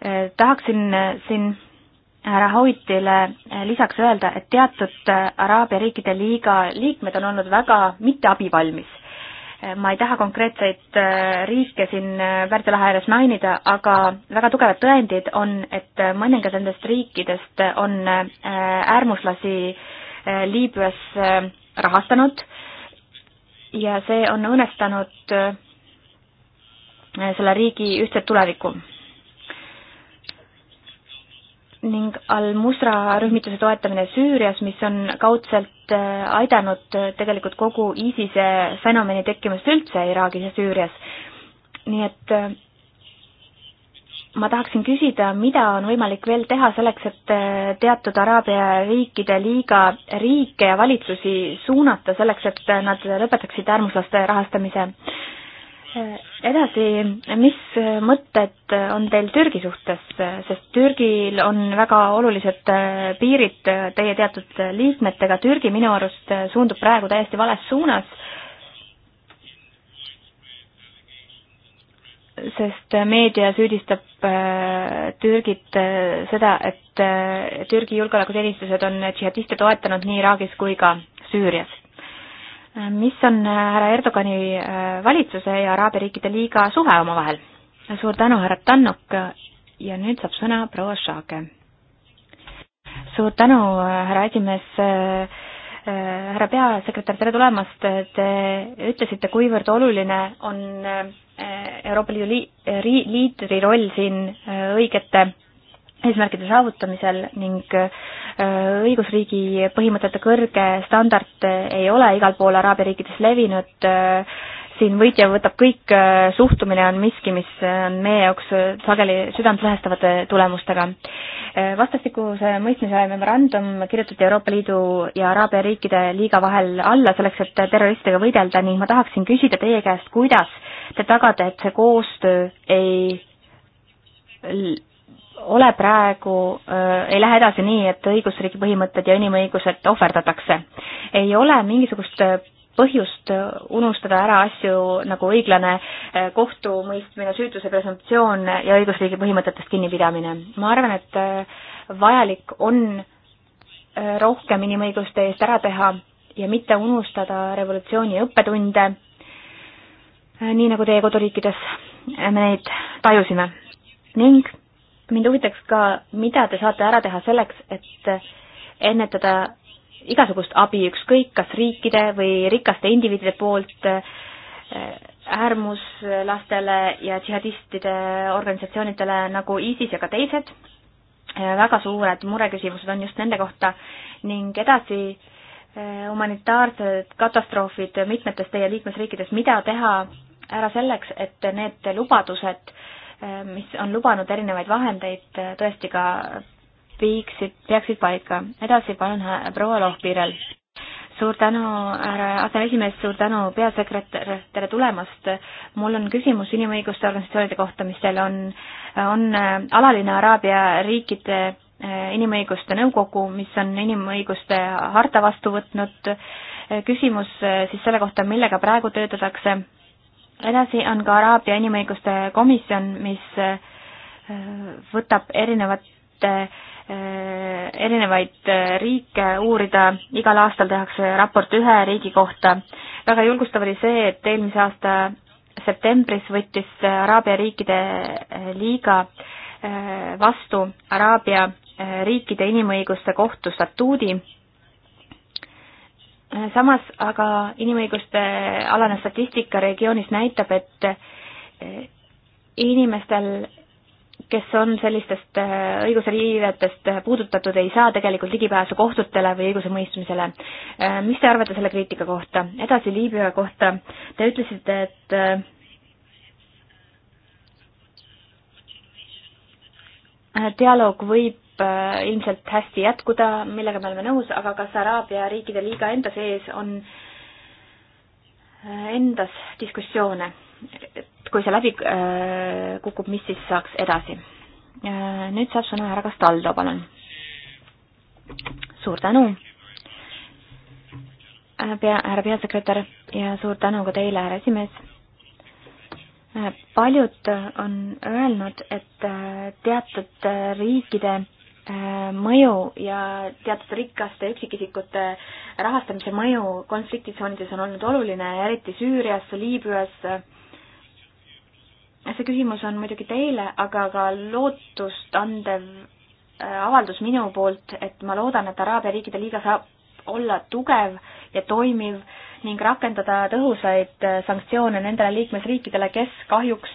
Eh, tahaksin eh, siin härra Hoitile eh, lisaks öelda, et teatud Araabia riikide liiga liikmed on olnud väga mitte abivalmis. ma ei taha konkreetseid riike siin Pärnu lahe ääres mainida, aga väga tugevad tõendid on, et mõningad nendest riikidest on äärmuslasi Liibüas rahastanud ja see on õõnestanud selle riigi ühtset tulevikku ning al-Musra rühmituse toetamine Süürias, mis on kaudselt äh, aidanud äh, tegelikult kogu ISISe fenomeni tekkimist üldse Iraagis ja Süürias. nii et äh, ma tahaksin küsida, mida on võimalik veel teha selleks, et teatud Araabia riikide liiga riike ja valitsusi suunata selleks, et nad lõpetaksid äärmuslaste rahastamise edasi, mis mõtted on teil Türgi suhtes, sest Türgil on väga olulised äh, piirid äh, teie teatud liikmetega, Türgi minu arust äh, suundub praegu täiesti vales suunas, sest meedia süüdistab Türgit seda, et Türgi julgeolekuteenistused on džihadiste toetanud nii Iraagis kui ka Süürias mis on äh, härra Erdogani äh, valitsuse ja Araabia riikide liiga suhe omavahel? suur tänu, härra Tannuk ja nüüd saab sõna proua Šaake. suur tänu, härra esimees, äh, härra peasekretär, tere tulemast, te ütlesite, kuivõrd oluline on Euroopa Liidu li-, liidri roll siin õigete eesmärkide saavutamisel ning Äh, õigusriigi põhimõtete kõrge standard ei ole igal pool Araabia riikides levinud, äh, siin võitja võtab kõik, äh, suhtumine on miski, mis on meie jaoks sageli südantlõhestavate tulemustega. vastastikuse mõistmise memorandum kirjutati Euroopa Liidu ja Araabia riikide liiga vahel alla selleks, et terroristidega võidelda ning ma tahaksin küsida teie käest, kuidas te tagate, et see koostöö ei ole praegu, äh, ei lähe edasi nii, et õigusriigi põhimõtted ja inimõigused ohverdatakse. ei ole mingisugust äh, põhjust äh, unustada ära asju nagu õiglane kohtumõistmine, süütuse presumptsioon ja õigusriigi põhimõtetest kinnipidamine. ma arvan, et vajalik on rohkem inimõiguste eest ära teha ja mitte unustada revolutsiooni õppetunde, nii nagu teie koduriikides me neid tajusime. ning mind huvitaks ka, mida te saate ära teha selleks, et ennetada igasugust abi, ükskõik kas riikide või rikaste indiviidide poolt äh, äärmuslastele ja džihadistide organisatsioonidele nagu ISIS ja ka teised. Äh, väga suured mureküsimused on just nende kohta ning edasi äh, humanitaarsed katastroofid mitmetes teie liikmesriikides, mida teha ära selleks, et need lubadused äh, Äh, mis on lubanud erinevaid vahendeid äh, tõesti ka viiksid, peaksid paika. edasi palun proua Lohpiirel. suur tänu, härra aseesimees, suur tänu, peasekretär, tere tulemast. mul on küsimus inimõiguste organisatsioonide kohta, mis teil on, on äh, alaline Araabia riikide inimõiguste nõukogu, mis on inimõiguste harta vastu võtnud. küsimus siis selle kohta, millega praegu töötatakse edasi on ka Araabia inimõiguste komisjon, mis äh, võtab erinevate, äh, erinevaid äh, riike uurida, igal aastal tehakse raport ühe riigi kohta. väga julgustav oli see, et eelmise aasta septembris võttis Araabia riikide liiga vastu Araabia riikide inimõiguste kohtu statuudi Äh, samas aga inimõiguste alane statistika regioonis näitab, et äh, inimestel, kes on sellistest äh, õigusriivetest puudutatud, ei saa tegelikult ligipääsu kohtutele või õigusemõistmisele. mis te arvate selle kriitika kohta? edasi Liibüa kohta, te ütlesite, et dialoog võib Äh, ilmselt hästi jätkuda, millega me oleme nõus, aga kas Araabia riikide liiga enda sees on äh, endas diskussioone, et kui see läbi äh, kukub, mis siis saaks edasi? nüüd saab sõna härra Castaldo, palun. suur tänu, pea, härra peasekretär ja suur tänu ka teile, härra esimees paljud on öelnud, et teatud riikide Äh, mõju ja teatud rikaste üksikisikute rahastamise mõju konfliktitsoonides on olnud oluline, eriti Süürias, Liibüas. see küsimus on muidugi teile, aga ka lootust andev äh, avaldus minu poolt, et ma loodan, et Araabia riikide liiga saab olla tugev ja toimiv ning rakendada tõhusaid äh, sanktsioone nendele liikmesriikidele, kes kahjuks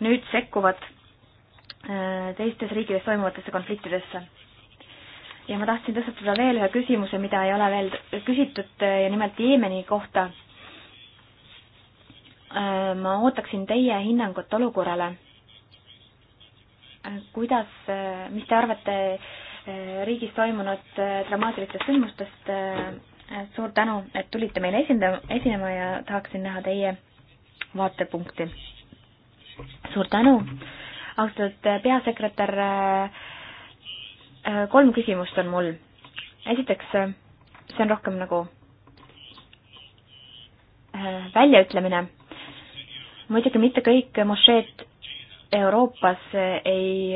nüüd sekkuvad Äh, teistes riikides toimuvatesse konfliktidesse. ja ma tahtsin tõstatada veel ühe küsimuse, mida ei ole veel küsitud äh, ja nimelt Jeemeni kohta. Äh, ma ootaksin teie hinnangut olukorrale. kuidas, mis te arvate riigis toimunud dramaatilistest sündmustest? suur tänu, et tulite meile esindama, esinema ja tahaksin näha teie vaatepunkti. suur tänu austatud äh, peasekretär, äh, äh, kolm küsimust on mul. esiteks, see on rohkem nagu väljaütlemine. muidugi mitte kõik mošeed Euroopas ei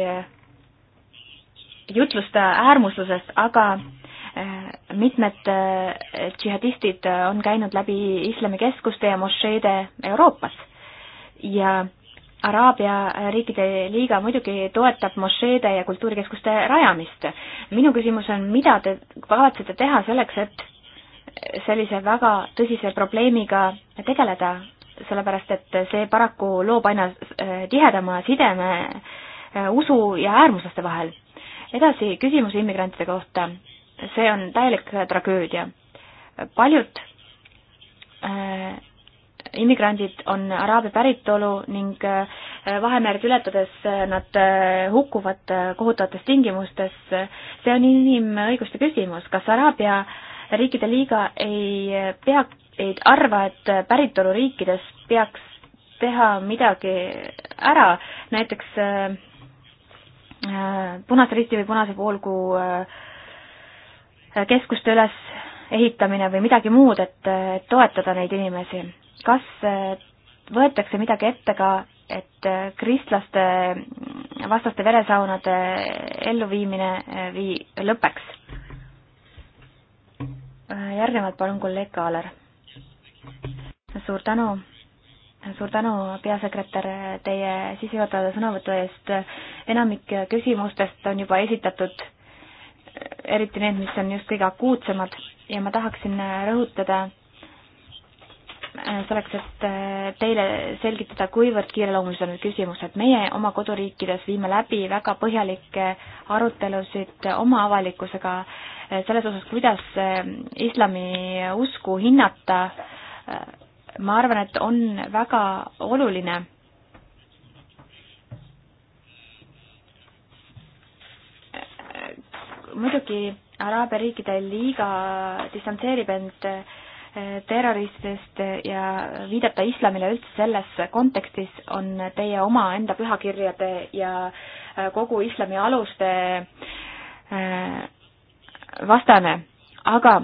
jutlusta äärmuslusest, aga mitmed džihadistid on käinud läbi islamikeskuste ja mošeede Euroopas ja Araabia riikide liiga muidugi toetab mošeede ja kultuurikeskuste rajamist. minu küsimus on, mida te kavatsete teha selleks, et sellise väga tõsise probleemiga tegeleda, sellepärast et see paraku loob aina äh, tihedama sideme äh, usu ja äärmuslaste vahel. edasi küsimus immigrantide kohta. see on täielik tragöödia. paljud äh, immigrandid on araabia päritolu ning äh, Vahemerd ületades äh, nad äh, hukkuvad kohutavates tingimustes. see on inimõiguste küsimus, kas Araabia riikide liiga ei pea, ei arva, et päritoluriikides peaks teha midagi ära, näiteks äh, Punase Risti või Punase Poolkuu äh, keskuste ülesehitamine või midagi muud, et toetada neid inimesi kas äh, võetakse midagi ette ka, et äh, kristlaste vastaste veresaunade äh, elluviimine vii-, lõpeks? järgnevalt palun kolleeg Kaaler. suur tänu, suur tänu, peasekretär, teie sissejuhatava sõnavõtu eest. enamik küsimustest on juba esitatud, eriti need, mis on just kõige akuutsemad ja ma tahaksin rõhutada Äh, selleks, et äh, teile selgitada, kuivõrd kiireloomulised on need küsimused. meie oma koduriikides viime läbi väga põhjalikke arutelusid oma avalikkusega äh, selles osas, kuidas islami usku hinnata. ma arvan, et on väga oluline muidugi Araabia riikide liiga distantseerib end äh, terroristidest ja viidata islamile üldse selles kontekstis on teie omaenda pühakirjade ja äh, kogu islami aluste äh, vastane, aga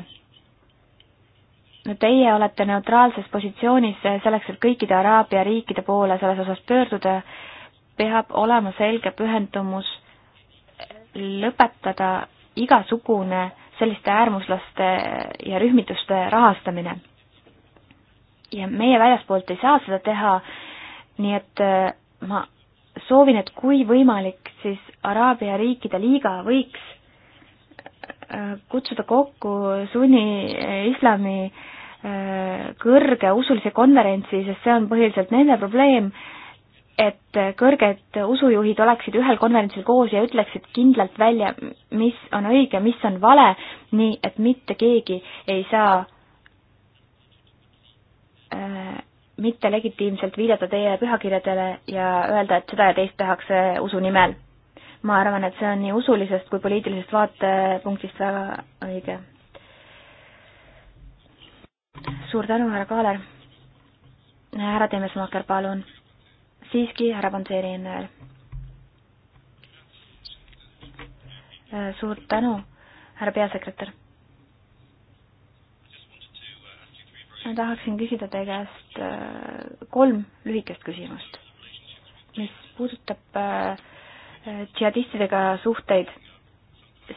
teie olete neutraalses positsioonis selleks, et kõikide Araabia riikide poole selles osas pöörduda, peab olema selge pühendumus lõpetada igasugune äh, selliste äärmuslaste ja rühmituste rahastamine. ja meie väljaspoolt ei saa seda teha, nii et äh, ma soovin, et kui võimalik, siis Araabia riikide liiga võiks äh, kutsuda kokku sunni äh, islami kõrge usulise konverentsi, sest see on põhiliselt nende probleem et kõrged usujuhid oleksid ühel konverentsil koos ja ütleksid kindlalt välja, mis on õige, mis on vale, nii et mitte keegi ei saa äh, mitte legitiimselt viidata teie pühakirjadele ja öelda, et seda ja teist tehakse usu nimel. ma arvan, et see on nii usulisest kui poliitilisest vaatepunktist väga õige. suur tänu, härra Kaaler. härra Temesmaaker, palun siiski härra Panseeri nimel. Äh, suur tänu, härra peasekretär. ma tahaksin küsida teie käest äh, kolm lühikest küsimust, mis puudutab äh, džihadistidega suhteid,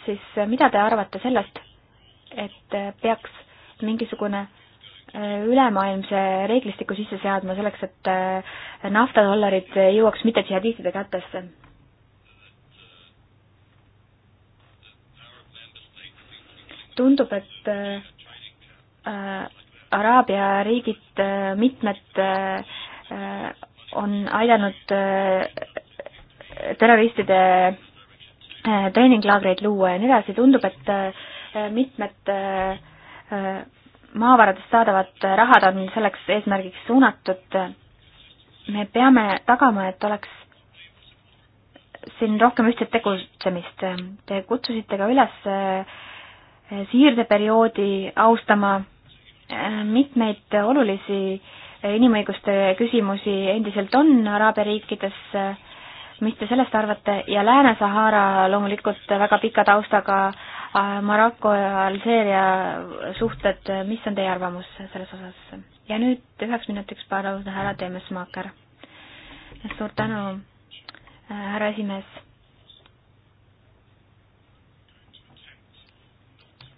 siis mida te arvate sellest, et peaks mingisugune Äh, ülemaailmse reeglistiku sisse seadma selleks, et äh, naftadollarid jõuaks mitte džihadistide kätesse? tundub, et äh, äh, Araabia riigid äh,, mitmed äh, on aidanud äh, terroristide äh, treeninglaagreid luua ja nii edasi, tundub, et äh, mitmed äh, maavaradest saadavat rahad on selleks eesmärgiks suunatud. me peame tagama, et oleks siin rohkem ühtset tegutsemist. Te kutsusite ka üles eh, siirdeperioodi austama eh, mitmeid olulisi eh, inimõiguste küsimusi endiselt on Araabia riikides mis te sellest arvate ja Lääne-Sahara loomulikult väga pika taustaga äh, Maroko ja Alžeeria suhted, mis on teie arvamus selles osas? ja nüüd üheks minutiks palun härra Teemesmaaker. suur tänu, äh, härra esimees.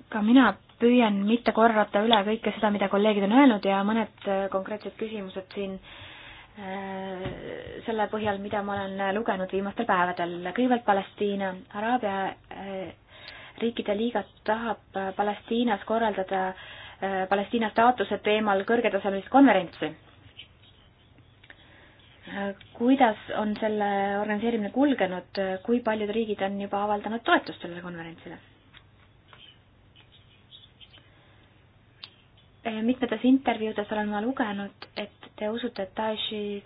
ka mina püüan mitte korrata üle kõike seda, mida kolleegid on öelnud ja mõned äh, konkreetsed küsimused siin äh, Äh, selle põhjal, mida ma olen lugenud viimastel päevadel. kõigepealt Palestiina. Araabia äh, riikide liiga tahab äh, Palestiinas korraldada Palestiina staatuse teemal kõrgetasemelist konverentsi. kuidas on selle organiseerimine kulgenud, kui paljud riigid on juba avaldanud toetust sellele konverentsile? mitmetes intervjuudes olen ma lugenud, et te usute, et Daeshi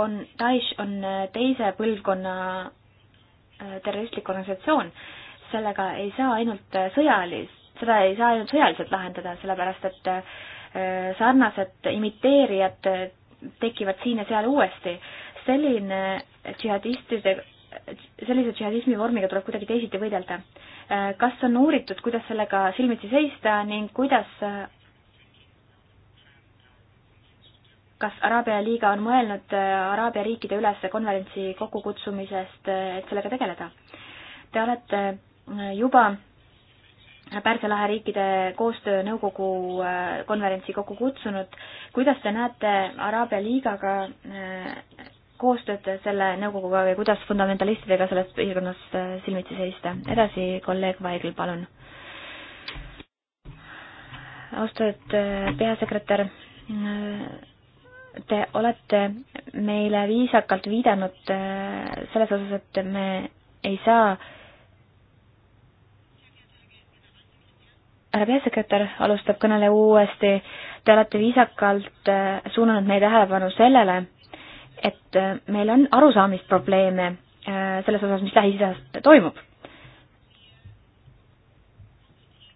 on, Daesh on äh, teise põlvkonna äh, terroristlik organisatsioon. sellega ei saa ainult äh, sõjalist, seda ei saa ainult sõjaliselt lahendada, sellepärast et sarnased imiteerijad tekivad siin ja seal uuesti. selline džihadistide, sellise džihadismi vormiga tuleb kuidagi teisiti võidelda. kas on uuritud, kuidas sellega silmitsi seista ning kuidas kas Araabia liiga on mõelnud äh, Araabia riikide ülese konverentsi kokkukutsumisest, äh, et sellega tegeleda? Te olete äh, juba Pärsia lahe riikide koostöönõukogu konverentsi kokku kutsunud. kuidas te näete Araabia liigaga koostööd selle nõukoguga või kuidas fundamentalistidega selles piirkonnas silmitsi seista? edasi kolleeg Vaigel, palun. austatud peasekretär, te olete meile viisakalt viidanud äh, selles osas, et me ei saa härra peasekretär alustab kõneleja uuesti, te olete viisakalt äh, suunanud meie tähelepanu sellele, et äh, meil on arusaamisprobleeme selles osas, mis Lähis-Idas toimub.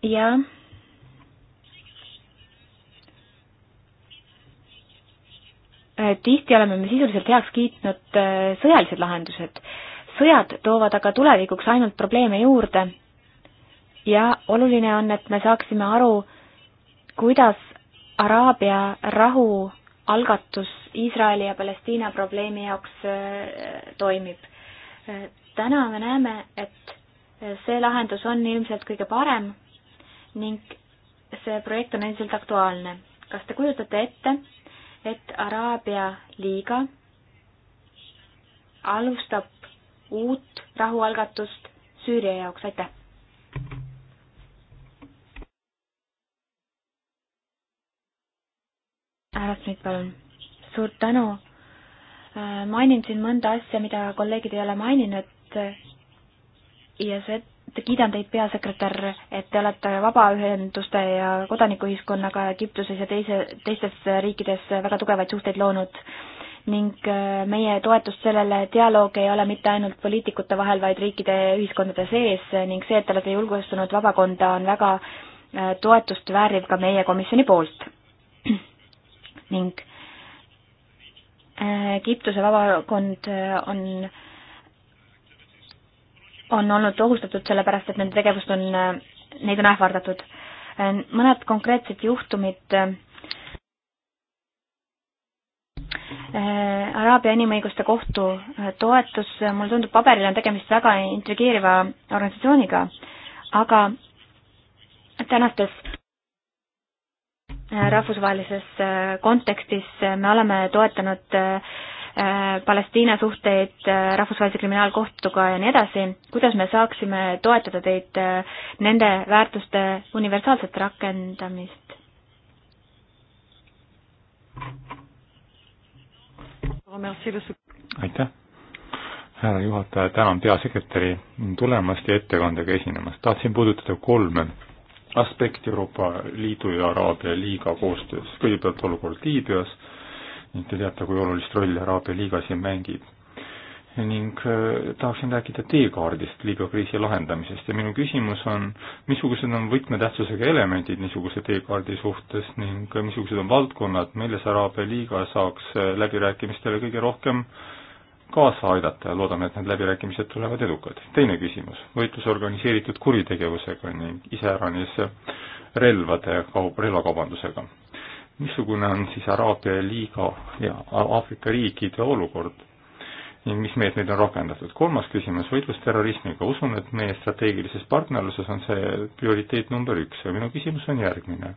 ja Äh, tihti oleme me sisuliselt heaks kiitnud äh, sõjalised lahendused. sõjad toovad aga tulevikuks ainult probleeme juurde ja oluline on, et me saaksime aru, kuidas Araabia rahu algatus Iisraeli ja Palestiina probleemi jaoks äh, toimib. täna me näeme, et see lahendus on ilmselt kõige parem ning see projekt on endiselt aktuaalne. kas te kujutate ette, et Araabia liiga alustab uut rahualgatust Süüria jaoks, aitäh! härra Smith, palun. suur tänu. Äh, mainin siin mõnda asja, mida kolleegid ei ole maininud ja see kiidan teid, peasekretär, et te olete vabaühenduste ja kodanikuühiskonnaga Egiptuses ja teise, teistes riikides väga tugevaid suhteid loonud ning äh, meie toetus sellele dialoog ei ole mitte ainult poliitikute vahel, vaid riikide ühiskondade sees ning see, et te olete julgustanud vabakonda, on väga äh, toetust vääriv ka meie komisjoni poolt. *clears throat* ning äh, Egiptuse vabakond on, on on olnud ohustatud sellepärast, et nende tegevust on, neid on ähvardatud. mõned konkreetsed juhtumid äh, Araabia Inimõiguste Kohtu äh, toetus, mulle tundub, paberil on tegemist väga intrigeeriva organisatsiooniga, aga tänastes äh, rahvusvahelises kontekstis me oleme toetanud Äh, Palestiina suhteid äh, Rahvusvahelise Kriminaalkohtuga ja nii edasi, kuidas me saaksime toetada teid äh, nende väärtuste universaalset rakendamist? aitäh, härra juhataja, tänan peasekretäri tulemast ja ettekandega esinemast. tahtsin puudutada kolme aspekti Euroopa Liidu ja Araabia liiga koostöös. kõigepealt olukord Liibüas ning te teate, kui olulist rolli Araabia liiga siin mängib. ning äh, tahaksin rääkida teekaardist liigakriisi lahendamisest ja minu küsimus on, missugused on võtmetähtsusega elemendid niisuguse teekaardi suhtes ning missugused on valdkonnad, milles Araabia liiga saaks äh, läbirääkimistele kõige rohkem kaasa aidata ja loodame, et need läbirääkimised tulevad edukad. teine küsimus, võitlus organiseeritud kuritegevusega ning iseäranis relvade kaup, relvakaubandusega missugune on siis Araabia liiga ja Aafrika riikide olukord ning mis meetmeid on rakendatud. kolmas küsimus, võitlus terrorismiga. usun, et meie strateegilises partnerluses on see prioriteet number üks ja minu küsimus on järgmine.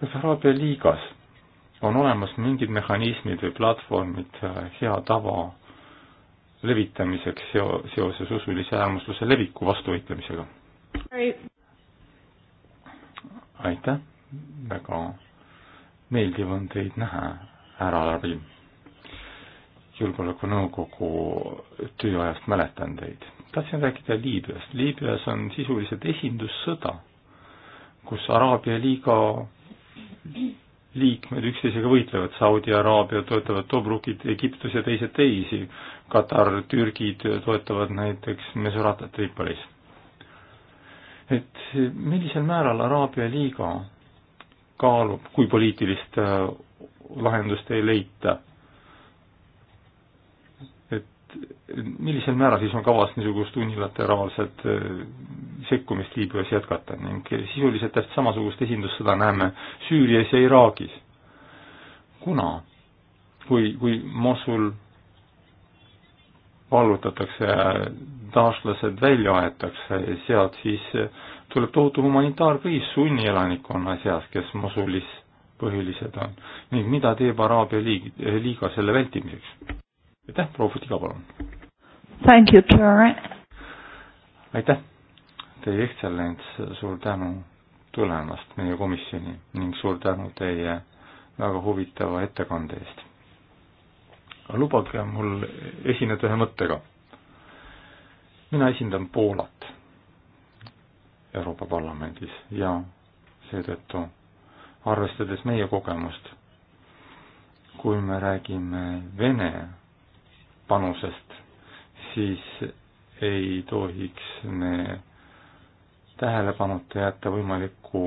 kas Araabia liigas on olemas mingid mehhanismid või platvormid äh, hea tava levitamiseks seo-, seoses usulise äärmusluse leviku vastu võitlemisega? aitäh, väga meeldiv on teid näha, härra Alarbi. julgeolekunõukogu tööajast mäletan teid. tahtsin rääkida Liibüast. Liibüas on sisuliselt esindussõda, kus Araabia liiga liikmed üksteisega võitlevad, Saudi Araabia toetavad Tobrukit, Egiptus ja teised teisi, Katar, Türgid toetavad näiteks Mesuratat Tripolis. et millisel määral Araabia liiga kaalub, kui poliitilist äh, lahendust ei leita. et millisel määral siis on kavas niisugust unilateraalset äh, sekkumist Liibüas jätkata ning sisuliselt täpselt samasugust esindussõda näeme Süürias ja Iraagis. kuna, kui, kui Mosul vallutatakse, taaslased äh, välja aetakse sealt, siis tuleb tohutu humanitaarkriis sunnielanikkonna seas, kes Mosulis põhilised on ning mida teeb Araabia liig-, liiga selle vältimiseks? aitäh, proua Futiga, palun! Thank you, Chair! aitäh, Teie Ekstsellents, suur tänu tulemast meie komisjoni ning suur tänu teie väga huvitava ettekande eest. lubage mul esineda ühe mõttega. mina esindan Poolat Euroopa Parlamendis ja seetõttu arvestades meie kogemust, kui me räägime Vene panusest, siis ei tohiks me tähelepanuta jätta võimalikku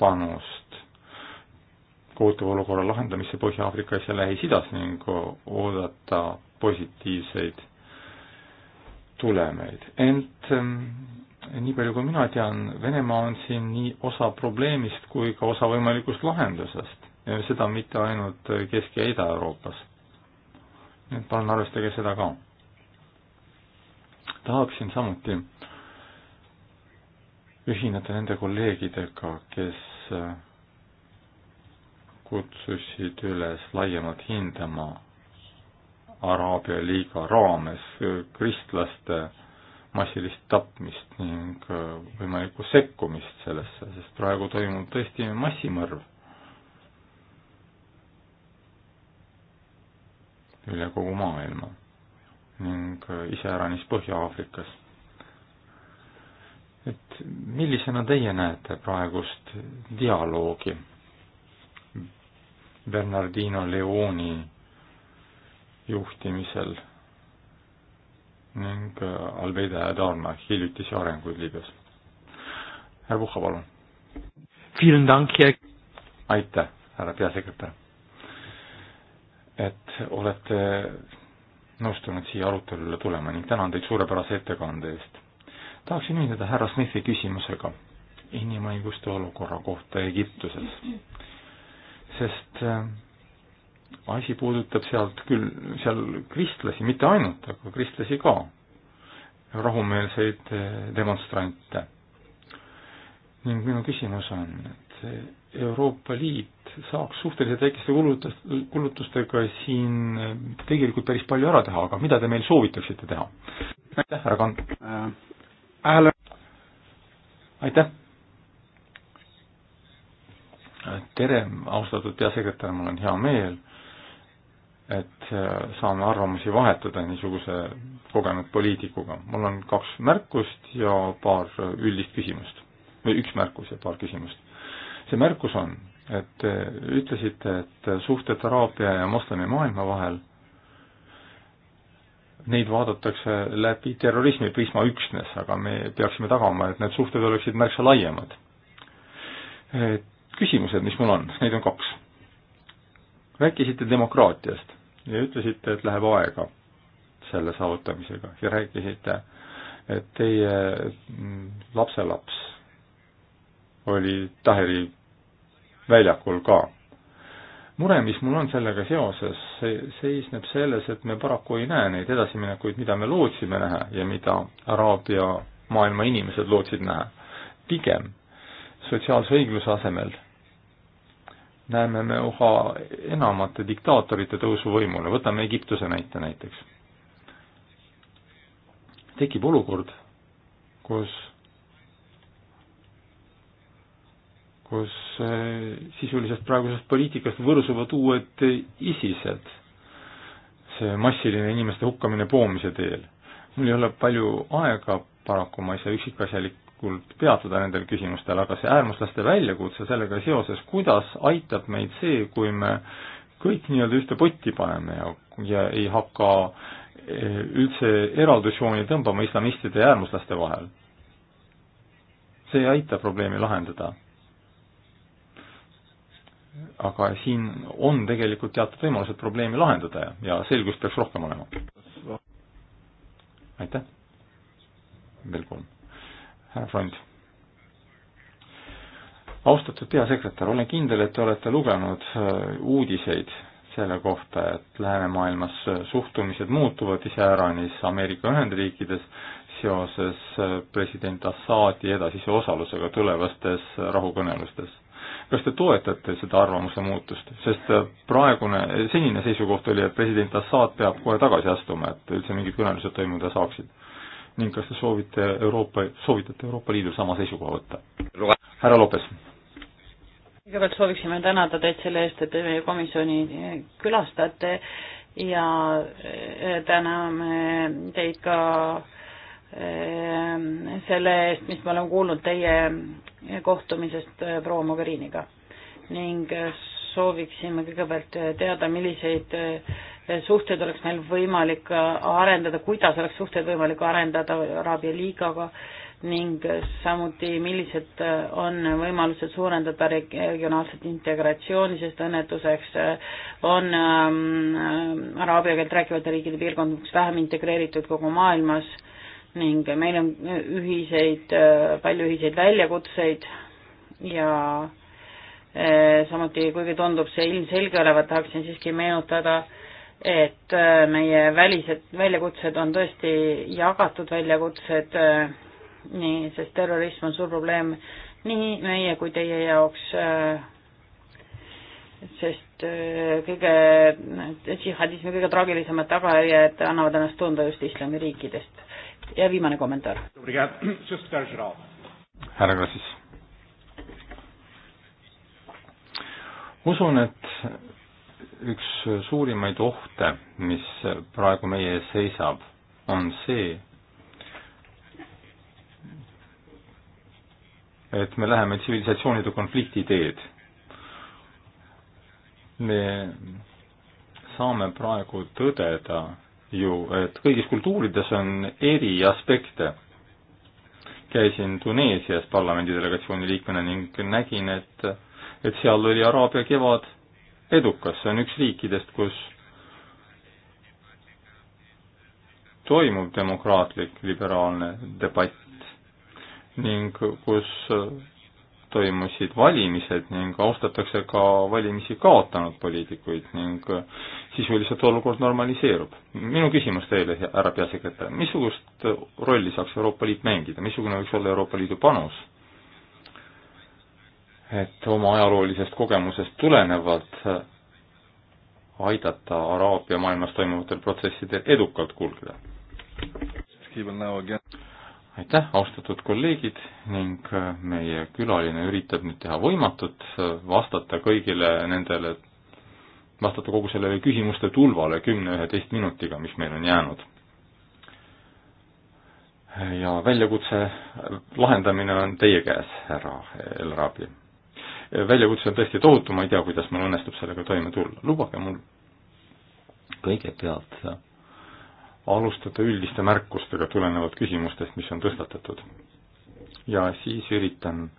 panust kohutava olukorra lahendamisse Põhja-Aafrikas ja Lähis-Idas ning oodata positiivseid tulemeid. ent nii palju kui mina tean, Venemaa on siin nii osa probleemist kui ka osa võimalikust lahendusest, seda mitte ainult Kesk- ja Ida-Euroopas. nii et palun arvestage seda ka. tahaksin samuti ühineda nende kolleegidega, kes äh, kutsusid üles laiemalt hindama Araabia liiga raames äh, kristlaste massilist tapmist ning äh, võimalikku sekkumist sellesse, sest praegu toimub tõesti massimõrv üle kogu maailma ning äh, iseäranis Põhja-Aafrikas. et millisena teie näete praegust dialoogi Bernardino Leoni juhtimisel ning äh, Albeida ja Darma hiljutisi arenguid Liibüas. härra Puhha, palun. aitäh, härra peasekretär, et olete nõustunud siia arutelule tulema ning tänan teid suurepärase ettekande eest. tahaksin ühineda härra Smithi küsimusega inimõiguste olukorra kohta Egiptuses, sest äh, asi puudutab sealt küll, seal kristlasi mitte ainult, aga kristlasi ka, rahumeelseid eh, demonstrante. ning minu küsimus on, et Euroopa Liit saaks suhteliselt väikeste kulutus, kulutustega siin eh, tegelikult päris palju ära teha, aga mida te meil soovitaksite teha? aitäh, härra Kand äh, äh,. aitäh tere, austatud peasekretär, mul on hea meel, et äh, saame arvamusi vahetada niisuguse kogenud poliitikuga. mul on kaks märkust ja paar äh, üldist küsimust. või üks märkus ja paar küsimust. see märkus on, et te ütlesite, et suhted Araabia ja moslemi maailma vahel, neid vaadatakse läbi terrorismi prisma üksnes, aga me peaksime tagama, et need suhted oleksid märksa laiemad. Äh, küsimused, mis mul on, neid on kaks. rääkisite demokraatiast ja ütlesite, et läheb aega selle saavutamisega ja rääkisite, et teie lapselaps oli Taheri väljakul ka. mure, mis mul on sellega seoses, see seisneb selles, et me paraku ei näe neid edasiminekuid, mida me lootsime näha ja mida araabia maailma inimesed lootsid näha. pigem sotsiaalse õigluse asemel näeme me üha enamate diktaatorite tõusu võimule, võtame Egiptuse näite näiteks. tekib olukord, kus, kus eh, sisuliselt praegusest poliitikast võrsuvad uued ISISed, see massiline inimeste hukkamine poomise teel. mul ei ole palju aega paraku, ma ei saa üksikasjalik-, põhjalikult peatuda nendel küsimustel, aga see äärmuslaste väljakutse sellega seoses, kuidas aitab meid see, kui me kõik nii-öelda ühte potti paneme ja, ja ei hakka eh, üldse eraldusjooni tõmbama islamistide ja äärmuslaste vahel. see ei aita probleemi lahendada. aga siin on tegelikult teatud võimalused probleemi lahendada ja selgust peaks rohkem olema. aitäh! veel kolm härra Freund. austatud peasekretär, olen kindel, et te olete lugenud äh, uudiseid selle kohta, et läänemaailmas äh, suhtumised muutuvad iseäranis Ameerika Ühendriikides seoses äh, president Assadi edasise osalusega tulevastes rahukõnelustes kas te toetate seda arvamuse muutust, sest praegune, senine seisukoht oli, et president Assad peab kohe tagasi astuma, et üldse mingid kõnelused toimuda saaksid? ning kas te soovite Euroopa, soovitate Euroopa Liidul sama seisukoha võtta? härra Lopes. kõigepealt sooviksime tänada teid selle eest, et te meie komisjoni külastate ja e, täname teid ka e, selle eest, mis me oleme kuulnud teie kohtumisest e, proua Mogheriniga ning sooviksime kõigepealt teada, milliseid suhteid oleks meil võimalik äh, arendada, kuidas oleks suhteid võimalik arendada Araabia liigaga ning samuti, millised äh, on võimalused suurendada regionaalset integratsiooni, sest õnnetuseks äh, on ähm, araabia keelt rääkivate riikide piirkond üks vähem integreeritud kogu maailmas ning meil on ühiseid, palju ühiseid väljakutseid ja samuti, kuigi tundub see ilmselge olevat, tahaksin siiski meenutada äh, et äh, meie välised väljakutsed on tõesti jagatud väljakutsed, äh, nii, sest terrorism on suur probleem nii meie kui teie jaoks, äh, sest kõige, džihadismi kõige traagilisemad tagajärjed annavad ennast tunda just islamiriikidest. ja viimane kommentaar. härra Krassis. usun, et üks suurimaid ohte, mis praegu meie ees seisab, on see, et me läheme tsivilisatsioonide konflikti teed. me saame praegu tõdeda ju, et kõigis kultuurides on eri aspekte. käisin Tuneesias parlamendi delegatsiooni liikmena ning nägin, et, et seal oli Araabia kevad edukas, see on üks riikidest, kus toimub demokraatlik liberaalne debatt ning kus toimusid valimised ning austatakse ka valimisi kaotanud poliitikuid ning sisuliselt olukord normaliseerub. minu küsimus teile, härra peasekretär, missugust rolli saaks Euroopa Liit mängida, missugune võiks olla Euroopa Liidu panus et oma ajaloolisest kogemusest tulenevalt aidata Araabia maailmas toimuvatel protsessidel edukalt kulgeda. aitäh, austatud kolleegid ning meie külaline üritab nüüd teha võimatut, vastata kõigile nendele, vastata kogu sellele küsimuste tulvale kümne-üheteist minutiga, mis meil on jäänud. ja väljakutse lahendamine on teie käes, härra El Rabi väljakutse on tõesti tohutu, ma ei tea, kuidas mul õnnestub sellega toime tulla. lubage mul kõigepealt alustada üldiste märkustega tulenevat küsimustest, mis on tõstatatud. ja siis üritan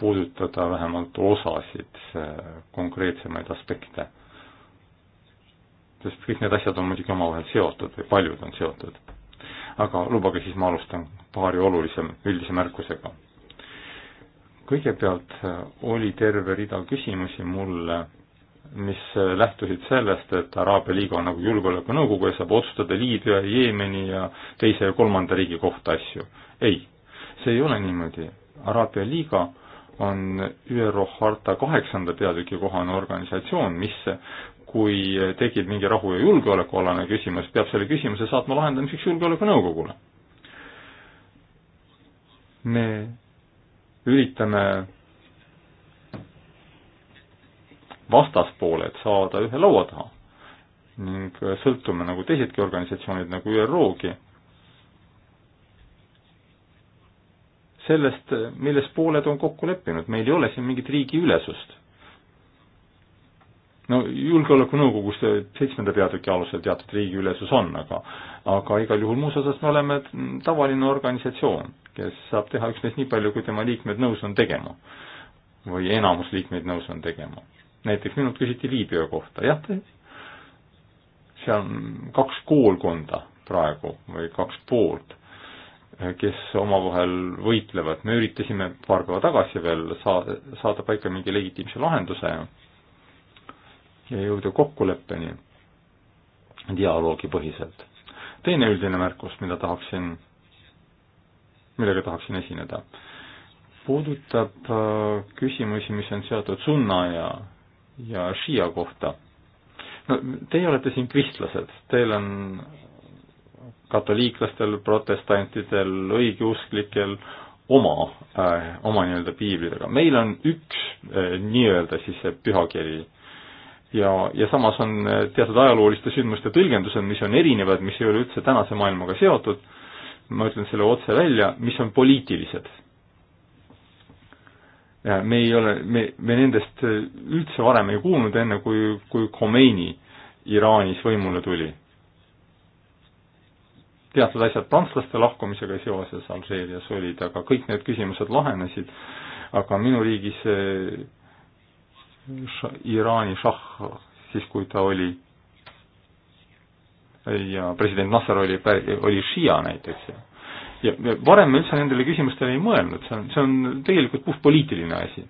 puudutada vähemalt osasid äh, konkreetsemaid aspekte. sest kõik need asjad on muidugi omavahel seotud või paljud on seotud. aga lubage siis ma alustan paari olulisem, üldise märkusega kõigepealt äh, oli terve rida küsimusi mulle, mis äh, lähtusid sellest, et Araabia liiga on nagu julgeolekunõukogu ja saab otsustada Liibüa, Jeemeni ja teise ja kolmanda riigi kohta asju. ei, see ei ole niimoodi. Araabia liiga on ÜRO harta kaheksanda peatüki kohane organisatsioon, mis kui tekib mingi rahu- ja julgeolekualane küsimus, peab selle küsimuse saatma lahendamiseks Julgeolekunõukogule. me üritame vastaspooled saada ühe laua taha ning sõltume nagu teisedki organisatsioonid nagu ÜRO-gi sellest, milles pooled on kokku leppinud, meil ei ole siin mingit riigiülesust. no Julgeolekunõukogus seitsmenda peatüki alusel teatud riigiülesus on, aga aga igal juhul muus osas me oleme tavaline organisatsioon kes saab teha üksnes nii palju, kui tema liikmed nõus on tegema. või enamus liikmeid nõus on tegema. näiteks minult küsiti Liibüa kohta, jah, seal on kaks koolkonda praegu või kaks poolt, kes omavahel võitlevad, me üritasime paar päeva tagasi veel saa-, saada paika mingi legitiimse lahenduse ja jõuda kokkuleppeni dialoogipõhiselt. teine üldine märkus, mida tahaksin millega tahaksin esineda. puudutab äh, küsimusi, mis on seotud sunna ja, ja šia kohta. no teie olete siin kristlased, teil on katoliiklastel, protestantidel, õigeusklikel oma äh,, oma nii-öelda piiblidega. meil on üks äh, nii-öelda siis see pühakiri ja, ja samas on äh, teatud ajalooliste sündmuste tõlgendused, mis on erinevad, mis ei ole üldse tänase maailmaga seotud ma ütlen selle otse välja, mis on poliitilised. me ei ole, me, me nendest üldse varem ei kuulnud, enne kui, kui Khomeini Iraanis võimule tuli. teatud asjad prantslaste lahkumisega seoses Alžeerias olid, aga kõik need küsimused lahenesid, aga minu riigis Iraani šahh, siis kui ta oli ja president Nasser oli, oli Shia näiteks ja ja varem me üldse nendele küsimustele ei mõelnud, see on, see on tegelikult puhtpoliitiline asi.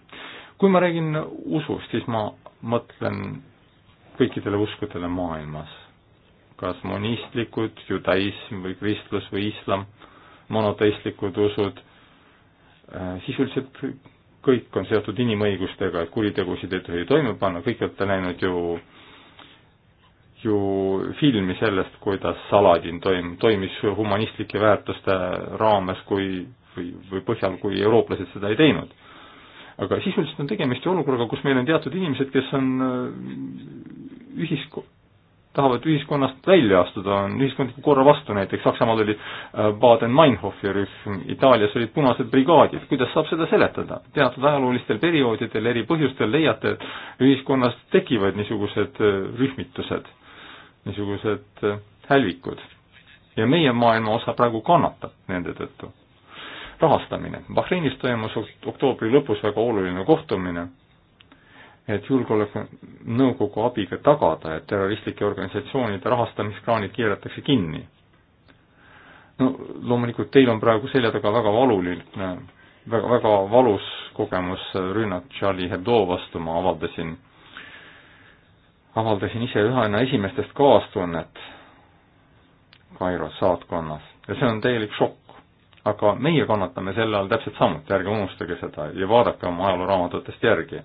kui ma räägin usust, siis ma mõtlen kõikidele uskudele maailmas, kas monistlikud, judaism või kristlus või islam, monoteistlikud usud, äh, sisuliselt kõik on seotud inimõigustega, et kuritegusid ei tohi toime panna, kõik olete näinud ju äh, ju filmi sellest, kuidas Saladin toim-, toimis humanistlike väärtuste raames, kui või, või põhjal, kui eurooplased seda ei teinud. aga sisuliselt on tegemist ju olukorraga, kus meil on teatud inimesed, kes on äh, ühisk-, tahavad ühiskonnast välja astuda, on ühiskondliku korra vastu, näiteks Saksamaal oli äh, Baden-Meinhofi rühm, Itaalias olid punased brigaadid, kuidas saab seda seletada? teatud ajaloolistel perioodidel eri põhjustel leiate, et ühiskonnas tekivad niisugused äh, rühmitused niisugused äh, hälvikud. ja meie maailma osa praegu kannatab nende tõttu. rahastamine. Bahreinis toimus oktoobri lõpus väga oluline kohtumine, et Julgeolekunõukogu abiga tagada, et terroristlike organisatsioonide rahastamiskraanid keeratakse kinni. no loomulikult teil on praegu selja taga väga valuline väga, väga valus kogemus rünnak Charlie Hebdo vastu, ma avaldasin avaldasin ise ühena esimestest kaastunnet Kairo saatkonnas ja see on täielik šokk. aga meie kannatame selle all täpselt samuti, ärge unustage seda ja vaadake oma ajalooraamatutest järgi.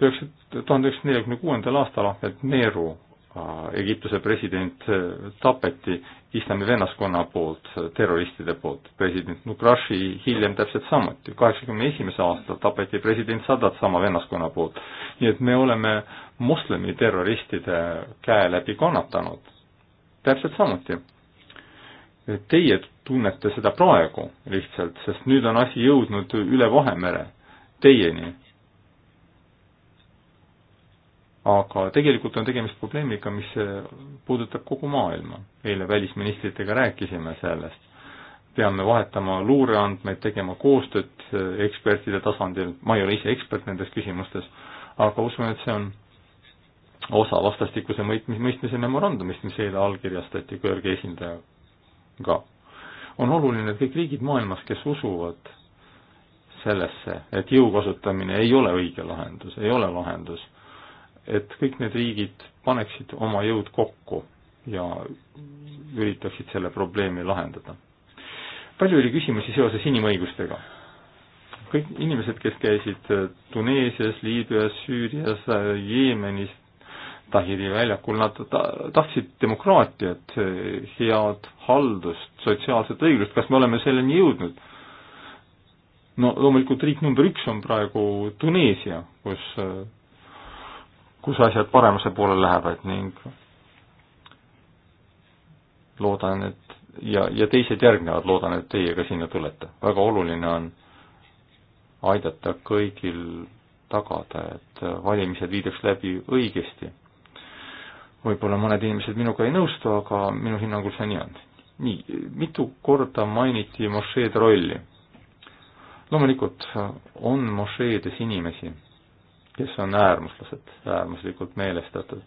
üheksa, tuhande üheksasaja neljakümne kuuendal aastal Ahmed Meeru, äh, Egiptuse president, äh, tapeti islami vennaskonna poolt, äh, terroristide poolt, president Nukrashi hiljem täpselt samuti, kaheksakümne esimese aastal tapeti president Sadat sama vennaskonna poolt. nii et me oleme äh, moslemiterroristide käe läbi kannatanud. täpselt samuti. Teie tunnete seda praegu lihtsalt, sest nüüd on asi jõudnud üle Vahemere teieni. aga tegelikult on tegemist probleemiga, mis puudutab kogu maailma. eile välisministritega rääkisime sellest peame vahetama luureandmeid, tegema koostööd ekspertide tasandil, ma ei ole ise ekspert nendes küsimustes, aga usun, et see on osa vastastikuse mõistmise memorandumist, mis eile allkirjastati kõrge esindajaga. on oluline, et kõik riigid maailmas, kes usuvad sellesse, et jõu kasutamine ei ole õige lahendus, ei ole lahendus, et kõik need riigid paneksid oma jõud kokku ja üritaksid selle probleemi lahendada. palju oli küsimusi seoses inimõigustega? kõik inimesed, kes käisid Tuneesias, Liibüas, Süürias, Jeemenis, Tahiri väljakul, nad ta-, tahtsid demokraatiat, head haldust, sotsiaalset õiglust, kas me oleme selleni jõudnud? no loomulikult riik number üks on praegu Tuneesia, kus, kus asjad paremuse poole lähevad ning loodan, et ja, ja teised järgnevad, loodan, et teie ka sinna tulete. väga oluline on aidata kõigil tagada, et valimised viidaks läbi õigesti võib-olla mõned inimesed minuga ei nõustu, aga minu hinnangul see nii on. nii, mitu korda mainiti mošeede rolli? loomulikult on mošeedes inimesi, kes on äärmuslased, äärmuslikult meelestatud.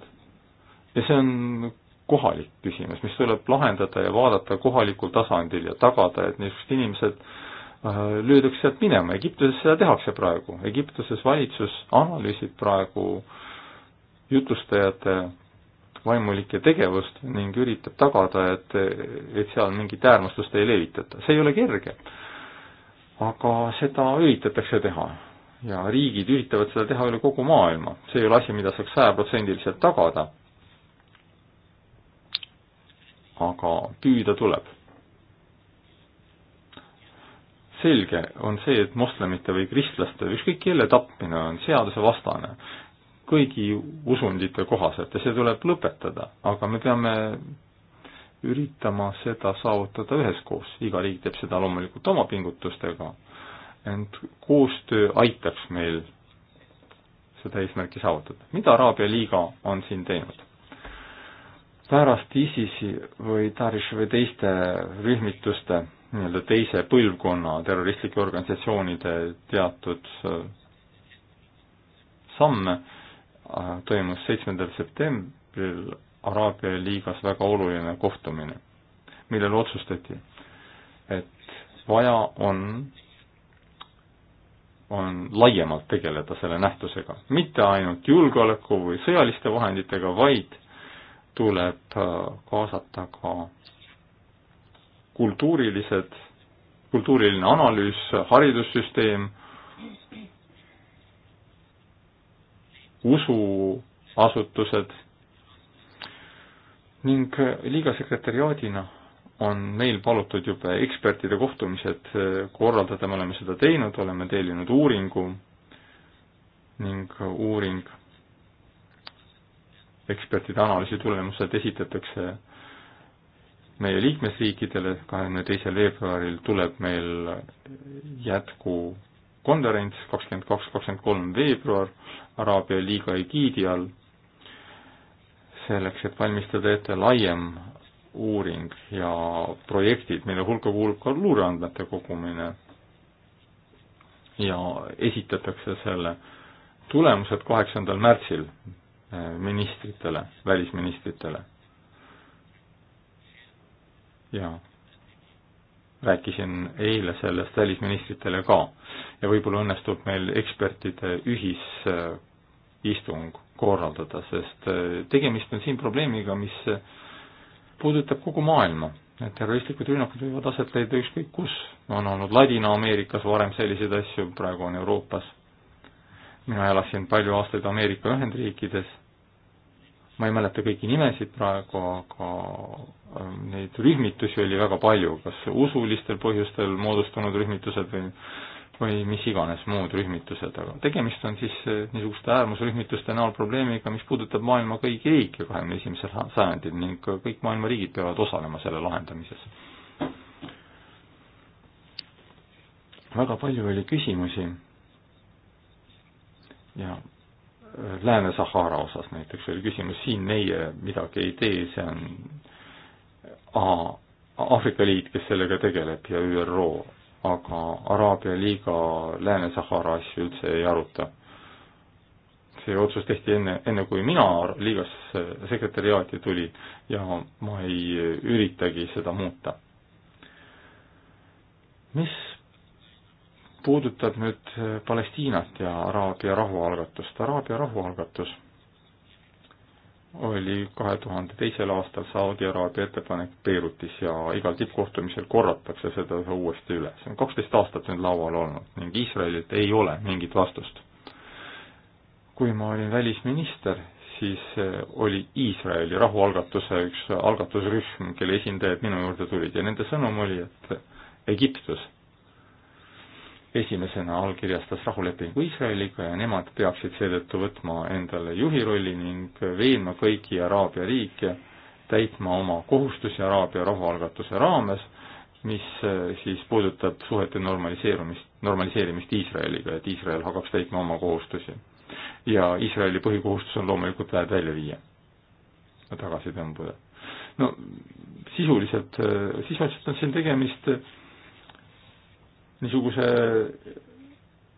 ja see on kohalik küsimus, mis tuleb lahendada ja vaadata kohalikul tasandil ja tagada, et niisugused inimesed äh, löödaks sealt minema, Egiptuses seda tehakse praegu, Egiptuses valitsus analüüsib praegu jutlustajate vaimulikke tegevust ning üritab tagada, et, et seal mingit äärmustust ei levitata. see ei ole kerge, aga seda üritatakse teha. ja riigid üritavad seda teha üle kogu maailma, see ei ole asi, mida saaks sajaprotsendiliselt tagada, aga püüda tuleb. selge on see, et moslemite või kristlaste, ükskõik kelle tapmine on seadusevastane kõigi usundite kohaselt ja see tuleb lõpetada, aga me peame üritama seda saavutada üheskoos, iga riik teeb seda loomulikult oma pingutustega, ent koostöö aitaks meil seda eesmärki saavutada. mida Araabia liiga on siin teinud? pärast ISISi või Darish või teiste rühmituste, nii-öelda teise põlvkonna terroristlike organisatsioonide teatud äh, samme, Äh, toimus seitsmendal septembril Araabia liigas väga oluline kohtumine, millel otsustati, et vaja on, on laiemalt tegeleda selle nähtusega. mitte ainult julgeoleku või sõjaliste vahenditega, vaid tuleb äh, kaasata ka kultuurilised, kultuuriline analüüs, haridussüsteem usuasutused ning liiga sekretäriaadina on meil palutud juba ekspertide kohtumised korraldada, me oleme seda teinud, oleme tellinud uuringu ning uuring, ekspertide analüüsi tulemused esitatakse meie liikmesriikidele, kahekümne teisel veebruaril tuleb meil jätku konverents kakskümmend kaks, kakskümmend kolm veebruar Araabia liiga egiidi all, selleks, et valmistada ette laiem uuring ja projektid, mille hulka kuulub ka luureandmete kogumine. ja esitatakse selle tulemused kaheksandal märtsil eh, ministritele, välisministritele. jaa rääkisin eile sellest välisministritele ka. ja võib-olla õnnestub meil ekspertide ühisistung korraldada, sest äh, tegemist on siin probleemiga, mis puudutab kogu maailma. Need terroristlikud rünnakud võivad aset leida ükskõik kus, on olnud Ladina-Ameerikas varem selliseid asju, praegu on Euroopas. mina elasin palju aastaid Ameerika Ühendriikides ma ei mäleta kõiki nimesid praegu, aga ähm, neid rühmitusi oli väga palju, kas usulistel põhjustel moodustunud rühmitused või või mis iganes muud rühmitused, aga tegemist on siis äh, niisuguste äärmusrühmituste näol probleemiga, mis puudutab maailma kõiki riike kahekümne esimesel sajandil ning kõik maailma riigid peavad osalema selle lahendamises. väga palju oli küsimusi ja Lääne-Sahara osas näiteks oli küsimus, siin meie midagi ei tee, see on A, Aafrika Liit, kes sellega tegeleb ja ÜRO, aga Araabia Liiga Lääne-Sahara asju üldse ei aruta. see otsus tehti enne, enne kui mina liigas sekretäriaati tulin ja ma ei üritagi seda muuta. mis puudutab nüüd äh, Palestiinat ja Araabia rahualgatust. Araabia rahualgatus oli kahe tuhande teisel aastal Saudi Araabia ettepanek Beirutis ja igal tippkohtumisel korratakse seda uuesti üle. see on kaksteist aastat nüüd laual olnud ning Iisraelilt ei ole mingit vastust. kui ma olin välisminister, siis äh, oli Iisraeli rahualgatuse üks algatusrühm, kelle esindajad minu juurde tulid ja nende sõnum oli, et Egiptus esimesena allkirjastas rahulepingu Iisraeliga ja nemad peaksid seetõttu võtma endale juhi rolli ning veenma kõiki Araabia riike täitma oma kohustusi Araabia rahualgatuse raames, mis eh, siis puudutab suhete normaliseerumist, normaliseerimist Iisraeliga, et Iisrael hakkaks täitma oma kohustusi. ja Iisraeli põhikohustus on loomulikult väed välja viia, tagasi tõmbuda. no sisuliselt, eh, sisuliselt on siin tegemist eh, niisuguse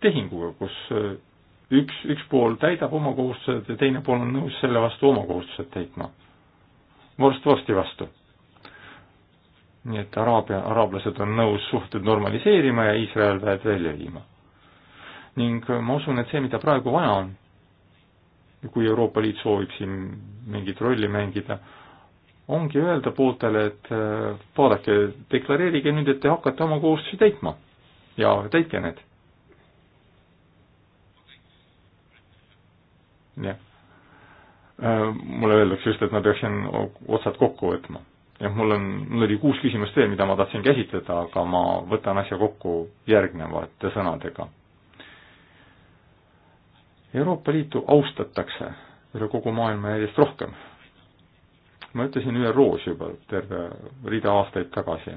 tehinguga, kus äh, üks, üks pool täidab oma kohustused ja teine pool on nõus selle vastu oma kohustused täitma. vorst vorsti vastu. nii et araabia, araablased on nõus suhted normaliseerima ja Iisrael väed välja viima. ning äh, ma usun, et see, mida praegu vaja on, kui Euroopa Liit soovib siin mingit rolli mängida, ongi öelda pooltele, et äh, vaadake, deklareerige nüüd, et te hakkate oma kohustusi täitma ja täitke need. jah. Äh, mulle öeldakse just, et ma peaksin otsad kokku võtma. jah, mul on, mul oli kuus küsimust veel, mida ma tahtsin käsitleda, aga ma võtan asja kokku järgnevate sõnadega. Euroopa Liitu austatakse üle kogu maailma järjest rohkem ma ütlesin ÜRO-s juba terve rida aastaid tagasi,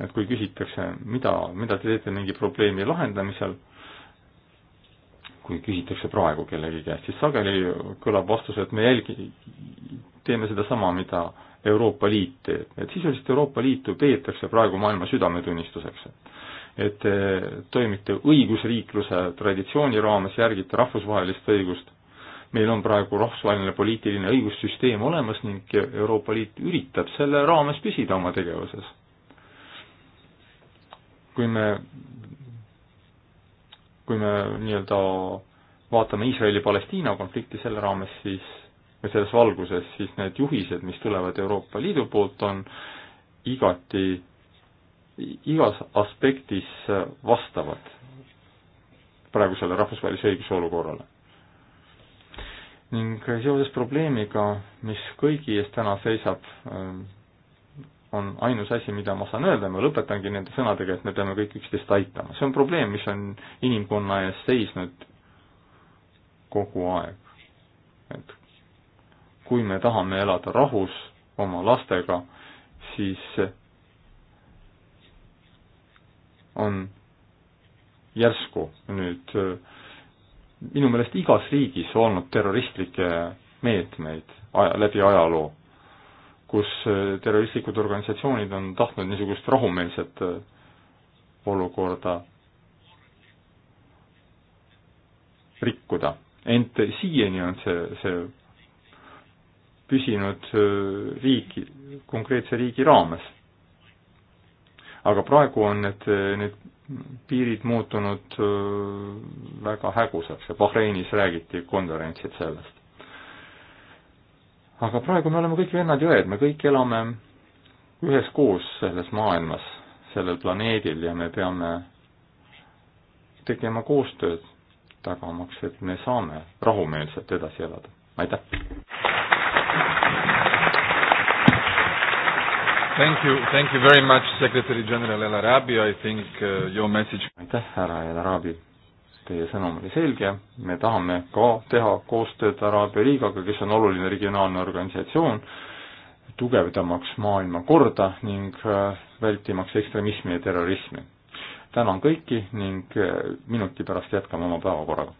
et kui küsitakse, mida, mida te teete mingi probleemi lahendamisel, kui küsitakse praegu kellegi käest, siis sageli kõlab vastus, et me jälgi-, teeme sedasama, mida Euroopa Liit teeb. et sisuliselt Euroopa Liitu peetakse praegu maailma südametunnistuseks. et te toimite õigusriikluse traditsiooni raames, järgite rahvusvahelist õigust, meil on praegu rahvusvaheline poliitiline õigussüsteem olemas ning Euroopa Liit üritab selle raames püsida oma tegevuses kui me, kui me nii-öelda vaatame Iisraeli-Palestiina konflikti selle raames, siis või selles valguses, siis need juhised, mis tulevad Euroopa Liidu poolt, on igati, igas aspektis vastavad praegusele rahvusvahelise õiguse olukorrale. ning seoses probleemiga, mis kõigi ees täna seisab, ähm, on ainus asi, mida ma saan öelda, ma lõpetangi nende sõnadega, et me peame kõik üksteist aitama. see on probleem, mis on inimkonna ees seisnud kogu aeg. et kui me tahame elada rahus oma lastega, siis on järsku nüüd minu meelest igas riigis olnud terroristlikke meetmeid aja, läbi ajaloo kus äh, terroristlikud organisatsioonid on tahtnud niisugust rahumeelset äh, olukorda rikkuda. ent siiani on see, see püsinud äh, riigi, konkreetse riigi raames. aga praegu on need, need piirid muutunud väga häguseks ja Bahreinis räägiti konverentsid sellest aga praegu me oleme kõik vennad-jõed, me kõik elame üheskoos selles maailmas, sellel planeedil ja me peame tegema koostööd, tagamaks, et me saame rahumeelselt edasi elada. aitäh! Thank you, thank you very much, Secretary General El Arabi, I think uh, your message aitäh, härra El Arabi! Teie sõnum oli selge, me tahame ka teha koostööd Araabia liigaga, kes on oluline regionaalne organisatsioon, tugevdamaks maailmakorda ning äh, vältimaks ekstremismi ja terrorismi. tänan kõiki ning äh, minuti pärast jätkame oma päevakorraga.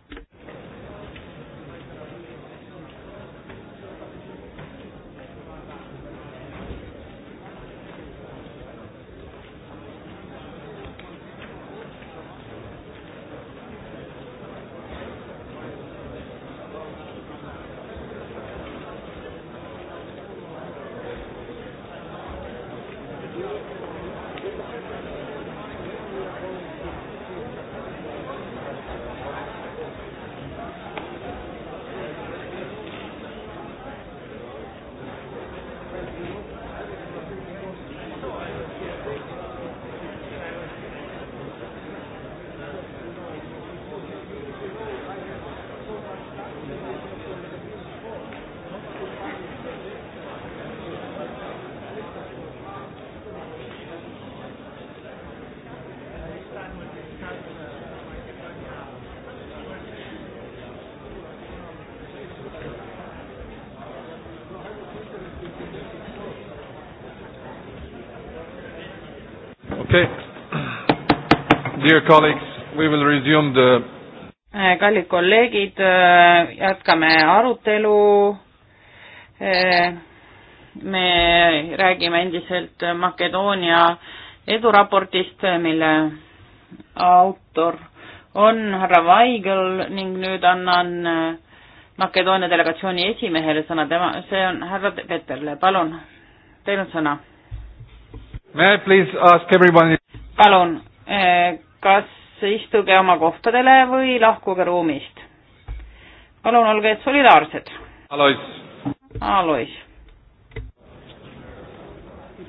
Dear colleagues, we will resume the äh, kallid kolleegid, äh, jätkame arutelu. Äh, me räägime endiselt Makedoonia eduraportist, mille autor on härra Vaigel ning nüüd annan Makedoonia delegatsiooni esimehele sõna, tema, see on härra Peterle, palun, teil on sõna. May I please ask everyone palun kas istuge oma kohtadele või lahkuge ruumist. palun olge solidaarsed. Alois. Alois.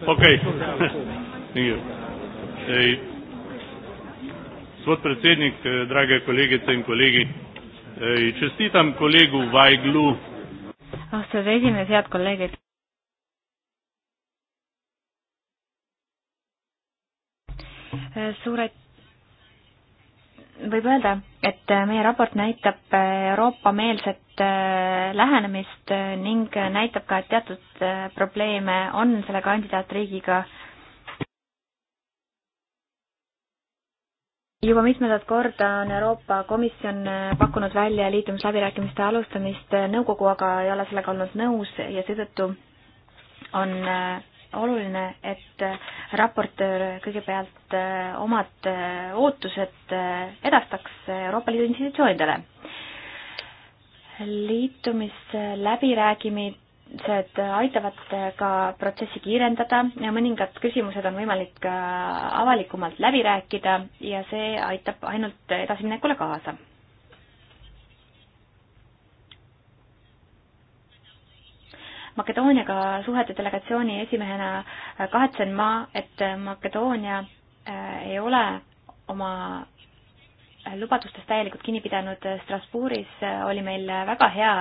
okei okay. Gospod predsednik, drage kolegice in kolegi, čestitam kolegu Vajglu. austatud ah, esimees, head kolleegid. Eh, suur aitäh võib öelda, et äh, meie raport näitab äh, Euroopa-meelset äh, lähenemist ning näitab ka, et teatud probleeme on selle kandidaatriigiga. juba mitmendat korda on Euroopa Komisjon pakkunud välja liitumisläbirääkimiste alustamist, nõukogu aga ei ole sellega olnud nõus ja seetõttu on oluline, et raportöör kõigepealt eh, omad eh, ootused eh, edastaks Euroopa Liidu institutsioonidele. liitumisläbirääkimised aitavad ka protsessi kiirendada ja mõningad küsimused on võimalik ka avalikumalt läbi rääkida ja see aitab ainult edasiminekule kaasa Makedooniaga suhete delegatsiooni esimehena äh, kahetsen ma, et äh, Makedoonia äh, ei ole oma lubadustest täielikult kinni pidanud. Strasbourgis oli meil väga hea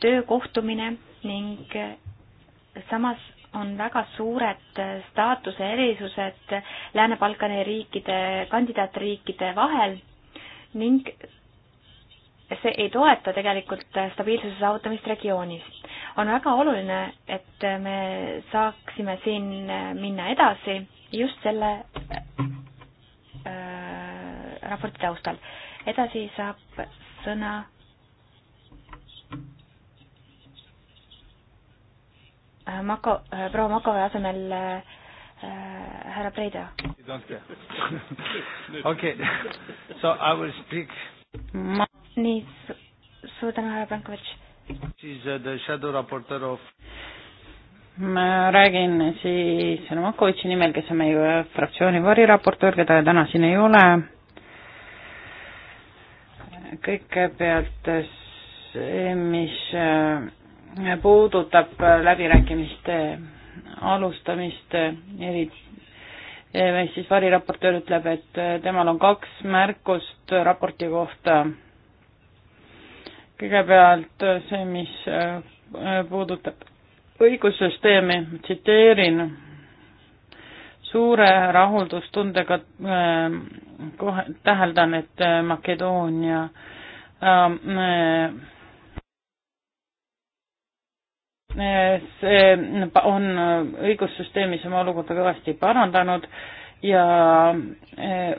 töökohtumine ning samas on väga suured staatuse erisused Lääne-Balkani riikide, kandidaatriikide vahel ning see ei toeta tegelikult stabiilsuse saavutamist regioonis on väga oluline, et me saaksime siin minna edasi just selle äh, raporti taustal. edasi saab sõna äh, Mako, äh, proua Makove asemel äh, härra Preida. *laughs* okei, so I will speak. nii, suur tänu, härra Plankovitš Uh, ma räägin siis Novakovitši nimel, kes on meie fraktsiooni variraportöör, keda täna siin ei ole. kõigepealt see, mis äh, puudutab läbirääkimiste alustamist, eri, eh, siis variraportöör ütleb, et eh, temal on kaks märkust raporti kohta kõigepealt äh, see, mis äh, äh, puudutab õigussüsteemi, tsiteerin, suure rahuldustundega kohe täheldan, et Makedoonia see on õigussüsteemis oma olukorda kõvasti parandanud ja eh,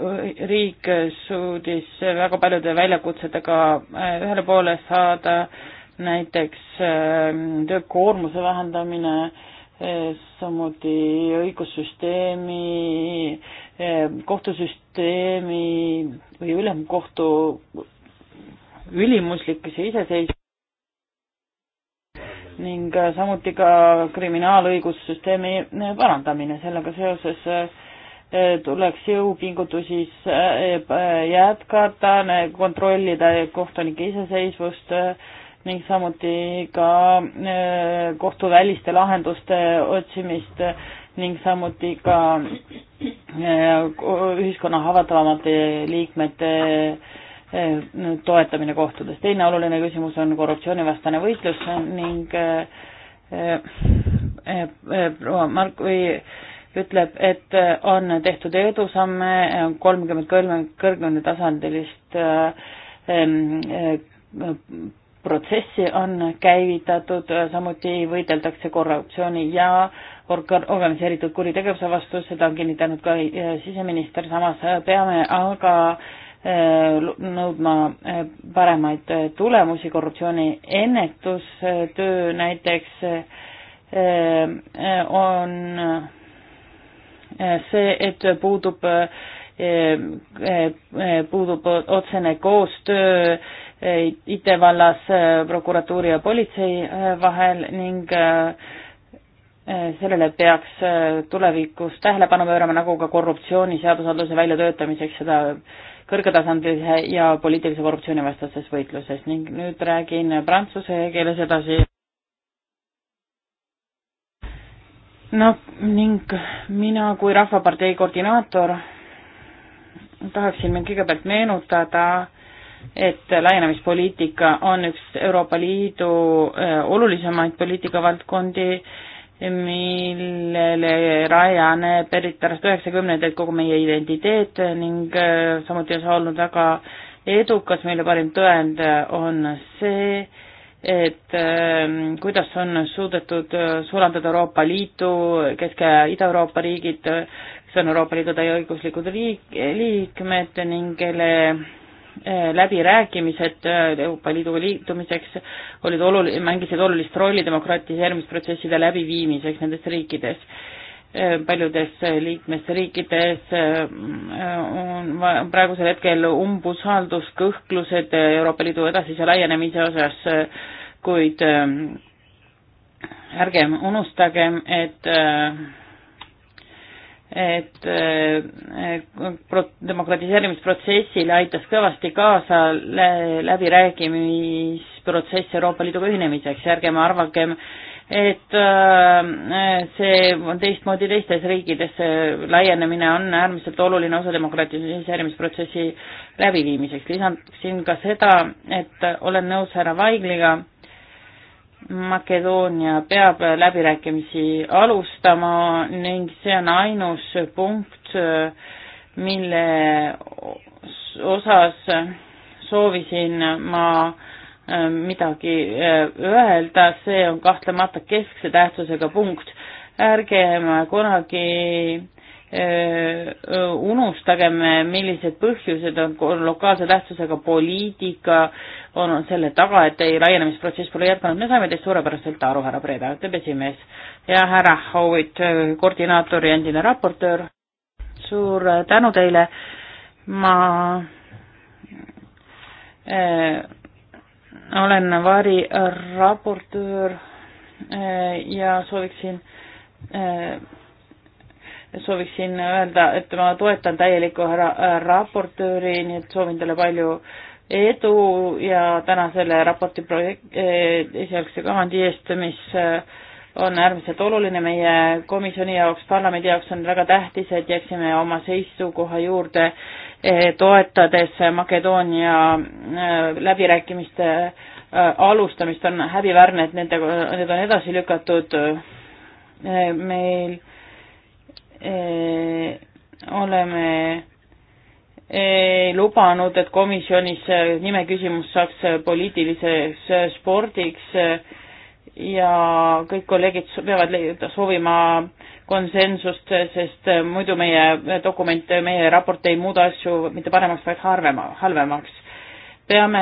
riik suudis väga paljude väljakutsetega eh, ühele poole saada, näiteks eh, töökoormuse vähendamine, samuti õigussüsteemi, kohtusüsteemi või ülemkohtu ülimuslikkus ja iseseisvus ning samuti ka kriminaalõigussüsteemi parandamine, sellega seoses äh, Eh, tuleks jõupingutusi eh, eh, jätkata, kontrollida kohtunike iseseisvust ning samuti ka kohtuväliste lahenduste otsimist ning samuti ka ühiskonna haavatavamate liikmete toetamine kohtudes. teine oluline küsimus on korruptsioonivastane võitlus ning proua Mark või ütleb, et äh, on tehtud edusamme, kolmkümmend kolm kõrgetasandilisest äh, äh, protsessi on käivitatud, samuti võideldakse korruptsiooni ja orga-, organiseeritud kuritegevuse vastu, seda on kinnitanud ka siseminister, samas peame aga nõudma paremaid tulemusi, korruptsiooni ennetustöö näiteks on see, et puudub puudub otsene koostöö IT-vallas prokuratuuri ja politsei vahel ning sellele peaks tulevikus tähelepanu pöörama, nagu ka korruptsiooni seadusandluse väljatöötamiseks seda kõrgetasandilise ja poliitilise korruptsiooni vastases võitluses ning nüüd räägin prantsuse keeles edasi. no ning mina kui Rahvapartei koordinaator tahaksin mind kõigepealt meenutada, et laienemispoliitika on üks Euroopa Liidu äh, olulisemaid poliitikavaldkondi, millele rajaneb eriti pärast üheksakümnendaid kogu meie identiteet ning äh, samuti on see olnud väga edukas, meile parim tõend on see, et ähm, kuidas on suudetud äh, sulandada Euroopa Liitu, Kesk- ja Ida-Euroopa riigid, kes äh, on Euroopa Liidu täieõiguslikud riik, liikmed ning kelle äh, läbirääkimised Euroopa Liiduga liitumiseks olid olul-, mängisid olulist rolli demokratiseerimisprotsesside läbiviimiseks nendes riikides paljudes liikmesriikides mm, on praegusel hetkel umbusaldus, kõhklused Euroopa Liidu edasise laienemise osas, kuid mm, ärgem unustagem, et et mm, demokratiseerimisprotsessile aitas kõvasti kaasa läbirääkimisprotsess Euroopa Liiduga ühinemiseks, ärgem arvagem, et äh, see teistmoodi teistes riikides, see laienemine on äärmiselt oluline osa demokratiseerimisprotsessi läbiviimiseks. lisaksin ka seda, et olen nõus härra Vaigliga, Makedoonia peab läbirääkimisi alustama ning see on ainus punkt, mille osas soovisin ma äh, Äh, midagi äh, öelda, see on kahtlemata keskse tähtsusega punkt. ärgem kunagi äh, unustagem, millised põhjused on, on lokaalse tähtsusega poliitika, on selle taga, et ei, laienemisprotsess pole jätkanud, me saime teist suurepäraselt aru, härra Breda, ütleb esimees. ja härra Howitt, koordinaator ja endine raportöör, suur tänu teile, ma äh, olen variraportöör eh, ja sooviksin, eh, sooviksin öelda, et ma toetan täielikku härra raportööri, nii et soovin talle palju edu ja täna selle raporti projekt, eh, esialgse kavandi eest, mis äh, on äärmiselt oluline meie komisjoni jaoks, parlamendi jaoks on väga tähtis, et jääksime oma seisukoha juurde, eh, toetades Makedoonia eh, läbirääkimiste eh, alustamist, on häbiväärne, et nende, need on edasi lükatud. meil oleme ei lubanud, et komisjonis nime küsimus saaks poliitiliseks spordiks ja kõik kolleegid peavad leida, soovima konsensust, sest muidu meie dokument, meie raport ei muuda asju mitte paremaks, vaid harvema, halvemaks. peame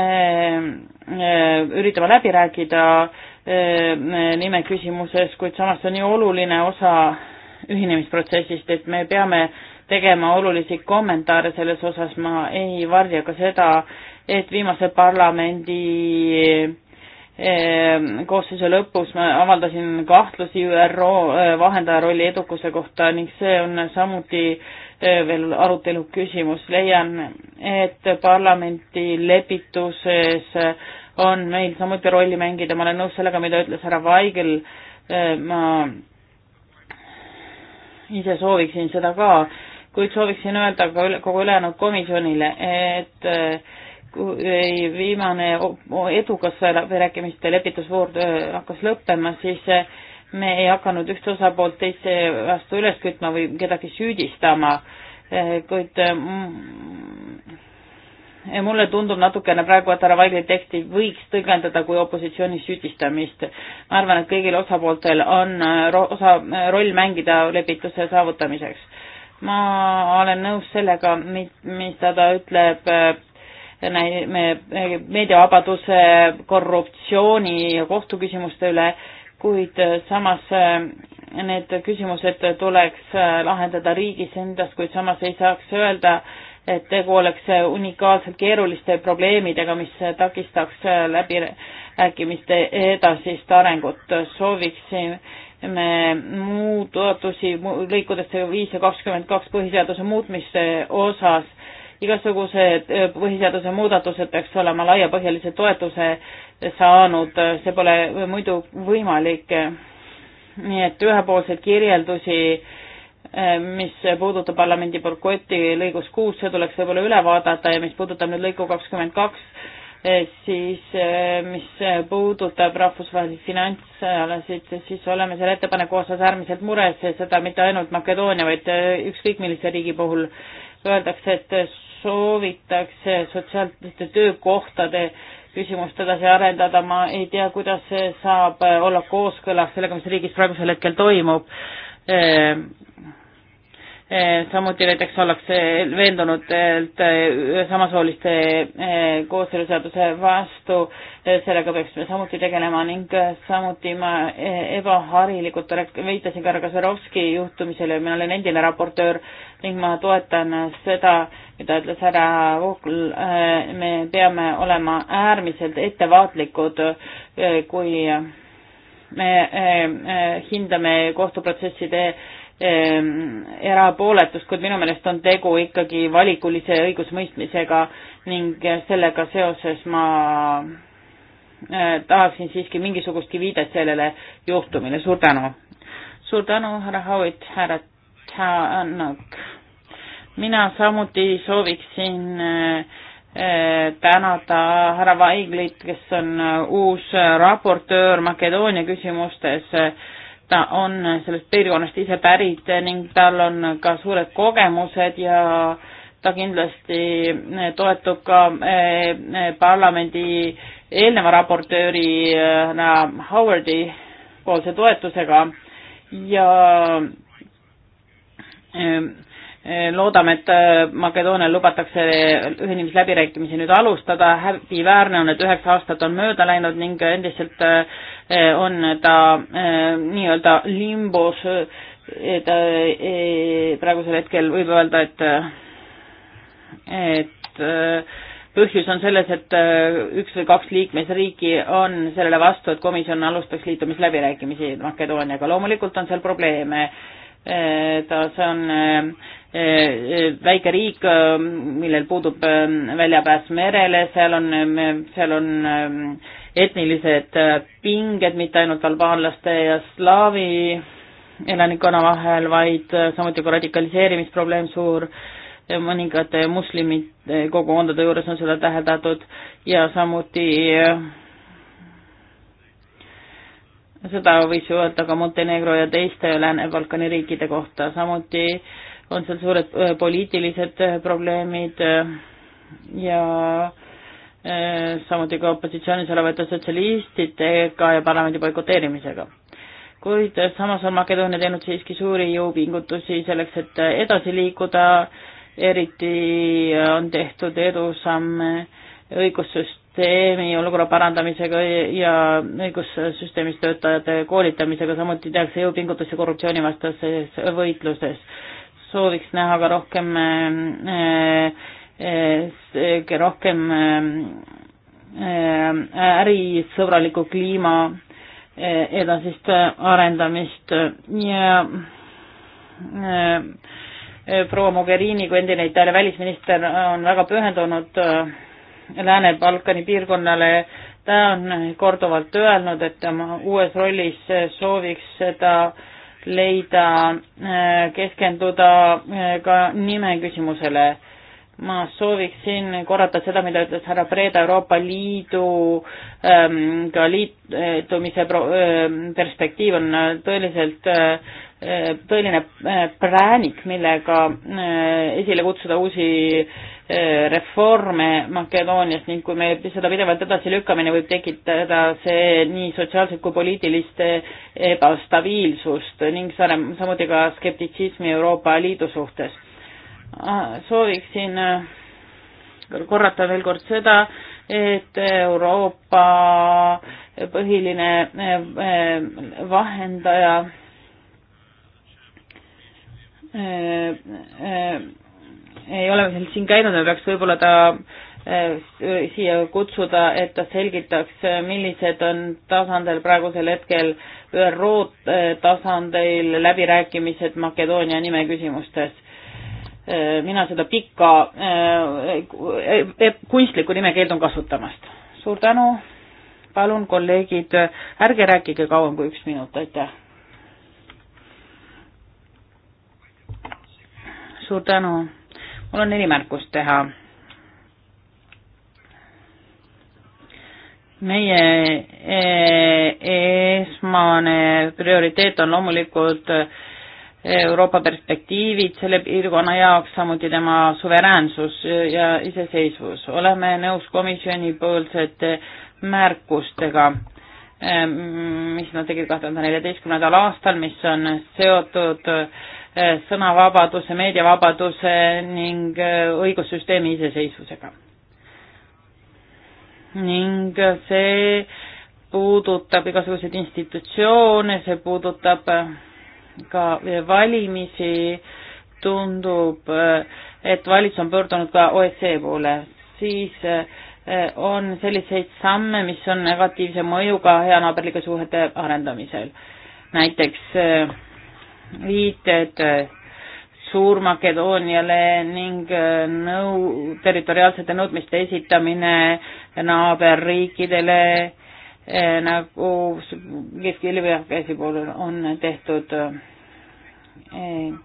äh, üritama läbi rääkida äh, nime küsimuses, kuid samas see on nii oluline osa ühinemisprotsessist, et me peame tegema olulisi kommentaare selles osas, ma ei varja ka seda, et viimase parlamendi Ehm, koosseisu lõpus ma avaldasin kahtlusi ÜRO eh, vahendaja rolli edukuse kohta ning see on samuti eh, veel arutelu küsimus. leian, et parlamenti lepituses on meil samuti rolli mängida, ma olen nõus sellega, mida ütles härra Vaigel, eh, ma ise sooviksin seda ka, kuid sooviksin öelda ka üle, kogu ülejäänud komisjonile, et äh, viimane edukas läbirääkimiste lepitusvoor hakkas lõppema, siis äh, me ei hakanud üht osapoolt teise vastu üles kütma või kedagi süüdistama, äh, kuid äh, mm, mulle tundub natukene praegu, et härra Vaigli teksti võiks tõlgendada kui opositsiooni süüdistamist. ma arvan, et kõigil osapooltel on ro osa, roll mängida lepituse saavutamiseks ma olen nõus sellega, mis ta ütleb meediavabaduse, korruptsiooni ja kohtuküsimuste üle, kuid äh, samas äh, need küsimused tuleks äh, lahendada riigis endas, kuid samas ei saaks öelda, et tegu oleks unikaalselt keeruliste probleemidega, mis takistaks läbirääkimiste edasist arengut. sooviksime muudatusi lõikudesse viis ja kakskümmend kaks põhiseaduse muutmise osas igasugused eh, põhiseaduse muudatused peaks olema laiapõhjalise toetuse saanud, see pole muidu võimalik. nii et ühepoolseid kirjeldusi, eh, mis puudutab parlamendi boikotti lõigus kuus, see tuleks võib-olla üle vaadata ja mis puudutab nüüd lõiku kakskümmend kaks, eh, siis mis puudutab rahvusvahelisi finantsalasid, siis oleme selle ettepaneku osas äärmiselt mures ja seda mitte ainult Makedoonia, vaid ükskõik millise riigi puhul öeldakse, et soovitakse sotsiaalsete töökohtade küsimust edasi arendada, ma ei tea, kuidas see saab olla kooskõlas sellega, mis riigis praegusel hetkel toimub ehm, Eh, samuti näiteks ollakse veendunud eh, samasooliste eh, kooseluseaduse vastu, sellega peaksime samuti tegelema ning samuti ma ebaharilikult viitasin ka härra Kasarovski juhtumisele, mina olen endine raportöör ning ma toetan seda, mida ütles härra Voogl, me peame olema äärmiselt ettevaatlikud, kui me hindame kohtuprotsesside Ehm, erapooletust, kuid minu meelest on tegu ikkagi valikulise õigusmõistmisega ning sellega seoses ma eh, tahaksin siiski mingisugustki viidet sellele juhtumile, suur tänu. suur tänu, härra Howitt, härra Tšanok. mina samuti sooviksin eh, eh, tänada härra Vaiglit, kes on uus raportöör Makedoonia küsimustes ta on sellest piirkonnast ise pärit ning tal on ka suured kogemused ja ta kindlasti toetub ka eh, parlamendi eelneva raportöörina Howardi poolse toetusega ja eh, Eh, loodame, et äh, Makedoonial lubatakse ühinemisläbirääkimisi nüüd alustada, häbiväärne on, et üheksa aastat on mööda läinud ning endiselt äh, on ta äh, nii-öelda limbos, ta praegusel hetkel võib öelda, et, et põhjus on selles, et üks või kaks liikmesriiki on sellele vastu, et komisjon alustaks liitumisläbirääkimisi Makedooniaga, loomulikult on seal probleeme Eh, ta, see on eh, eh, väike riik, millel puudub väljapääs merele, seal on, seal on etnilised pinged mitte ainult albaanlaste ja slaavi elanikkonna vahel, vaid samuti ka radikaliseerimisprobleem suur, mõningate moslemid kogukondade juures on seda täheldatud ja samuti seda võis ju öelda ka Montenegro ja teiste Lääne-Balkani riikide kohta, samuti on seal suured äh, poliitilised äh, probleemid äh, ja samuti ka opositsioonis olevate sotsialistidega ja parlamendi boikoteerimisega. kuid samas on Makedoonia teinud siiski suuri jõupingutusi selleks, et edasi liikuda, eriti on tehtud edusamme õigussüst-, süsteemi olukorra parandamisega ja õigussüsteemis töötajate koolitamisega, samuti tehakse jõupingutusi korruptsioonivastases võitluses. sooviks näha ka rohkem äh, äh, rohkem äh, ärisõbraliku kliima edasist arendamist ja proua Mogherini kui endine Itaalia välisminister on väga pühendunud Lääne-Balkani piirkonnale. ta on korduvalt öelnud, et oma uues rollis sooviks seda leida, äh, keskenduda äh, ka nime küsimusele. ma sooviksin korrata seda, mida ütles härra Preda Euroopa Liidu ähm, ka liitumise ähm, perspektiiv on äh, tõeliselt tõeline präänik, millega esile kutsuda uusi Eh, reforme Makedoonias ning kui me seda pidevalt edasi lükkamine võib tekitada see nii sotsiaalset kui poliitilist ebastabiilsust ning samuti ka skeptitsismi Euroopa Liidu suhtes. Ah, sooviksin äh, korrata veel kord seda, et Euroopa põhiline äh, vahendaja äh, ei ole veel siin käinud, me peaks võib-olla ta äh, siia kutsuda, et ta selgitaks, millised on tasandil praegusel hetkel ÜRO äh, tasandil läbirääkimised Makedoonia nime küsimustes. Äh, mina seda pikka kunstlikku nime keeldun kasutamast. suur tänu, palun kolleegid, ärge rääkige kauem kui üks minut, aitäh. suur tänu mul on neli märkust teha. meie e, e, esmane prioriteet on loomulikult Euroopa perspektiivid selle piirkonna jaoks, samuti tema suveräänsus ja iseseisvus. oleme nõus komisjoni poolsete märkustega, mis nad tegid kahe tuhande neljateistkümnendal aastal, mis on seotud Eh, sõnavabaduse, meediavabaduse ning eh, õigussüsteemi iseseisvusega. ning see puudutab igasuguseid institutsioone, see puudutab eh, ka valimisi, tundub, et valitsus on pöördunud ka OSCE poole, siis on selliseid samme, mis on negatiivse mõjuga heanaaberlike suhete arendamisel. näiteks viited Suur-Makedooniale ning äh, nõu, territoriaalsete nõudmiste esitamine naaberriikidele äh, nagu Kesk-Ilvjõe puhul on tehtud äh,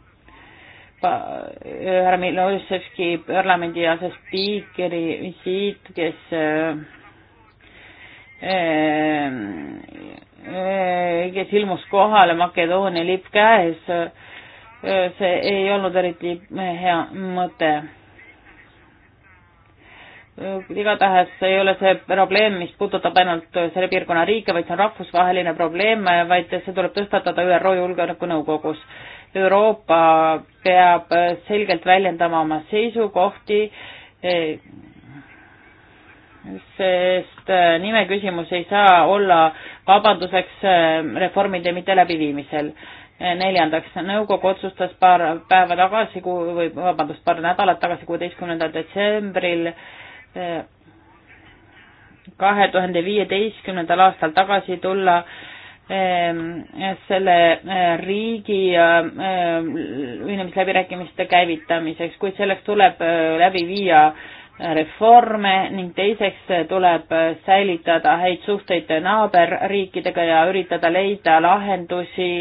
härra Miloševski parlamendi asespiikeri visiit, kes kes ilmus kohale Makedoonia lipp käes. see ei olnud eriti hea mõte. igatahes ei ole see probleem, mis puudutab ainult selle piirkonna riike, vaid see on rahvusvaheline probleem, vaid see tuleb tõstatada ÜRO Julgeolekunõukogus. Euroopa peab selgelt väljendama oma seisukohti sest äh, nime küsimus ei saa olla vabanduseks äh, reformide mitte läbiviimisel. Äh, neljandaks, nõukogu otsustas paar päeva tagasi, või vabandust, paar nädalat tagasi, kuueteistkümnendal detsembril kahe tuhande viieteistkümnendal aastal tagasi tulla ähm, selle riigi ühinemisläbirääkimiste käivitamiseks, kuid selleks tuleb läbi viia reforme ning teiseks tuleb säilitada häid suhteid naaberriikidega ja üritada leida lahendusi,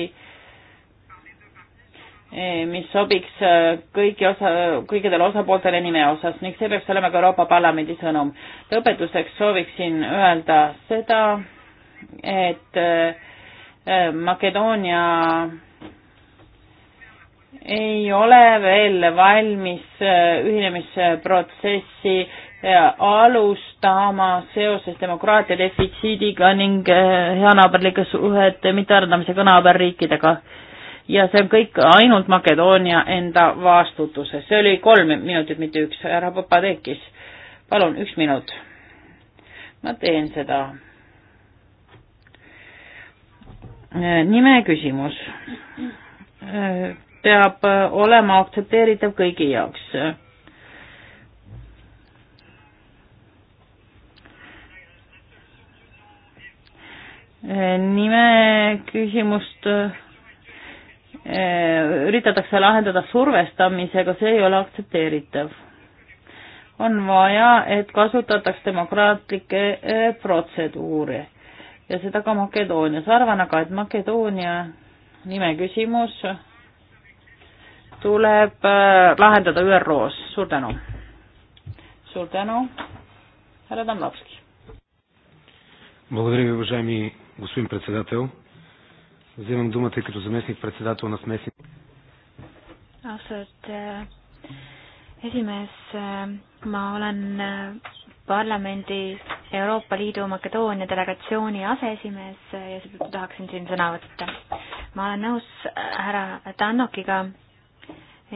mis sobiks kõigi osa, kõikidele osapooltele nime osas ning see peaks olema ka Euroopa Parlamendi sõnum. lõpetuseks sooviksin öelda seda, et äh, Makedoonia ei ole veel valmis äh, ühinemisprotsessi äh, alustama seoses demokraatia defitsiidiga ning äh, heanaaberlike suhete mittearendamisega naaberriikidega. ja see on kõik ainult Makedoonia enda vastutuses, see oli kolm minutit, mitte üks, härra Papadekis, palun, üks minut. ma teen seda. nime küsimus peab äh, olema aktsepteeritav kõigi jaoks. nime küsimust äh, üritatakse lahendada survestamisega, see ei ole aktsepteeritav. on vaja, et kasutataks demokraatlikke äh, protseduure ja seda ka Makedoonias. arvan aga, et Makedoonia nime küsimus tuleb äh, lahendada ÜRO-s, suur tänu. suur tänu, härra Tamlovski. Благодаря ви, уважаеми господин председател. Вземам думата и като заместник председател на смесни. Austatud э, esimees, э, ma olen э, parlamendi Euroopa Liidu Makedoonia delegatsiooni aseesimees äh, ja seetõttu tahaksin siin sõna võtta. ma olen nõus äh, härra Tannokiga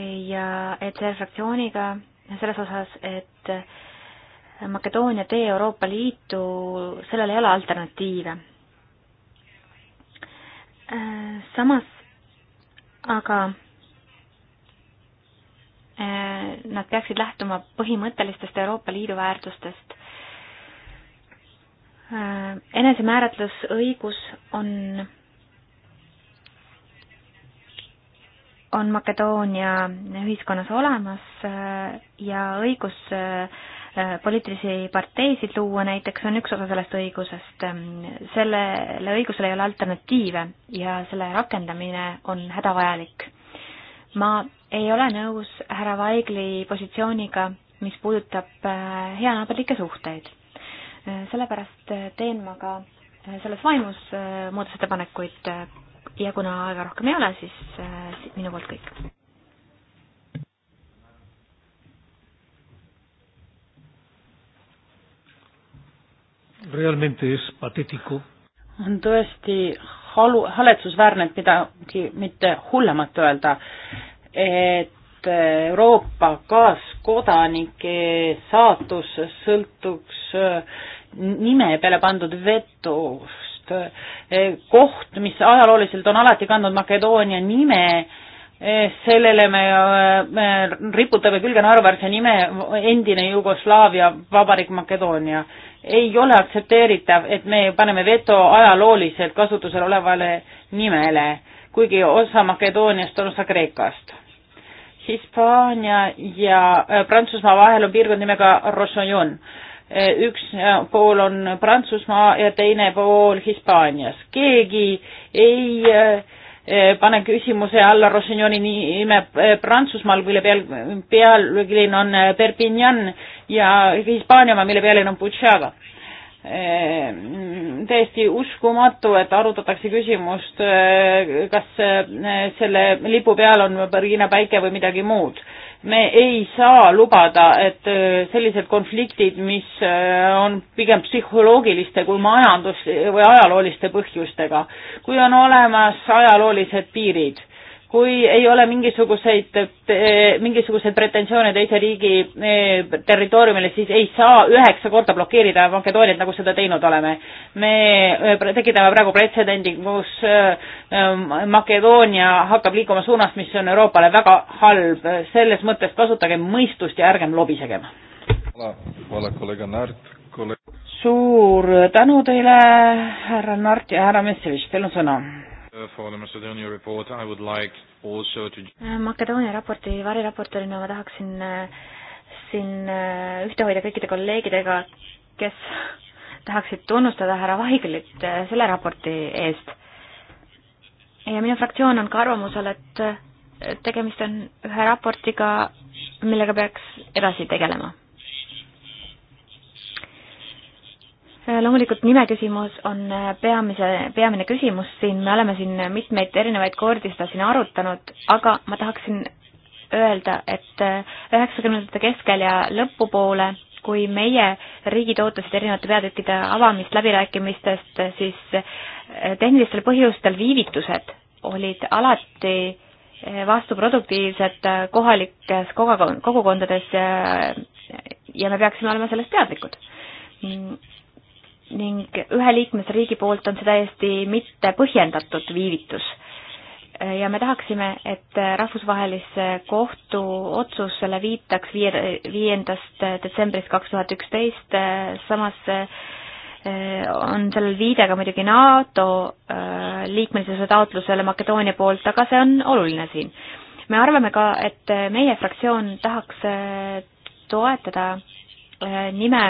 ja ECR fraktsiooniga selles osas, et Makedoonia tee Euroopa Liitu, sellel ei ole alternatiive. Äh, samas aga äh, nad peaksid lähtuma põhimõttelistest Euroopa Liidu väärtustest. Äh, enesemääratlusõigus on on Makedoonia ühiskonnas olemas äh, ja õigus äh, poliitilisi parteisid luua näiteks on üks osa sellest õigusest. Ähm, sellele õigusele ei ole alternatiive ja selle rakendamine on hädavajalik. ma ei ole nõus härra Vaigli positsiooniga, mis puudutab äh, heanaaberlikke suhteid. sellepärast teen ma ka selles vaimus muudatusettepanekuid ja kuna aega rohkem ei ole, siis äh, minu poolt kõik. realmente es patético. on tõesti halu, haletsusväärne, et midagi mitte hullemat öelda, et Euroopa kaaskodanike saatus sõltuks nime peale pandud vetust just eh, koht, mis ajalooliselt on alati kandnud Makedoonia nime, eh, sellele me, eh, me riputame külge naeruväärse nime endine Jugoslaavia vabariik Makedoonia. ei ole aktsepteeritav, et me paneme veto ajalooliselt kasutusel olevale nimele, kuigi osa Makedooniast on osa Kreekast Hispaania ja Prantsusmaa vahel on piirkond nimega Rosojon üks pool on Prantsusmaa ja teine pool Hispaanias. keegi ei eh, pane küsimuse alla Rossignoni nime Prantsusmaal, mille peal, pealkiri on eh, Perpignan ja Hispaania oma, mille pealinn on Butšaga. Eh, täiesti uskumatu, et arutatakse küsimust, kas selle lipu peal on Burkina päike või midagi muud me ei saa lubada, et äh, sellised konfliktid, mis äh, on pigem psühholoogiliste kui majandus- või ajalooliste põhjustega, kui on olemas ajaloolised piirid kui ei ole mingisuguseid, mingisuguseid pretensioone teise riigi eh, territooriumile, siis ei saa üheksa korda blokeerida Makedooniat, nagu seda teinud oleme. me eh, tekitame praegu pretsedendi, kus eh, Makedoonia hakkab liikuma suunas, mis on Euroopale väga halb. selles mõttes kasutagem mõistust ja ärgem lobisegem. suur tänu teile, härra Nart ja härra Metsevitš, teil on sõna Uh, äh, Makedoonia raporti variraportorina ma tahaksin äh, siin äh, ühte hoida kõikide kolleegidega, kes *laughs* tahaksid tunnustada härra Vaiglit selle raporti eest. ja minu fraktsioon on ka arvamusel, et tegemist on ühe raportiga, millega peaks edasi tegelema Äh, loomulikult nime küsimus on äh, peamise, peamine küsimus siin, me oleme siin mitmeid erinevaid kordi seda siin arutanud, aga ma tahaksin öelda, et äh, üheksakümnendate keskel ja lõpupoole, kui meie riigid ootasid erinevate peatükkide avamist läbirääkimistest, siis tehnilistel põhjustel viivitused olid alati vastuproduktiivsed kohalikes kogukondades ja me peaksime olema sellest teadlikud mm, ning ühe liikmesriigi poolt on see täiesti mitte põhjendatud viivitus. ja me tahaksime, et rahvusvahelise kohtu otsusele viitaks viie, viiendast detsembrist kaks tuhat üksteist, samas eh, on sellel viide ka muidugi NATO eh, liikmelisuse taotlusele Makedoonia poolt, aga see on oluline siin. me arvame ka, et meie fraktsioon tahaks eh, toetada nime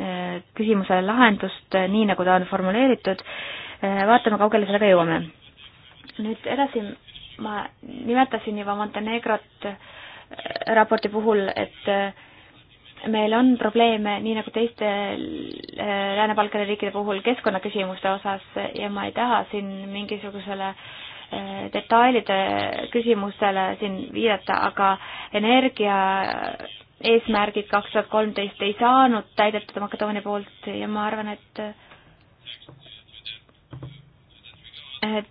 Eh, küsimusele lahendust, eh, nii nagu ta on formuleeritud, eh, vaatame, kaugele sellega jõuame. nüüd edasi, ma nimetasin juba Montenegrot raporti puhul, et meil on probleeme, nii nagu teiste Lääne-Balkani riikide puhul, keskkonnaküsimuste osas ja ma ei taha siin mingisugusele detailide küsimustele siin viidata, aga energia eesmärgid kaks tuhat kolmteist ei saanud täidetud Makedoonia poolt ja ma arvan, et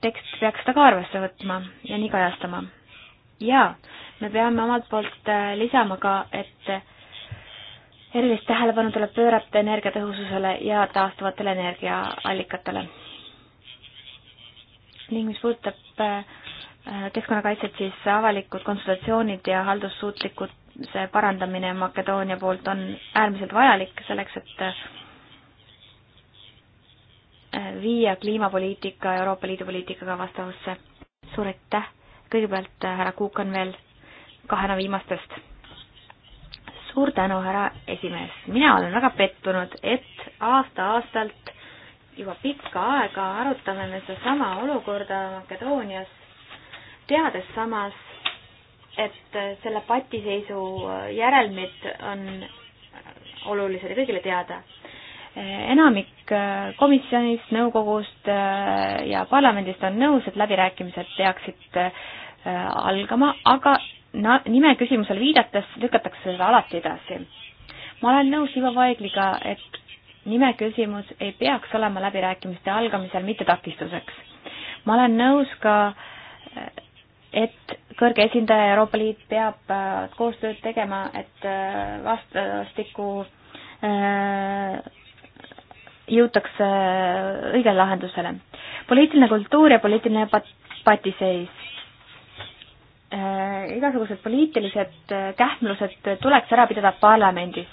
tekst peaks seda ka arvesse võtma ja nii kajastama. ja me peame omalt poolt äh, lisama ka, et erilist tähelepanu tuleb pöörata energiatõhususele ja taastuvatele energiaallikatele. ning mis puudutab äh, keskkonnakaitset, siis avalikud konsultatsioonid ja haldussuutlikud see parandamine Makedoonia poolt on äärmiselt vajalik selleks, et viia kliimapoliitika Euroopa Liidu poliitikaga vastavusse. suur aitäh, kõigepealt äh, härra Kuukan veel kahena viimastest. suur tänu, härra esimees, mina olen väga pettunud, et aasta-aastalt juba pikka aega arutame me sedasama olukorda Makedoonias, teades samas, et selle patiseisu järelmid on olulised ja kõigile teada. enamik komisjonist, nõukogust äh, ja parlamendist on nõus, et läbirääkimised peaksid äh, algama, aga na-, nime küsimusele viidates lükatakse seda alati edasi. ma olen nõus Ivo Vaigliga, et nime küsimus ei peaks olema läbirääkimiste algamisel mitte takistuseks. ma olen nõus ka äh, et kõrge esindaja Euroopa Liit peab äh, koostööd tegema, et äh, vastastikku äh, jõutakse õigele lahendusele. poliitiline kultuur ja poliitiline pat-, patiseis. Igasugused poliitilised kähmlused tuleks ära pidada parlamendis.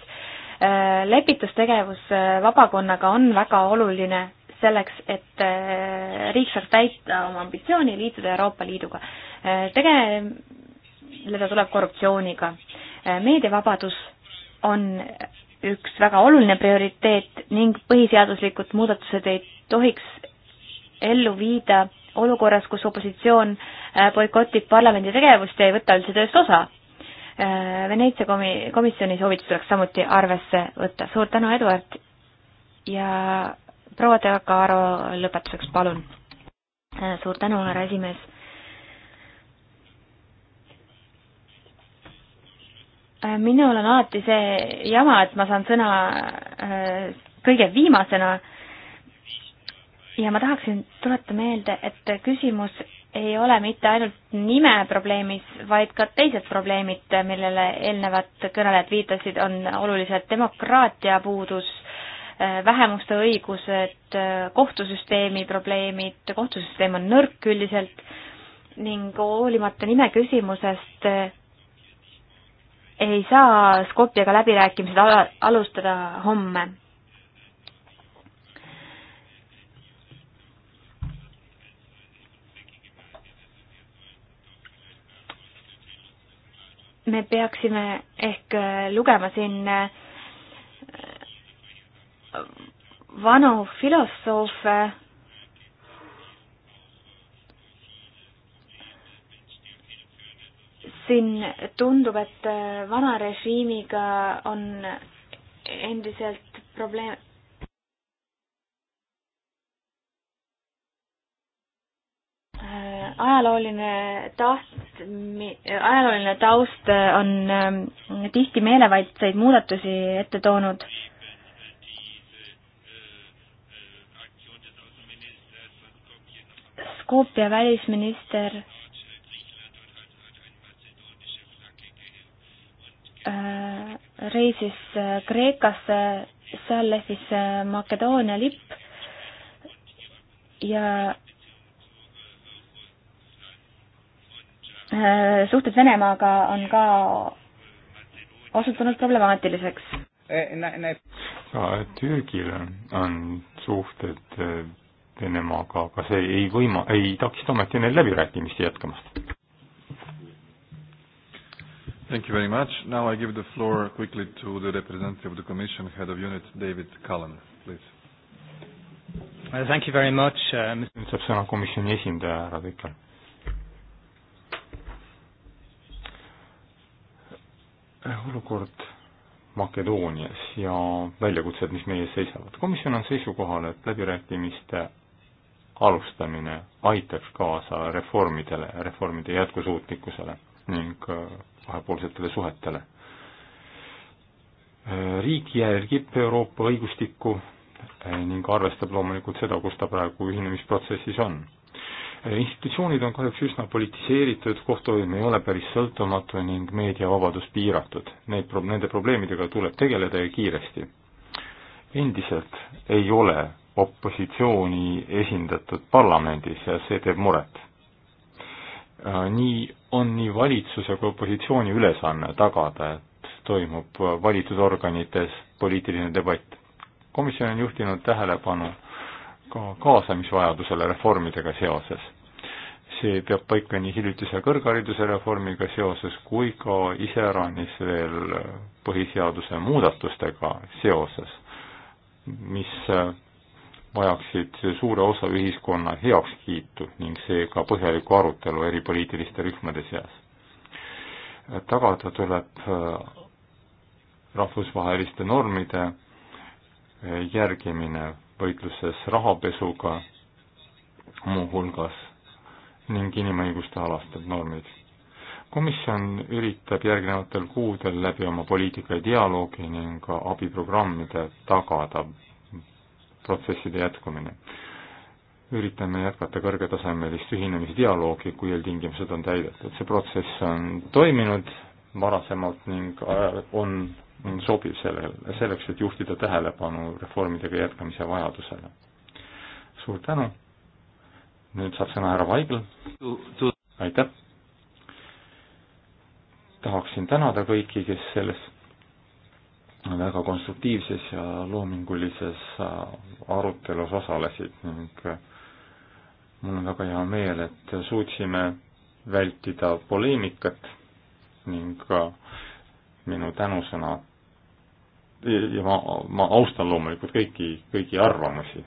lepitustegevus vabakonnaga on väga oluline selleks, et äh, riik saaks täita oma ambitsiooni liituda Euroopa Liiduga. Äh, tegeleda tuleb korruptsiooniga. Äh, meediavabadus on üks väga oluline prioriteet ning põhiseaduslikud muudatused ei tohiks ellu viida olukorras, kus opositsioon boikotib parlamendi tegevust ja ei võta üldse tööst osa. Veneetsia komi-, komisjoni soovitusi tuleks samuti arvesse võtta. suur tänu, Eduard! ja proua Teakaaro, lõpetuseks palun. Äh, suur tänu, härra esimees. Äh, minul on alati see jama, et ma saan sõna äh, kõige viimasena ja ma tahaksin tuletada meelde, et küsimus ei ole mitte ainult nime probleemis, vaid ka teised probleemid, millele eelnevad kõnelejad viitasid, on olulised demokraatia puudus Äh, vähemuste õigused, äh, kohtusüsteemi probleemid, kohtusüsteem on nõrk üldiselt ning hoolimata nime küsimusest äh, ei saa Skopjaga läbirääkimised ala, alustada homme. me peaksime ehk lugema siin äh, vanu filosoofe, siin tundub, et vana režiimiga on endiselt probleem. ajalooline taht, ajalooline taust on ähm, tihti meelevaldseid muudatusi ette toonud Skopje välisminister äh, reisis äh, Kreekasse, seal lehvis äh, Makedoonia lipp ja suhted Venemaaga on ka osutunud problemaatiliseks. Eh, ka Türgil on suhted Venemaaga, aga see ei võima-, ei takista ometi neil läbirääkimisi jätkamast. Thank you very much. Now I give the floor quickly to the representative of the Commission, Head of Unit, David Cullen, please. Uh, thank you very much uh,. nüüd saab sõna komisjoni esindaja, härra Tükel. olukord Makedoonias ja väljakutsed, mis meie ees seisavad. komisjon on seisukohal, et läbirääkimiste alustamine aitaks kaasa reformidele, reformide jätkusuutlikkusele ning äh, kahepoolsetele suhetele. Äh, riik jälgib Euroopa õigustikku äh, ning arvestab loomulikult seda, kus ta praegu ühinemisprotsessis on. institutsioonid on kahjuks üsna politiseeritud, kohtuhoidm ei ole päris sõltumatu ning meediavabadus piiratud. Neid, nende probleemidega tuleb tegeleda ja kiiresti. endiselt ei ole opositsiooni esindatud parlamendis ja see teeb muret. Äh, nii on nii valitsuse kui opositsiooni ülesanne tagada, et toimub valitsusorganites poliitiline debatt. komisjon on juhtinud tähelepanu ka kaasamisvajadusele reformidega seoses. see peab paika nii hiljutise kõrghariduse reformiga seoses kui ka iseäranis veel põhiseaduse muudatustega seoses, mis äh, vajaksid suure osa ühiskonna heakskiitu ning seega põhjalikku arutelu eri poliitiliste rühmade seas. tagada tuleb äh, rahvusvaheliste normide äh, järgimine võitluses rahapesuga muuhulgas ning inimõiguste alastel normid. komisjon üritab järgnevatel kuudel läbi oma poliitika ja dialoogi ning abiprogrammide tagada protsesside jätkumine. üritame jätkata kõrgetasemelist ühinemisdialoogi, kui eeltingimused on täidetud. see protsess on toiminud varasemalt ning äh, on, on sobiv sellel, selleks, et juhtida tähelepanu reformidega jätkamise vajadusele. suur tänu, nüüd saab sõna härra Vaigel, aitäh! tahaksin tänada kõiki, kes selles väga konstruktiivses ja loomingulises äh, arutelus osalesid ning äh, mul on väga hea meel, et suutsime vältida poleemikat ning ka äh, minu tänusõna ja ma, ma austan loomulikult kõiki, kõiki arvamusi,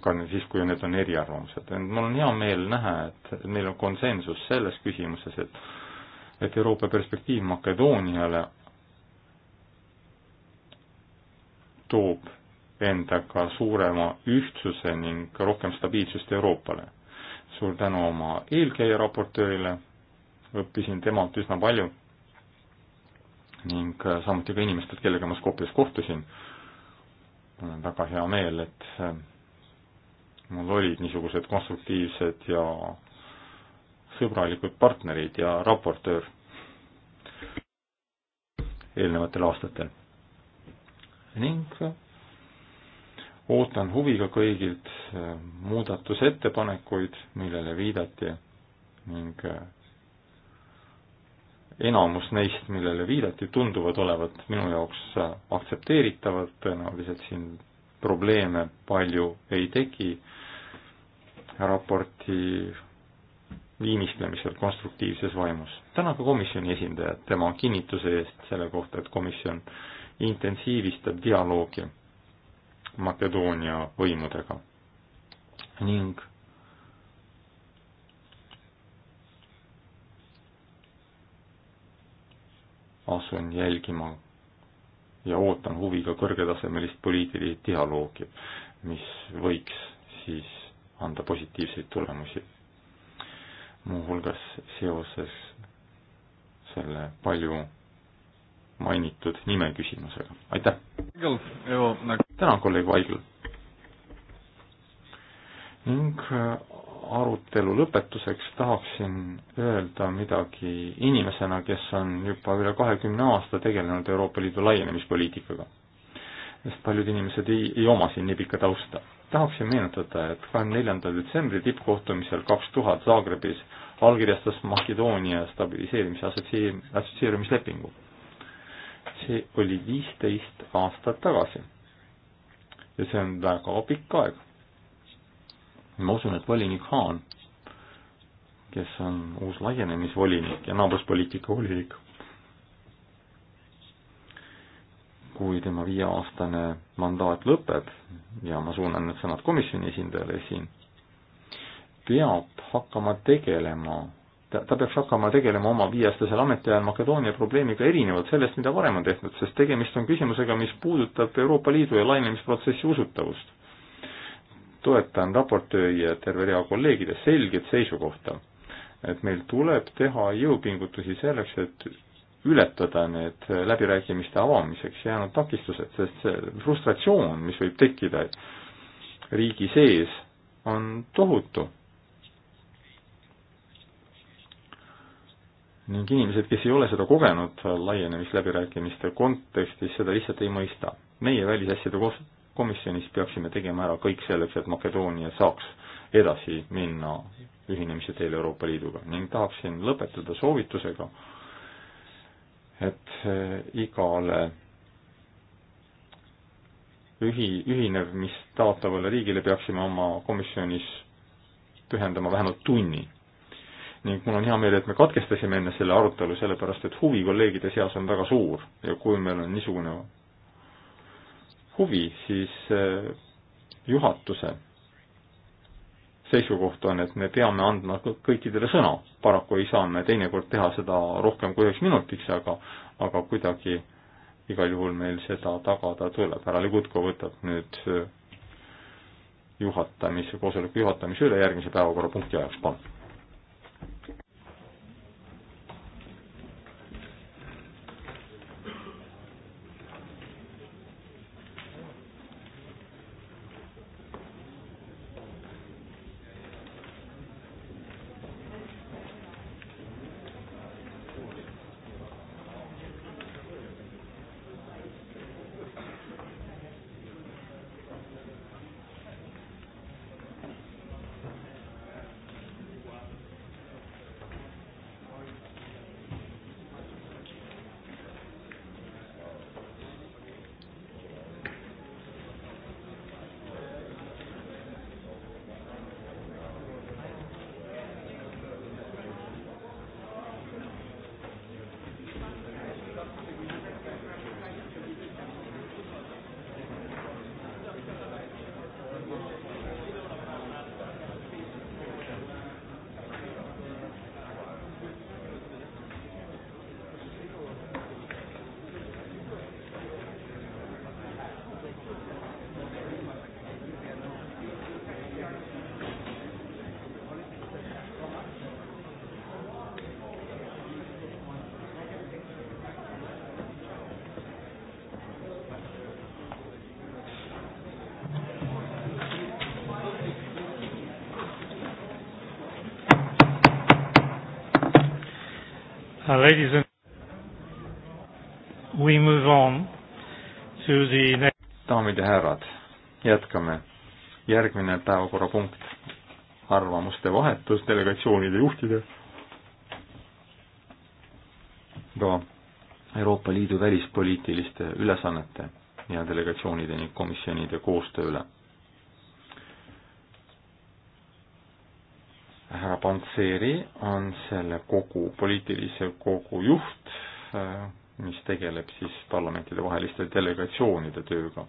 ka siis, kui need on eriarvamused, ent mul on hea meel näha, et meil on konsensus selles küsimuses, et et Euroopa perspektiiv Makedooniale toob endaga suurema ühtsuse ning rohkem stabiilsust Euroopale. suur tänu oma eelkäija raportöörile, õppisin temalt üsna palju ning äh, samuti ka inimestelt, kellega ma Skopjas kohtusin. mul on väga hea meel, et äh, mul olid niisugused konstruktiivsed ja sõbralikud partnerid ja raportöör eelnevatel aastatel ning ootan huviga kõigilt äh, muudatusettepanekuid, millele viidati ning äh, enamus neist, millele viidati, tunduvad olevat minu jaoks äh, aktsepteeritavad, tõenäoliselt siin probleeme palju ei teki raporti viimistlemisel konstruktiivses vaimus. tänan ka komisjoni esindajat tema kinnituse eest selle kohta, et komisjon äh, intensiivistab dialoogi Makedoonia võimudega ning asun jälgima ja ootan huviga kõrgetasemelist poliitilist dialoogi, mis võiks siis anda positiivseid tulemusi. muuhulgas seoses selle palju mainitud nime küsimusega, aitäh! Nagu- tänan, kolleeg Vaigel! ning äh, arutelu lõpetuseks tahaksin öelda midagi inimesena, kes on juba üle kahekümne aasta tegelenud Euroopa Liidu laienemispoliitikaga. sest paljud inimesed ei, ei oma siin nii pikka tausta. tahaksin meenutada, et kahekümne neljandal detsembri tippkohtumisel kaks tuhat Zagrebis allkirjastas Makedoonia stabiliseerimise assotsieerimislepingu see oli viisteist aastat tagasi. ja see on väga pikk aeg. ma usun, et volinik Haan, kes on uus laienemisvolinik ja naabruspoliitika volinik, kui tema viieaastane mandaat lõpeb ja ma suunan need sõnad komisjoni esindajale siin, peab hakkama tegelema ta, ta peaks hakkama tegelema oma viieaastasel ametiajal Makedoonia probleemiga erinevalt sellest, mida varem on tehtud, sest tegemist on küsimusega, mis puudutab Euroopa Liidu ja laienemisprotsessi usutavust. toetan raportööri ja terve rea kolleegide selget seisukohta, et meil tuleb teha jõupingutusi selleks, et ületada need läbirääkimiste avamiseks jäänud takistused, sest see frustratsioon, mis võib tekkida riigi sees, on tohutu ning inimesed, kes ei ole seda kogenud laienemisläbirääkimiste kontekstis, seda lihtsalt ei mõista. meie välisasjade koos komisjonis peaksime tegema ära kõik selleks, et Makedoonia saaks edasi minna ühinemise teel Euroopa Liiduga ning tahaksin lõpetada soovitusega, et eh, igale ühi-, ühinemist taotlevale riigile peaksime oma komisjonis pühendama vähemalt tunni ning mul on hea meel, et me katkestasime enne selle arutelu, sellepärast et huvi kolleegide seas on väga suur ja kui meil on niisugune huvi, siis eh, juhatuse seisukoht on, et me peame andma kõikidele sõna. paraku ei saa me teinekord teha seda rohkem kui üheks minutiks, aga, aga kuidagi igal juhul meil seda tagada tuleb. härra Legutko võtab nüüd eh, juhatamise, koosoleku juhatamise üle järgmise päevakorrapunkti ajaks, palun Ladies and we move on to the next. daamid ja härrad, jätkame. järgmine päevakorrapunkt, arvamuste vahetus delegatsioonide juhtidega. ka Euroopa Liidu välispoliitiliste ülesannete ja delegatsioonide ning komisjonide koostöö üle Panseri on selle kogu, poliitilise kogu juht, äh, mis tegeleb siis parlamentidevaheliste delegatsioonide tööga.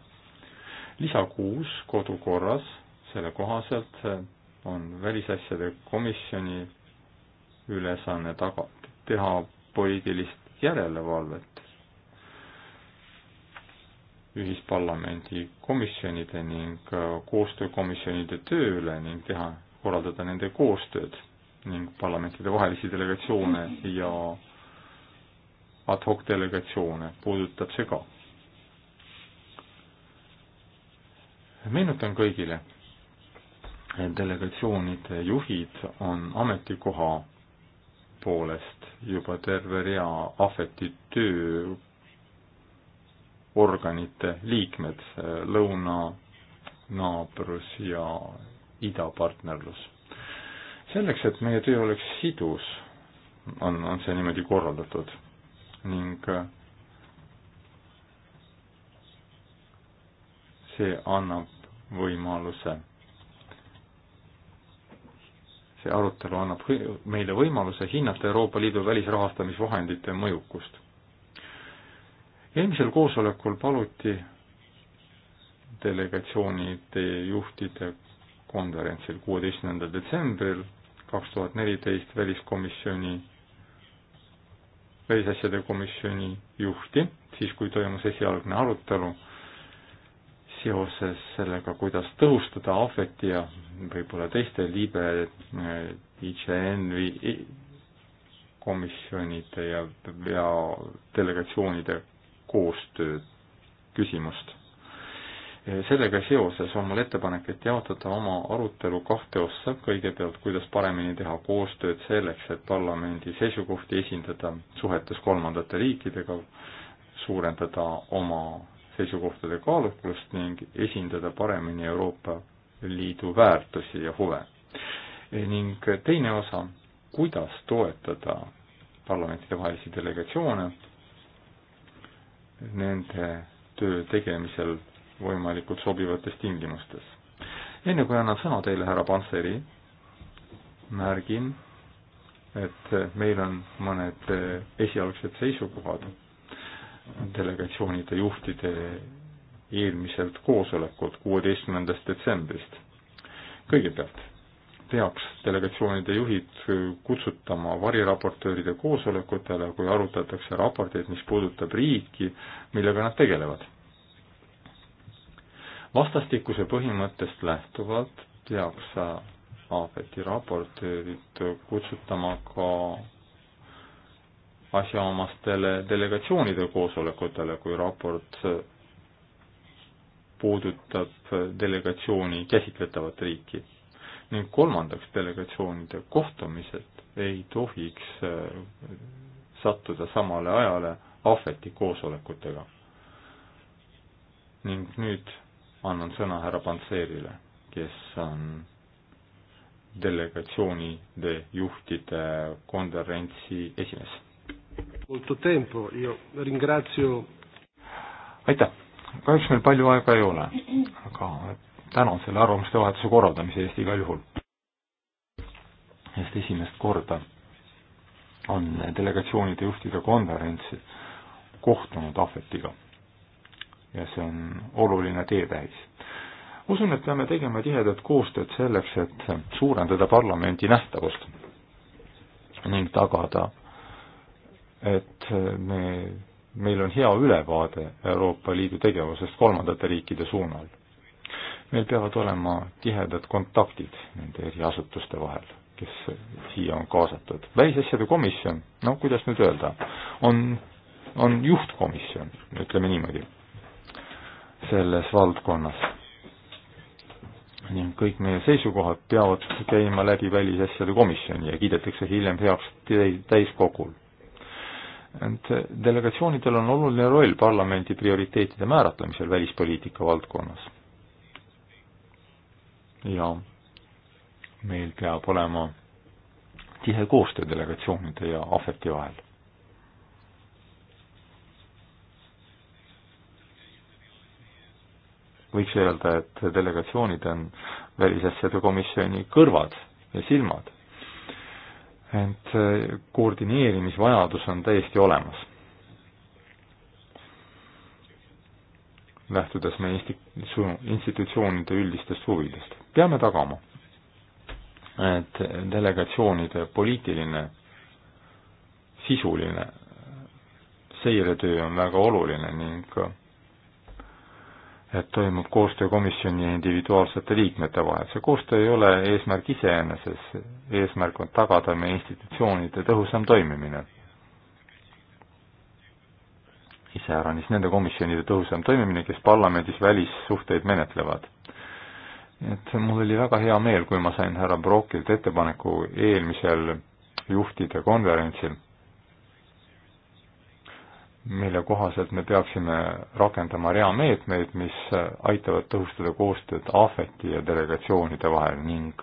lisa kuus kodukorras, selle kohaselt äh, on välisasjade komisjoni ülesanne taga, teha poliitilist järelevalvet ühisparlamendi komisjonide ning äh, koostöökomisjonide töö üle ning teha, korraldada nende koostööd ning parlamentide vahelisi delegatsioone ja ad hoc delegatsioone puudutab see ka. meenutan kõigile, et delegatsioonide juhid on ametikoha poolest juba terve rea ahveti tööorganite liikmed, lõuna, naabrus ja idapartnerlus selleks, et meie töö oleks sidus, on, on see niimoodi korraldatud ning äh, see annab võimaluse, see arutelu annab meile võimaluse hinnata Euroopa Liidu välisrahastamisvahendite mõjukust. eelmisel koosolekul paluti delegatsioonide juhtide konverentsil kuueteistkümnendal detsembril kaks tuhat neliteist väliskomisjoni, välisasjade komisjoni juhti, siis kui toimus esialgne arutelu seoses sellega, kuidas tõhustada ahveti ja võib-olla teiste liibe, IGN-i eh, e-, komisjonide ja, ja delegatsioonide koostöö küsimust sellega seoses on mul ettepanek, et jaotada oma arutelu kahte ossa, kõigepealt, kuidas paremini teha koostööd selleks, et parlamendi seisukohti esindada suhetes kolmandate riikidega, suurendada oma seisukohtade kaalutlust ning esindada paremini Euroopa Liidu väärtusi ja huve. E, ning teine osa, kuidas toetada parlamentidevahelisi delegatsioone nende töö tegemisel võimalikult sobivates tingimustes. enne kui annan sõna teile, härra Panseri, märgin, et meil on mõned esialgsed seisukohad delegatsioonide juhtide eelmiselt koosolekult, kuueteistkümnendast detsembrist. kõigepealt peaks delegatsioonide juhid kutsutama variraportööride koosolekutele, kui arutatakse raporteid, mis puudutab riiki, millega nad tegelevad vastastikuse põhimõttest lähtuvalt peaks Aafeti raportöörid kutsutama ka asjaomastele delegatsioonide koosolekutele, kui raport puudutab delegatsiooni käsitletavat riiki. ning kolmandaks, delegatsioonide kohtumised ei tohiks sattuda samale ajale ahveti koosolekutega. ning nüüd annan sõna härra Pantseerile, kes on delegatsioonide juhtide konverentsi esimees. aitäh, kahjuks meil palju aega ei ole, aga tänan selle arvamuste vahetuse korraldamise eest igal juhul. sest esimest korda on delegatsioonide juhtide konverents kohtunud Ahvetiga ja see on oluline teetäis. usun, et peame tegema tihedat koostööd selleks, et suurendada parlamendi nähtavust ning tagada, et me, meil on hea ülevaade Euroopa Liidu tegevusest kolmandate riikide suunal. meil peavad olema tihedad kontaktid nende eri asutuste vahel, kes siia on kaasatud. välisasjade komisjon, no kuidas nüüd öelda, on, on juhtkomisjon, ütleme niimoodi selles valdkonnas. ning kõik meie seisukohad peavad käima läbi Välisasjade komisjoni ja kiidetakse hiljem heaks täiskogul. ent delegatsioonidel on oluline roll parlamendi prioriteetide määratlemisel välispoliitika valdkonnas. ja meil peab olema tihe koostöö delegatsioonide ja ahveti vahel võiks öelda, et delegatsioonid on välisasjade komisjoni kõrvad ja silmad. ent äh, koordineerimisvajadus on täiesti olemas. lähtudes meie institutsioonide üldistest huvidest, peame tagama, et delegatsioonide poliitiline, sisuline seiretöö on väga oluline ning et toimub koostöö komisjoni ja individuaalsete liikmete vahel. see koostöö ei ole eesmärk iseeneses, eesmärk on tagada meie institutsioonide tõhusam toimimine. iseäranis nende komisjonide tõhusam toimimine, kes parlamendis välissuhteid menetlevad. et mul oli väga hea meel, kui ma sain härra Brokilt ettepaneku eelmisel juhtide konverentsil mille kohaselt me peaksime rakendama rea meetmeid, mis aitavad tõhustada koostööd ahveti ja delegatsioonide vahel ning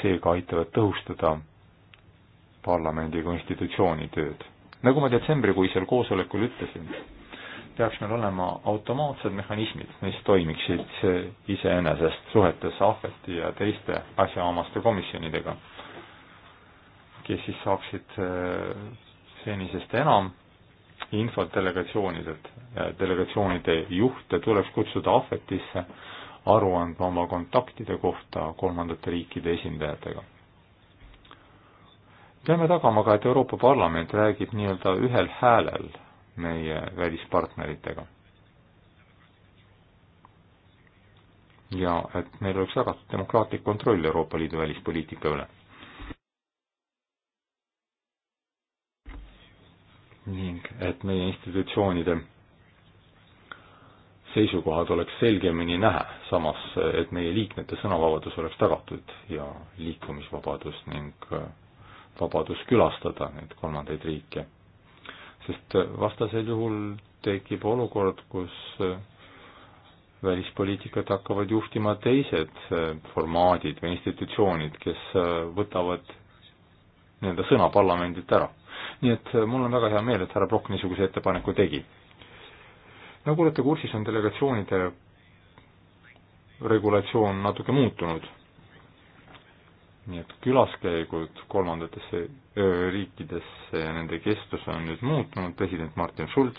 seega aitavad tõhustada parlamendi kui institutsiooni tööd. nagu ma detsembrikuisel koosolekul ütlesin, peaks meil olema automaatsed mehhanismid, mis toimiksid iseenesest suhetes ahveti ja teiste asjaomaste komisjonidega, kes siis saaksid äh, senisest enam infot delegatsioonidelt. delegatsioonide juhte tuleks kutsuda ahvetisse aru andma oma kontaktide kohta kolmandate riikide esindajatega. peame tagama ka, et Euroopa Parlament räägib nii-öelda ühel häälel meie välispartneritega. ja et meil oleks tagatud demokraatlik kontroll Euroopa Liidu välispoliitika üle ning et meie institutsioonide seisukohad oleks selgemini näha, samas et meie liikmete sõnavabadus oleks tagatud ja liikumisvabadus ning äh, vabadus külastada neid kolmandaid riike. sest äh, vastasel juhul tekib olukord, kus äh, välispoliitikat hakkavad juhtima teised formaadid või institutsioonid, kes võtavad nii-öelda sõna parlamendilt ära nii et äh, mul on väga hea meel, et härra Prokk niisuguse ettepaneku tegi. nagu olete kursis, on delegatsioonide regulatsioon natuke muutunud. nii et külaskäigud kolmandatesse riikidesse ja nende kestus on nüüd muutunud, president Martin Schulz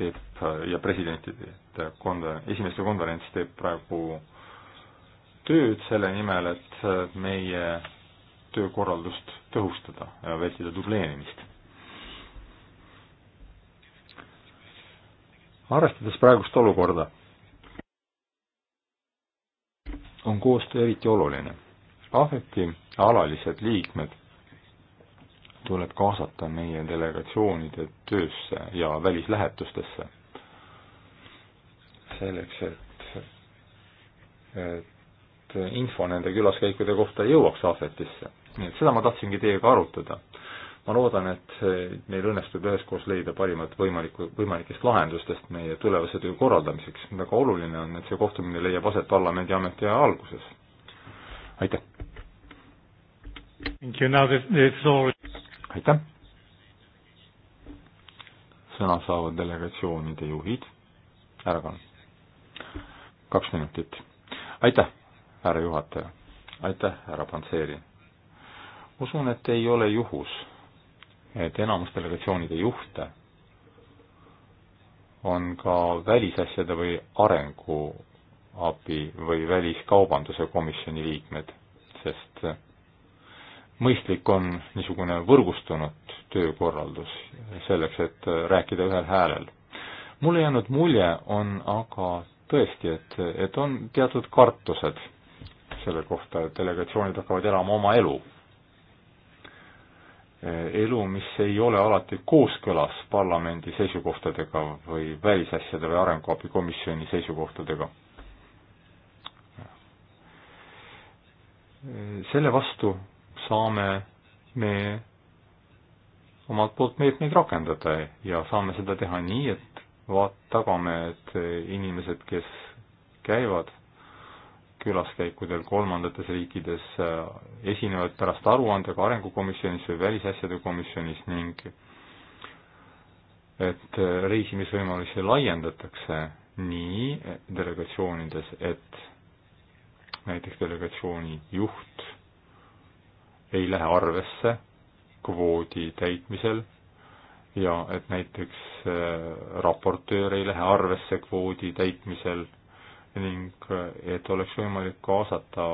teeb äh, ja presidentide konver-, esimeste konverents teeb praegu tööd selle nimel, et äh, meie töökorraldust tõhustada ja vältida dubleerimist. arvestades praegust olukorda, on koostöö eriti oluline. ahveti alalised liikmed tuleb kaasata meie delegatsioonide töösse ja välislähetustesse. selleks, et, et et info nende külaskäikude kohta jõuaks Ahvetisse. nii et seda ma tahtsingi teiega arutada. ma loodan, et meil õnnestub üheskoos leida parimat võimalikku, võimalikest lahendustest meie tulevase töö korraldamiseks. väga oluline on, et see kohtumine leiab aset parlamendi ametiaja alguses. aitäh! aitäh! sõna saavad delegatsioonide juhid, härra Kalm, kaks minutit. aitäh! härra juhataja. aitäh, härra Panseri. usun, et ei ole juhus, et enamus delegatsioonide juhte on ka välisasjade või arenguabi või väliskaubanduse komisjoni liikmed, sest mõistlik on niisugune võrgustunud töökorraldus selleks, et rääkida ühel häälel. mulle jäänud mulje on aga tõesti, et, et on teatud kartused selle kohta, et delegatsioonid hakkavad elama oma elu. elu, mis ei ole alati kooskõlas parlamendi seisukohtadega või välisasjade või arenguabikomisjoni seisukohtadega. selle vastu saame me omalt poolt meetmeid rakendada ja saame seda teha nii, et vaat-, tagame, et inimesed, kes käivad külaskäikudel kolmandates riikides äh, esinevad pärast aruandega Arengukomisjonis või Välisasjade komisjonis ning et äh, reisimisvõimalusi laiendatakse nii delegatsioonides, et näiteks delegatsiooni juht ei lähe arvesse kvoodi täitmisel ja et näiteks äh, raportöör ei lähe arvesse kvoodi täitmisel ning eh, et oleks võimalik kaasata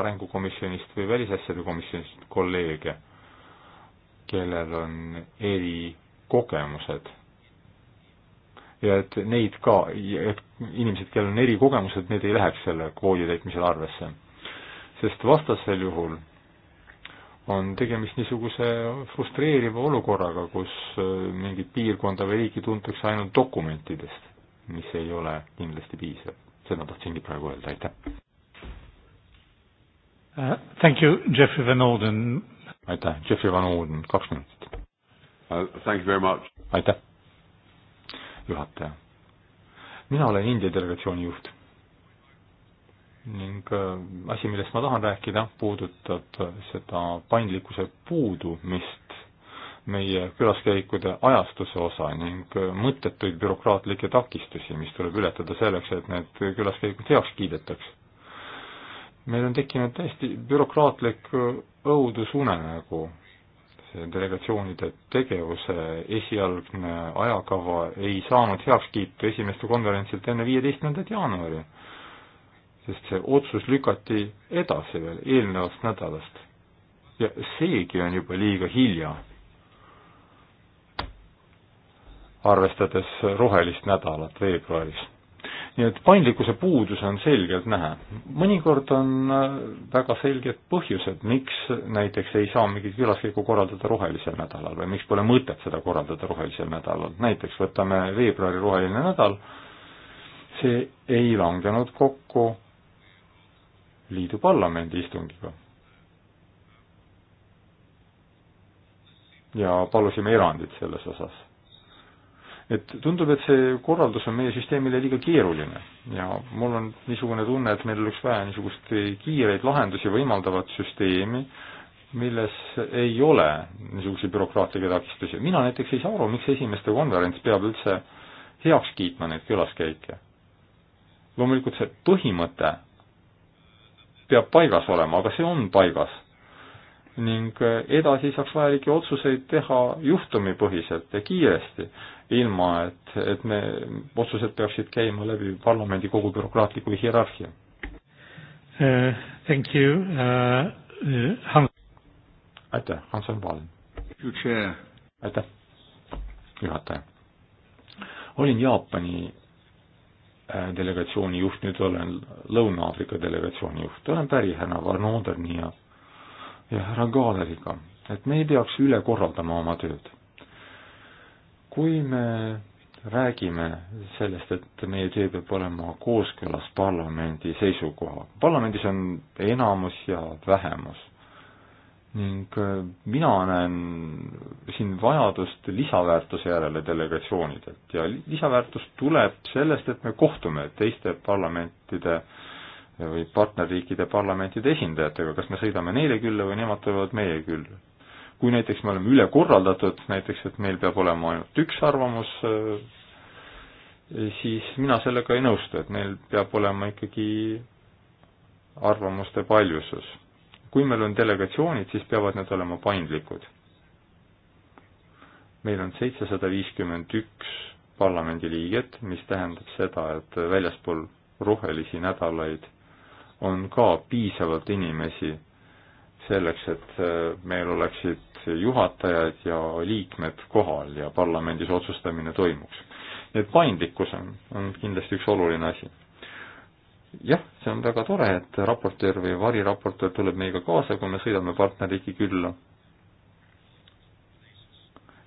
arengukomisjonist või välisasjade komisjonist kolleege, kellel on erikogemused. ja et neid ka, et inimesed, kellel on erikogemused, need ei läheks selle kvoodi täitmisel arvesse. sest vastasel juhul on tegemist niisuguse frustreeriva olukorraga, kus eh, mingit piirkonda või riiki tuntakse ainult dokumentidest, mis ei ole kindlasti piisav seda tahtsingi praegu öelda, aitäh uh,. Thank you, Jeffrey Van Orden. aitäh, Jeffrey Van Orden, kaks minutit uh,. Thank you very much. aitäh, juhataja. mina olen India delegatsiooni juht ning uh, asi, millest ma tahan rääkida, puudutab uh, seda paindlikkuse puudu, mis meie külaskäikude ajastuse osa ning mõttetuid bürokraatlikke takistusi, mis tuleb ületada selleks, et need külaskäigud heaks kiidetaks. meil on tekkinud täiesti bürokraatlik õudusunenägu, see delegatsioonide tegevuse esialgne ajakava ei saanud heakskiitu esimeste konverentsilt enne viieteistkümnendat jaanuari, sest see otsus lükati edasi veel eelnevast nädalast. ja seegi on juba liiga hilja arvestades rohelist nädalat veebruaris. nii et paindlikkuse puudus on selgelt näha. mõnikord on äh, väga selged põhjused, miks näiteks ei saa mingit külaskäiku korraldada rohelisel nädalal või miks pole mõtet seda korraldada rohelisel nädalal, näiteks võtame veebruari roheline nädal, see ei langenud kokku liidu parlamendi istungiga ja palusime erandit selles osas et tundub, et see korraldus on meie süsteemile liiga keeruline ja mul on niisugune tunne, et meil oleks vaja niisugust kiireid lahendusi võimaldavat süsteemi, milles ei ole niisuguseid bürokraatlikke takistusi. mina näiteks ei saa aru, miks esimeste konverents peab üldse heaks kiitma neid külaskäike. loomulikult see põhimõte peab paigas olema, aga see on paigas ning eh, edasi saaks vajalikke otsuseid teha juhtumipõhiselt ja kiiresti, ilma et, et me, otsused peaksid käima läbi parlamendi kogu bürokraatliku hierarhia uh,. Thank you uh,. Uh, aitäh, Hanson Valen. aitäh, juhataja. olin Jaapani delegatsiooni juht, nüüd olen Lõuna-Aafrika delegatsiooni juht, olen päri härra Van Oderni ja ja härra Gaaleriga, et me ei peaks üle korraldama oma tööd. kui me räägime sellest, et meie töö peab olema kooskõlas parlamendi seisukohaga, parlamendis on enamus ja vähemus ning äh, mina näen siin vajadust lisaväärtuse järele delegatsioonidelt ja lisaväärtus tuleb sellest, et me kohtume teiste parlamentide äh, või partnerriikide parlamentide esindajatega, kas me sõidame neile külla või nemad tulevad meie külla. kui näiteks me oleme üle korraldatud, näiteks et meil peab olema ainult üks arvamus, äh, siis mina sellega ei nõustu, et meil peab olema ikkagi arvamuste paljusus. kui meil on delegatsioonid, siis peavad need olema paindlikud. meil on seitsesada viiskümmend üks parlamendiliiget, mis tähendab seda, et väljaspool rohelisi nädalaid on ka piisavalt inimesi selleks, et äh, meil oleksid juhatajad ja liikmed kohal ja parlamendis otsustamine toimuks. nii et paindlikkus on, on kindlasti üks oluline asi. jah, see on väga tore, et raportöör või variraportöör tuleb meiega kaasa, kui me sõidame partnerriiki külla.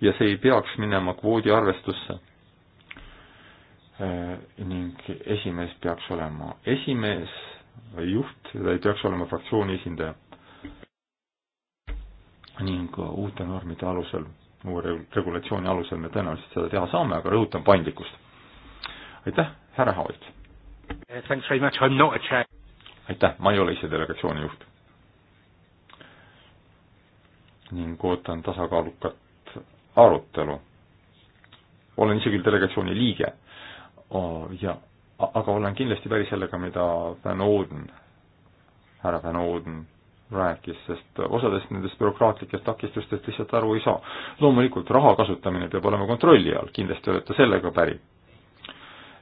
ja see ei peaks minema kvoodi arvestusse äh, ning esimees peaks olema esimees või juht, ta ei peaks olema fraktsiooni esindaja. ning äh, uute normide alusel, uue regulatsiooni alusel me tõenäoliselt seda teha saame, aga rõhutan paindlikkust. aitäh, härra Haavits! aitäh, ma ei ole ise delegatsiooni juht. ning ootan tasakaalukat arutelu. olen ise küll delegatsiooni liige ja aga olen kindlasti päri sellega, mida Van Oden, härra Van Oden rääkis, sest osadest nendest bürokraatlikest takistustest lihtsalt aru ei saa. loomulikult raha kasutamine peab olema kontrolli all, kindlasti olete sellega päri.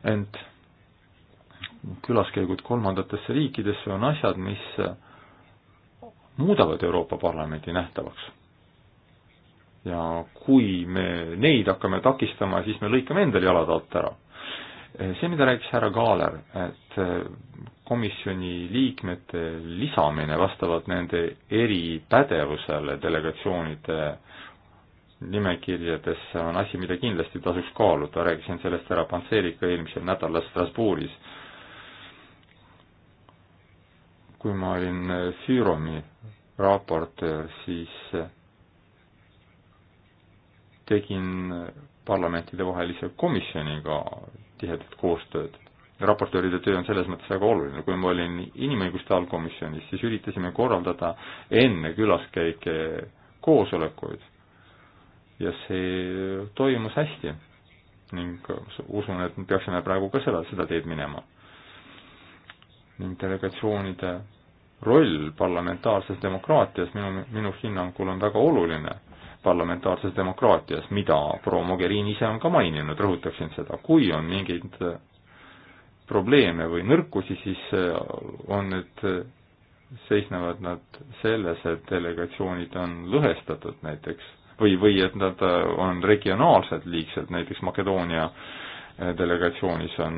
ent külaskäigud kolmandatesse riikidesse on asjad, mis muudavad Euroopa Parlamendi nähtavaks. ja kui me neid hakkame takistama, siis me lõikame endal jalad alt ära see, mida rääkis härra Kaaler, et äh, komisjoni liikmete lisamine vastavalt nende eripädevusele delegatsioonide nimekirjadesse on asi, mida kindlasti tasuks kaaluda, rääkisin sellest härra Panseeriga eelmisel nädalal Strasbourgis. kui ma olin äh, Füüromi raportöör, siis äh, tegin parlamentidevahelise komisjoniga tihedat koostööd. raportööride töö on selles mõttes väga oluline, kui ma olin inimõiguste allkomisjonis, siis üritasime korraldada enne külaskäike koosolekuid ja see toimus hästi. ning usun, et me peaksime praegu ka seda, seda teed minema. ning delegatsioonide roll parlamentaarses demokraatias minu, minu hinnangul on väga oluline parlamentaarses demokraatias, mida proua Mogherini ise on ka maininud, rõhutaksin seda, kui on mingeid probleeme või nõrkusi, siis äh, on need, äh, seisnevad nad selles, et delegatsioonid on lõhestatud näiteks või, või et nad äh, on regionaalsed liigselt, näiteks Makedoonia delegatsioonis on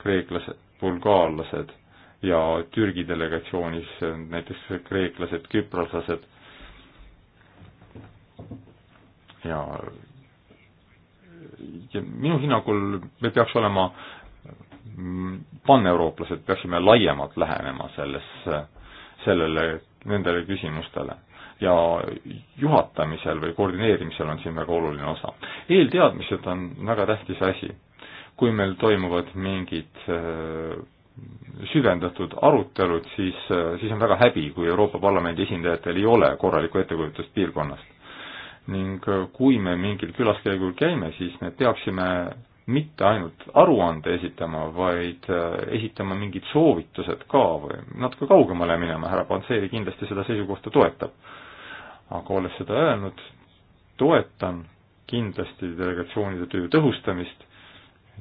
kreeklased, bulgaarlased ja Türgi delegatsioonis näiteks kreeklased, küproslased ja ja minu hinnangul me peaks olema mm, paneurooplased, peaksime laiemalt lähenema selles, sellele, nendele küsimustele. ja juhatamisel või koordineerimisel on siin väga oluline osa. eelteadmised on väga tähtis asi. kui meil toimuvad mingid äh, süvendatud arutelud, siis, äh, siis on väga häbi, kui Euroopa Parlamendi esindajatel ei ole korralikku ettekujutust piirkonnast ning äh, kui me mingil külaskäigul käime, siis me peaksime mitte ainult aruande esitama, vaid äh, esitama mingid soovitused ka või natuke kaugemale minema, härra Panseri kindlasti seda seisukohta toetab. aga olles seda öelnud, toetan kindlasti delegatsioonide töö tõhustamist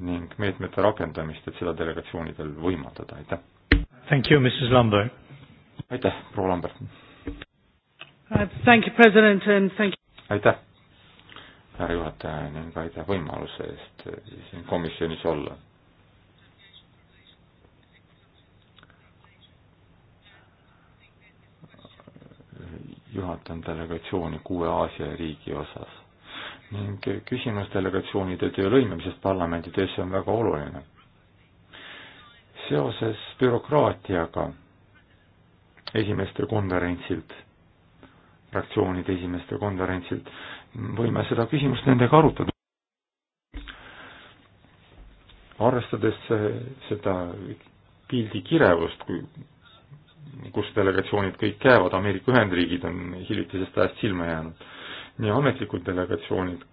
ning meetmete rakendamist, et seda delegatsioonidel võimaldada, aitäh! Thank you, Mrs Lambert! aitäh, proua Lambert! Uh, thank you, president and thank you aitäh, härra juhataja, ning aitäh võimaluse eest siin komisjonis olla. juhatan delegatsiooni kuue Aasia riigi osas ning küsimus delegatsioonide töö lõimimisest parlamendi töösse on väga oluline. seoses bürokraatiaga esimeste konverentsilt fraktsioonide esimeeste konverentsilt, võime seda küsimust nendega arutada. arvestades seda pildi kirevust, kui, kus delegatsioonid kõik käivad, Ameerika Ühendriigid on hiljutisest ajast silma jäänud, nii ametlikud delegatsioonid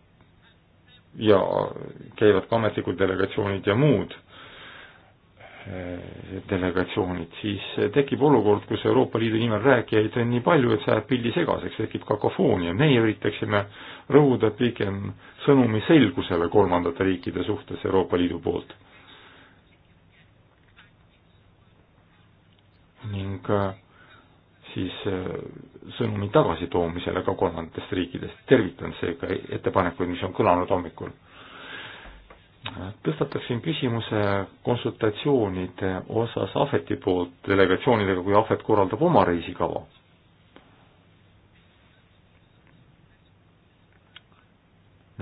ja käivad ka ametlikud delegatsioonid ja muud Eh, delegatsioonid, siis tekib olukord, kus Euroopa Liidu nimel rääkijaid on nii palju, et see jääb pildi segaseks, tekib kakofoonia. meie üritaksime rõhuda pigem sõnumi selgusele kolmandate riikide suhtes Euroopa Liidu poolt. ning eh, siis eh, sõnumi tagasitoomisele ka kolmandatest riikidest. tervitan seega ettepanekuid, mis on kõlanud hommikul tõstataksin küsimuse konsultatsioonide osas Ahveti poolt delegatsioonidega, kui Ahvet korraldab oma reisikava.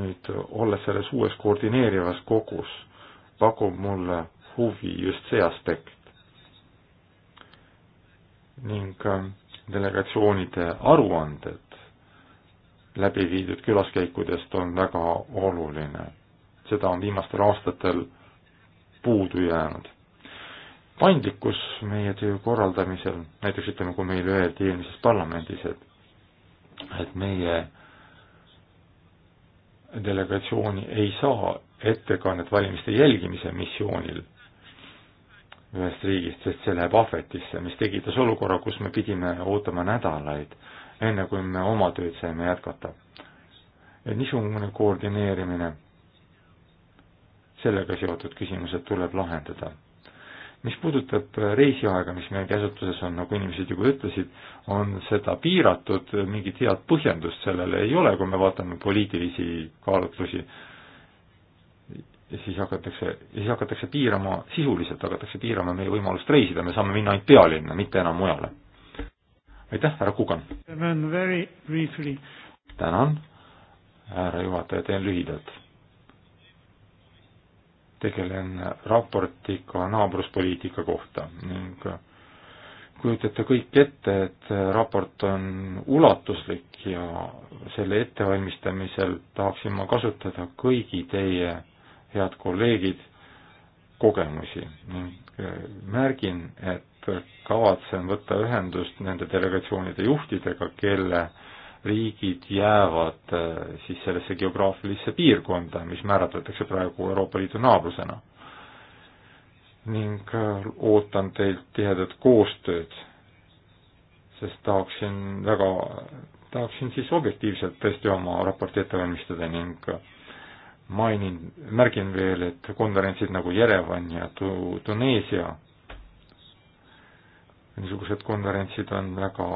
nüüd olles selles uues koordineerivas kogus, pakub mulle huvi just see aspekt. ning ähm, delegatsioonide aruanded läbi viidud külaskäikudest on väga oluline seda on viimastel aastatel puudu jäänud. paindlikkus meie töö korraldamisel, näiteks ütleme, kui meile öeldi eelmises parlamendis, et et meie delegatsiooni ei saa ettekannet valimiste jälgimise missioonil ühest riigist, sest see läheb ahvetisse, mis tekitas olukorra, kus me pidime ootama nädalaid, enne kui me oma tööd saime jätkata. niisugune koordineerimine sellega seotud küsimused tuleb lahendada. mis puudutab äh, reisiaega, mis meie käsutuses on, nagu inimesed juba ütlesid, on seda piiratud, mingit head põhjendust sellele ei ole, kui me vaatame poliitilisi kaalutlusi, siis hakatakse, siis hakatakse piirama, sisuliselt hakatakse piirama meie võimalust reisida, me saame minna ainult pealinna, mitte enam mujale. aitäh, härra Kukan! tänan, härra juhataja, teen lühidalt tegelen raportiga naabruspoliitika kohta ning kujutate kõik ette, et raport on ulatuslik ja selle ettevalmistamisel tahaksin ma kasutada kõigi teie, head kolleegid, kogemusi ning märgin, et kavatsen võtta ühendust nende delegatsioonide juhtidega, kelle äh, riigid jäävad äh, siis sellesse geograafilisse piirkonda, mis määratletakse praegu Euroopa Liidu naabrusena. ning äh, ootan teilt tihedat koostööd, sest tahaksin väga, tahaksin siis objektiivselt tõesti oma raporti ette valmistada ning äh, mainin, märgin veel, et konverentsid nagu Jerevan ja tu-, Tuneesia niisugused konverentsid on väga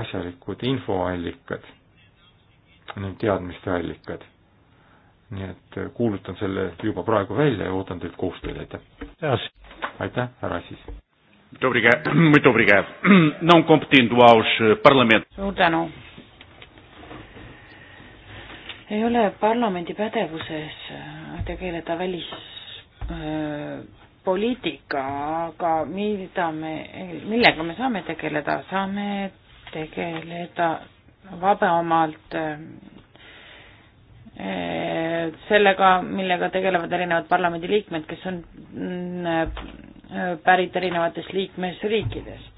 asjalikud infoallikad ning teadmiste allikad. nii et äh, kuulutan selle juba praegu välja ja ootan teilt koostööd, aitäh. aitäh, härra Assis. *clears throat* *clears throat* Eh, suur tänu. ei ole parlamendi pädevuses äh, tegeleda välis öö, äh, poliitika, aga mida me, millega me saame tegeleda, saame tegeleda vabaomalt eh, sellega, millega tegelevad erinevad parlamendiliikmed, kes on mm, eh, pärit erinevatest liikmesriikidest.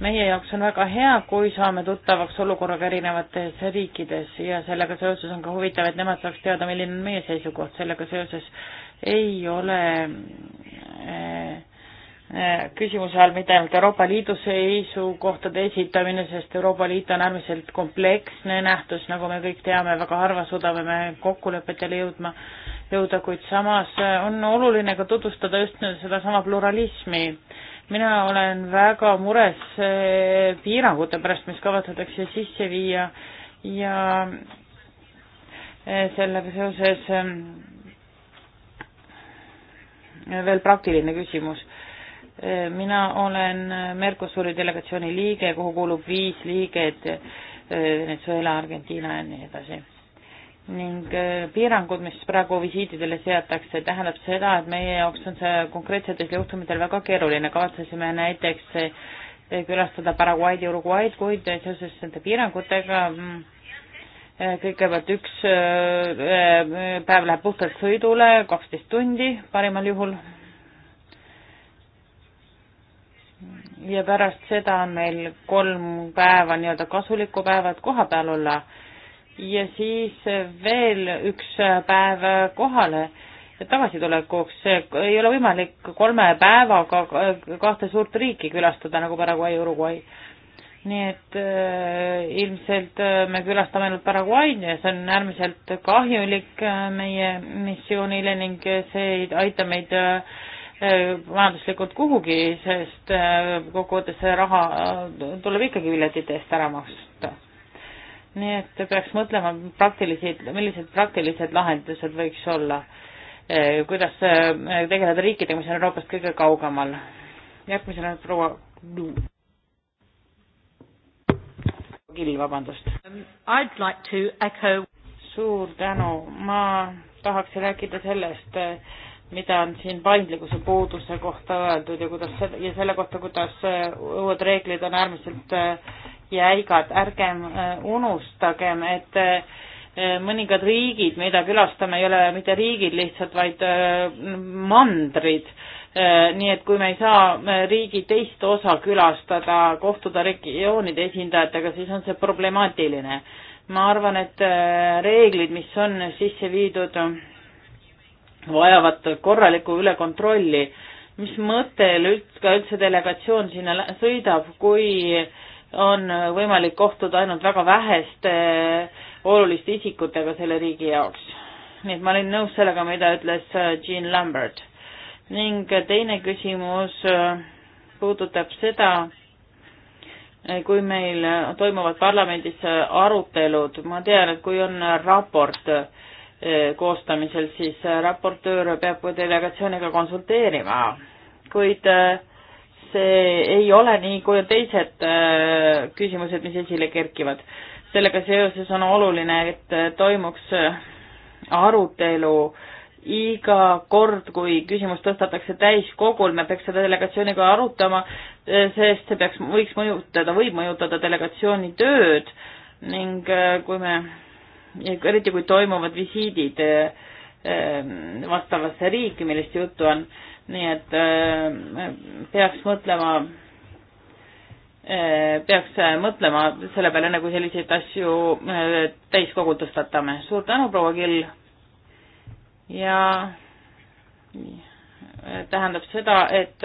meie jaoks on väga hea, kui saame tuttavaks olukorraga erinevates riikides ja sellega seoses on ka huvitav, et nemad saaks teada, milline on meie seisukoht sellega seoses äh, ei ole äh, äh, küsimuse all mitte ainult Euroopa Liidu seisukohtade esitamine, sest Euroopa Liit on äärmiselt kompleksne nähtus, nagu me kõik teame, väga harva suudame me kokkulepetele jõudma, jõuda, kuid samas äh, on oluline ka tutvustada just sedasama pluralismi. mina olen väga mures piirangute pärast, mis kavatsetakse sisse viia ja sellega seoses ähm, veel praktiline küsimus. mina olen Mercosuri delegatsiooni liige, kuhu kuulub viis liiget Venezuela, Argentiina ja nii edasi. ning eh, piirangud, mis praegu visiitidele seatakse, tähendab seda, et meie jaoks on see konkreetsetel juhtumitel väga keeruline, kavatsesime näiteks eh, külastada Paraguaid ja Uruguaid, kuid seoses nende piirangutega mm, Eh, kõigepealt üks eh, päev läheb puhtalt sõidule, kaksteist tundi parimal juhul. ja pärast seda on meil kolm päeva nii-öelda kasulikku päeva, et koha peal olla. ja siis veel üks päev kohale tagasitulekuks, ei ole võimalik kolme päevaga kahte suurt riiki külastada nagu Paraguay ja Uruguay nii et äh, ilmselt äh, me külastame ainult Paraguayd ja see on äärmiselt kahjulik äh, meie missioonile ning see ei aita meid äh, äh majanduslikult kuhugi, sest äh, kokkuvõttes see raha äh, tuleb ikkagi piletite eest ära maksta. nii et peaks mõtlema praktilisi, millised praktilised lahendused võiks olla äh,, kuidas äh, tegeleda riikidega, mis on Euroopast kõige kaugemal. järgmisena proua Lu. Gill, vabandust. Um, I'd like to echo. suur tänu, ma tahaksin rääkida sellest, mida on siin paindlikkuse puuduse kohta öeldud ja kuidas ja selle kohta, kuidas uh, uued reeglid on äärmiselt uh, jäigad, ärgem uh, unustagem, et mõningad riigid, mida külastame, ei ole mitte riigid lihtsalt, vaid mandrid Äh, nii et kui me ei saa äh, riigi teist osa külastada, kohtuda regioonide esindajatega, siis on see problemaatiline. ma arvan, et äh, reeglid, mis on sisse viidud, vajavad korralikku ülekontrolli. mis mõttel üldse, ka üldse delegatsioon sinna sõidab, kui on võimalik kohtuda ainult väga väheste oluliste isikutega selle riigi jaoks. nii et ma olin nõus sellega, mida ütles Jean Lambert ning teine küsimus äh, puudutab seda, äh, kui meil toimuvad parlamendis äh, arutelud, ma tean, et kui on raport koostamisel, siis raportöör peab delegatsiooniga konsulteerima, kuid see ei ole nii, kui on teised küsimused, mis esile kerkivad. sellega seoses on oluline, et toimuks arutelu äh, iga kord, kui küsimus tõstatakse täiskogul, me peaks seda delegatsiooniga arutama, eh, sest see peaks, võiks mõjutada, võib mõjutada delegatsiooni tööd ning eh, kui me, eriti kui toimuvad visiidid eh, vastavasse riiki, millest juttu on, nii et peaks mõtlema, peaks mõtlema selle peale, enne kui selliseid asju täiskogul tõstatame. suur tänu, proua Kill ja tähendab seda, et,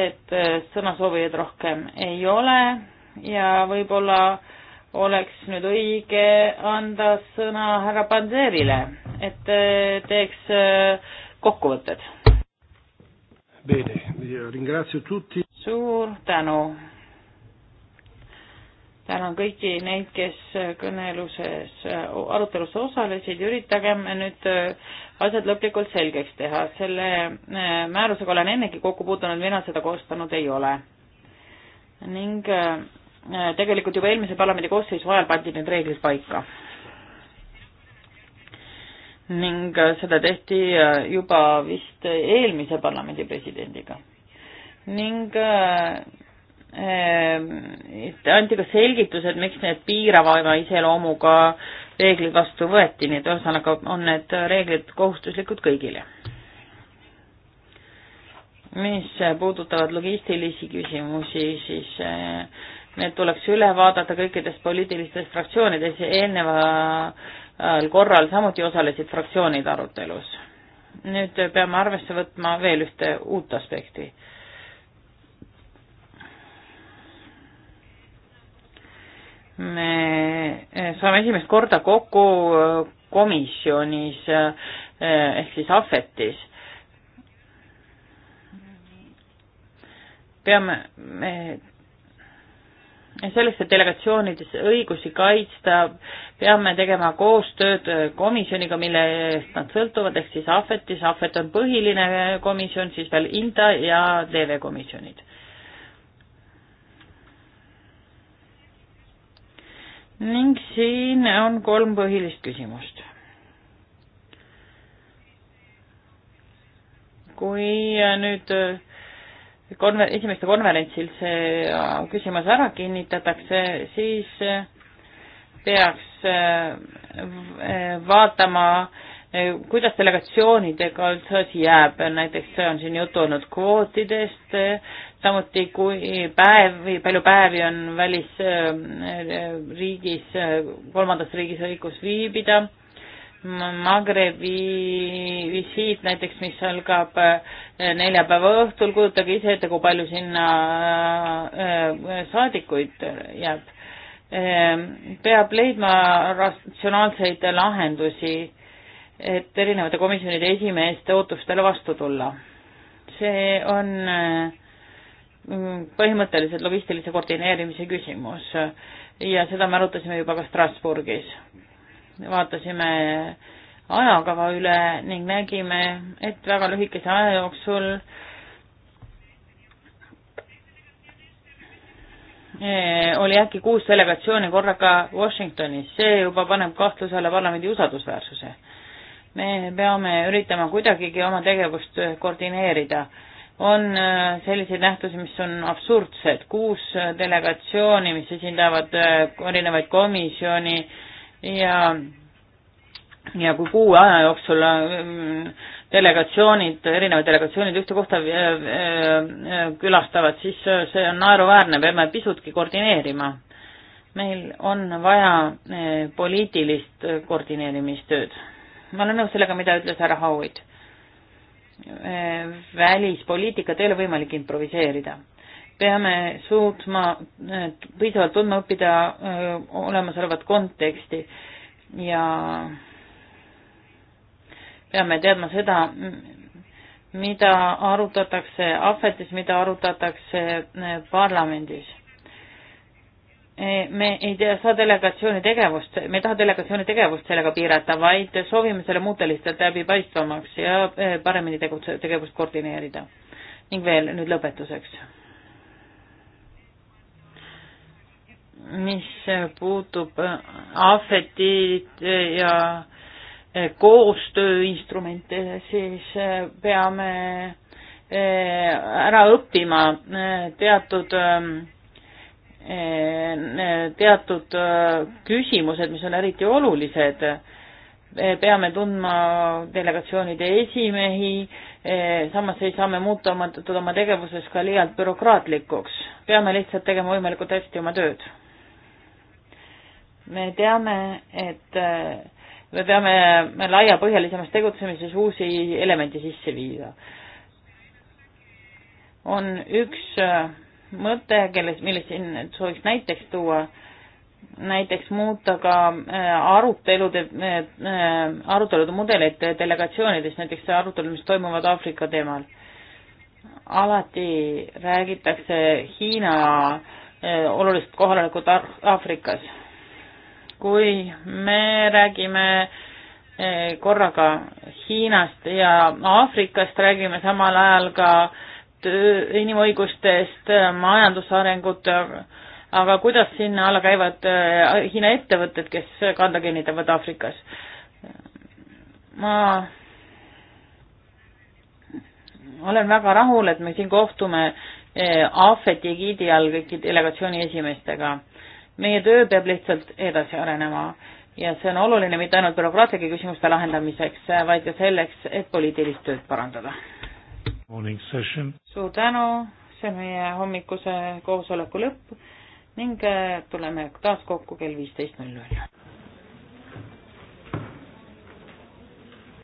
et sõnasoovijaid rohkem ei ole ja võib-olla oleks nüüd õige anda sõna härra Panderile, et teeks äh, kokkuvõtted. suur tänu tänan kõiki neid, kes kõneluses, arutelus osalesid, üritagem nüüd äh, asjad lõplikult selgeks teha. selle äh, määrusega olen ennegi kokku puutunud, mina seda koostanud ei ole. ning äh, tegelikult juba eelmise parlamendi koosseisu ajal pandi need reeglid paika. ning seda tehti juba vist eelmise parlamendi presidendiga. ning anti ka selgitused, miks need piiravama iseloomuga reeglid vastu võeti, nii et ühesõnaga on need reeglid kohustuslikud kõigile. mis puudutavad logistilisi küsimusi, siis eh, need tuleks üle vaadata kõikides poliitilistes fraktsioonides ja eelneval korral samuti osalesid fraktsioonid arutelus. nüüd peame arvesse võtma veel ühte uut aspekti me eh, saame esimest korda kokku eh, komisjonis eh, ehk siis ahvetis. peame me selleks, et delegatsioonides õigusi kaitsta, peame tegema koostööd komisjoniga, mille eest nad sõltuvad, ehk siis ahvetis, ahvet on põhiline komisjon, siis veel INTA ja TV komisjonid ning siin on kolm põhilist küsimust. kui nüüd eh, konver-, esimeste konverentsil see eh, küsimus ära kinnitatakse, siis eh, peaks vaatama äh, kuidas delegatsioonidega üldse asi jääb, näiteks on siin juttu olnud kvootidest, samuti kui päevi, palju päevi on välisriigis, äh, kolmandas riigis õigus viibida. Magrebi visiit näiteks, mis algab äh, neljapäeva õhtul, kujutage ise ette, kui palju sinna äh, saadikuid jääb. peab leidma ratsionaalseid lahendusi et erinevate komisjonide esimeeste ootustele vastu tulla. see on äh, põhimõtteliselt logistilise koordineerimise küsimus ja seda me arutasime juba ka Strasbourgis. vaatasime ajakava üle ning nägime, et väga lühikese aja jooksul äh, oli äkki kuus delegatsiooni korraga Washingtonis, see juba paneb kahtluse alla parlamendi usaldusväärsuse me peame üritama kuidagigi oma tegevust äh, koordineerida. on äh, selliseid nähtusi, mis on absurdsed, kuus delegatsiooni, mis esindavad äh, erinevaid komisjoni ja ja kui kuu aja jooksul delegatsioonid, erinevad delegatsioonid ühte kohta külastavad, siis see on naeruväärne, peame pisutki koordineerima. meil on vaja poliitilist koordineerimistööd ma olen nõus sellega, mida ütles härra Howitt. Äh, välispoliitikat ei ole võimalik improviseerida. peame suutma äh, piisavalt tundma õppida äh, olemasolevat konteksti ja peame teadma seda, mida arutatakse ahvetis, mida arutatakse parlamendis me ei tea, saa delegatsiooni tegevust, me ei taha delegatsiooni tegevust sellega piirata, vaid soovime selle muuta lihtsalt läbipaistvamaks ja eh, paremini tegutse, tegevust koordineerida. ning veel nüüd lõpetuseks. mis puutub eh, ahvetit eh, ja koostööinstrumente, siis peame ära õppima teatud teatud äh, küsimused, mis on eriti olulised. peame tundma delegatsioonide esimehi, äh, samas ei saa me muuta oma, oma tegevuses ka liialt bürokraatlikuks. peame lihtsalt tegema võimalikult hästi oma tööd. me teame, et äh, me peame laiapõhjalisemas tegutsemises uusi elemente sisse viia. on üks mõte, kelles, millest siin sooviks näiteks tuua, näiteks muuta ka äh, arutelude, äh, äh, arutelude mudeleid delegatsioonides, näiteks arutelud, mis toimuvad Aafrika teemal. alati räägitakse Hiina olulisest kohalolekut Aafrikas. kui me räägime korraga Hiinast ja Aafrikast, räägime samal ajal ka äh, Äh, inimõigustest, äh, majandusarengut, aga kuidas sinna alla käivad äh, Hiina ettevõtted, kes kanda kinnitavad Aafrikas? ma olen väga rahul, et me siin kohtume Aafeti giidi all kõiki delegatsiooni esimeestega. meie töö peab lihtsalt edasi arenema ja see on oluline mitte ainult bürokraatlike küsimuste lahendamiseks, vaid ka selleks, et poliitilist tööd parandada suur tänu, see on meie hommikuse koosoleku lõpp ning äh, tuleme taas kokku kell viisteist null null.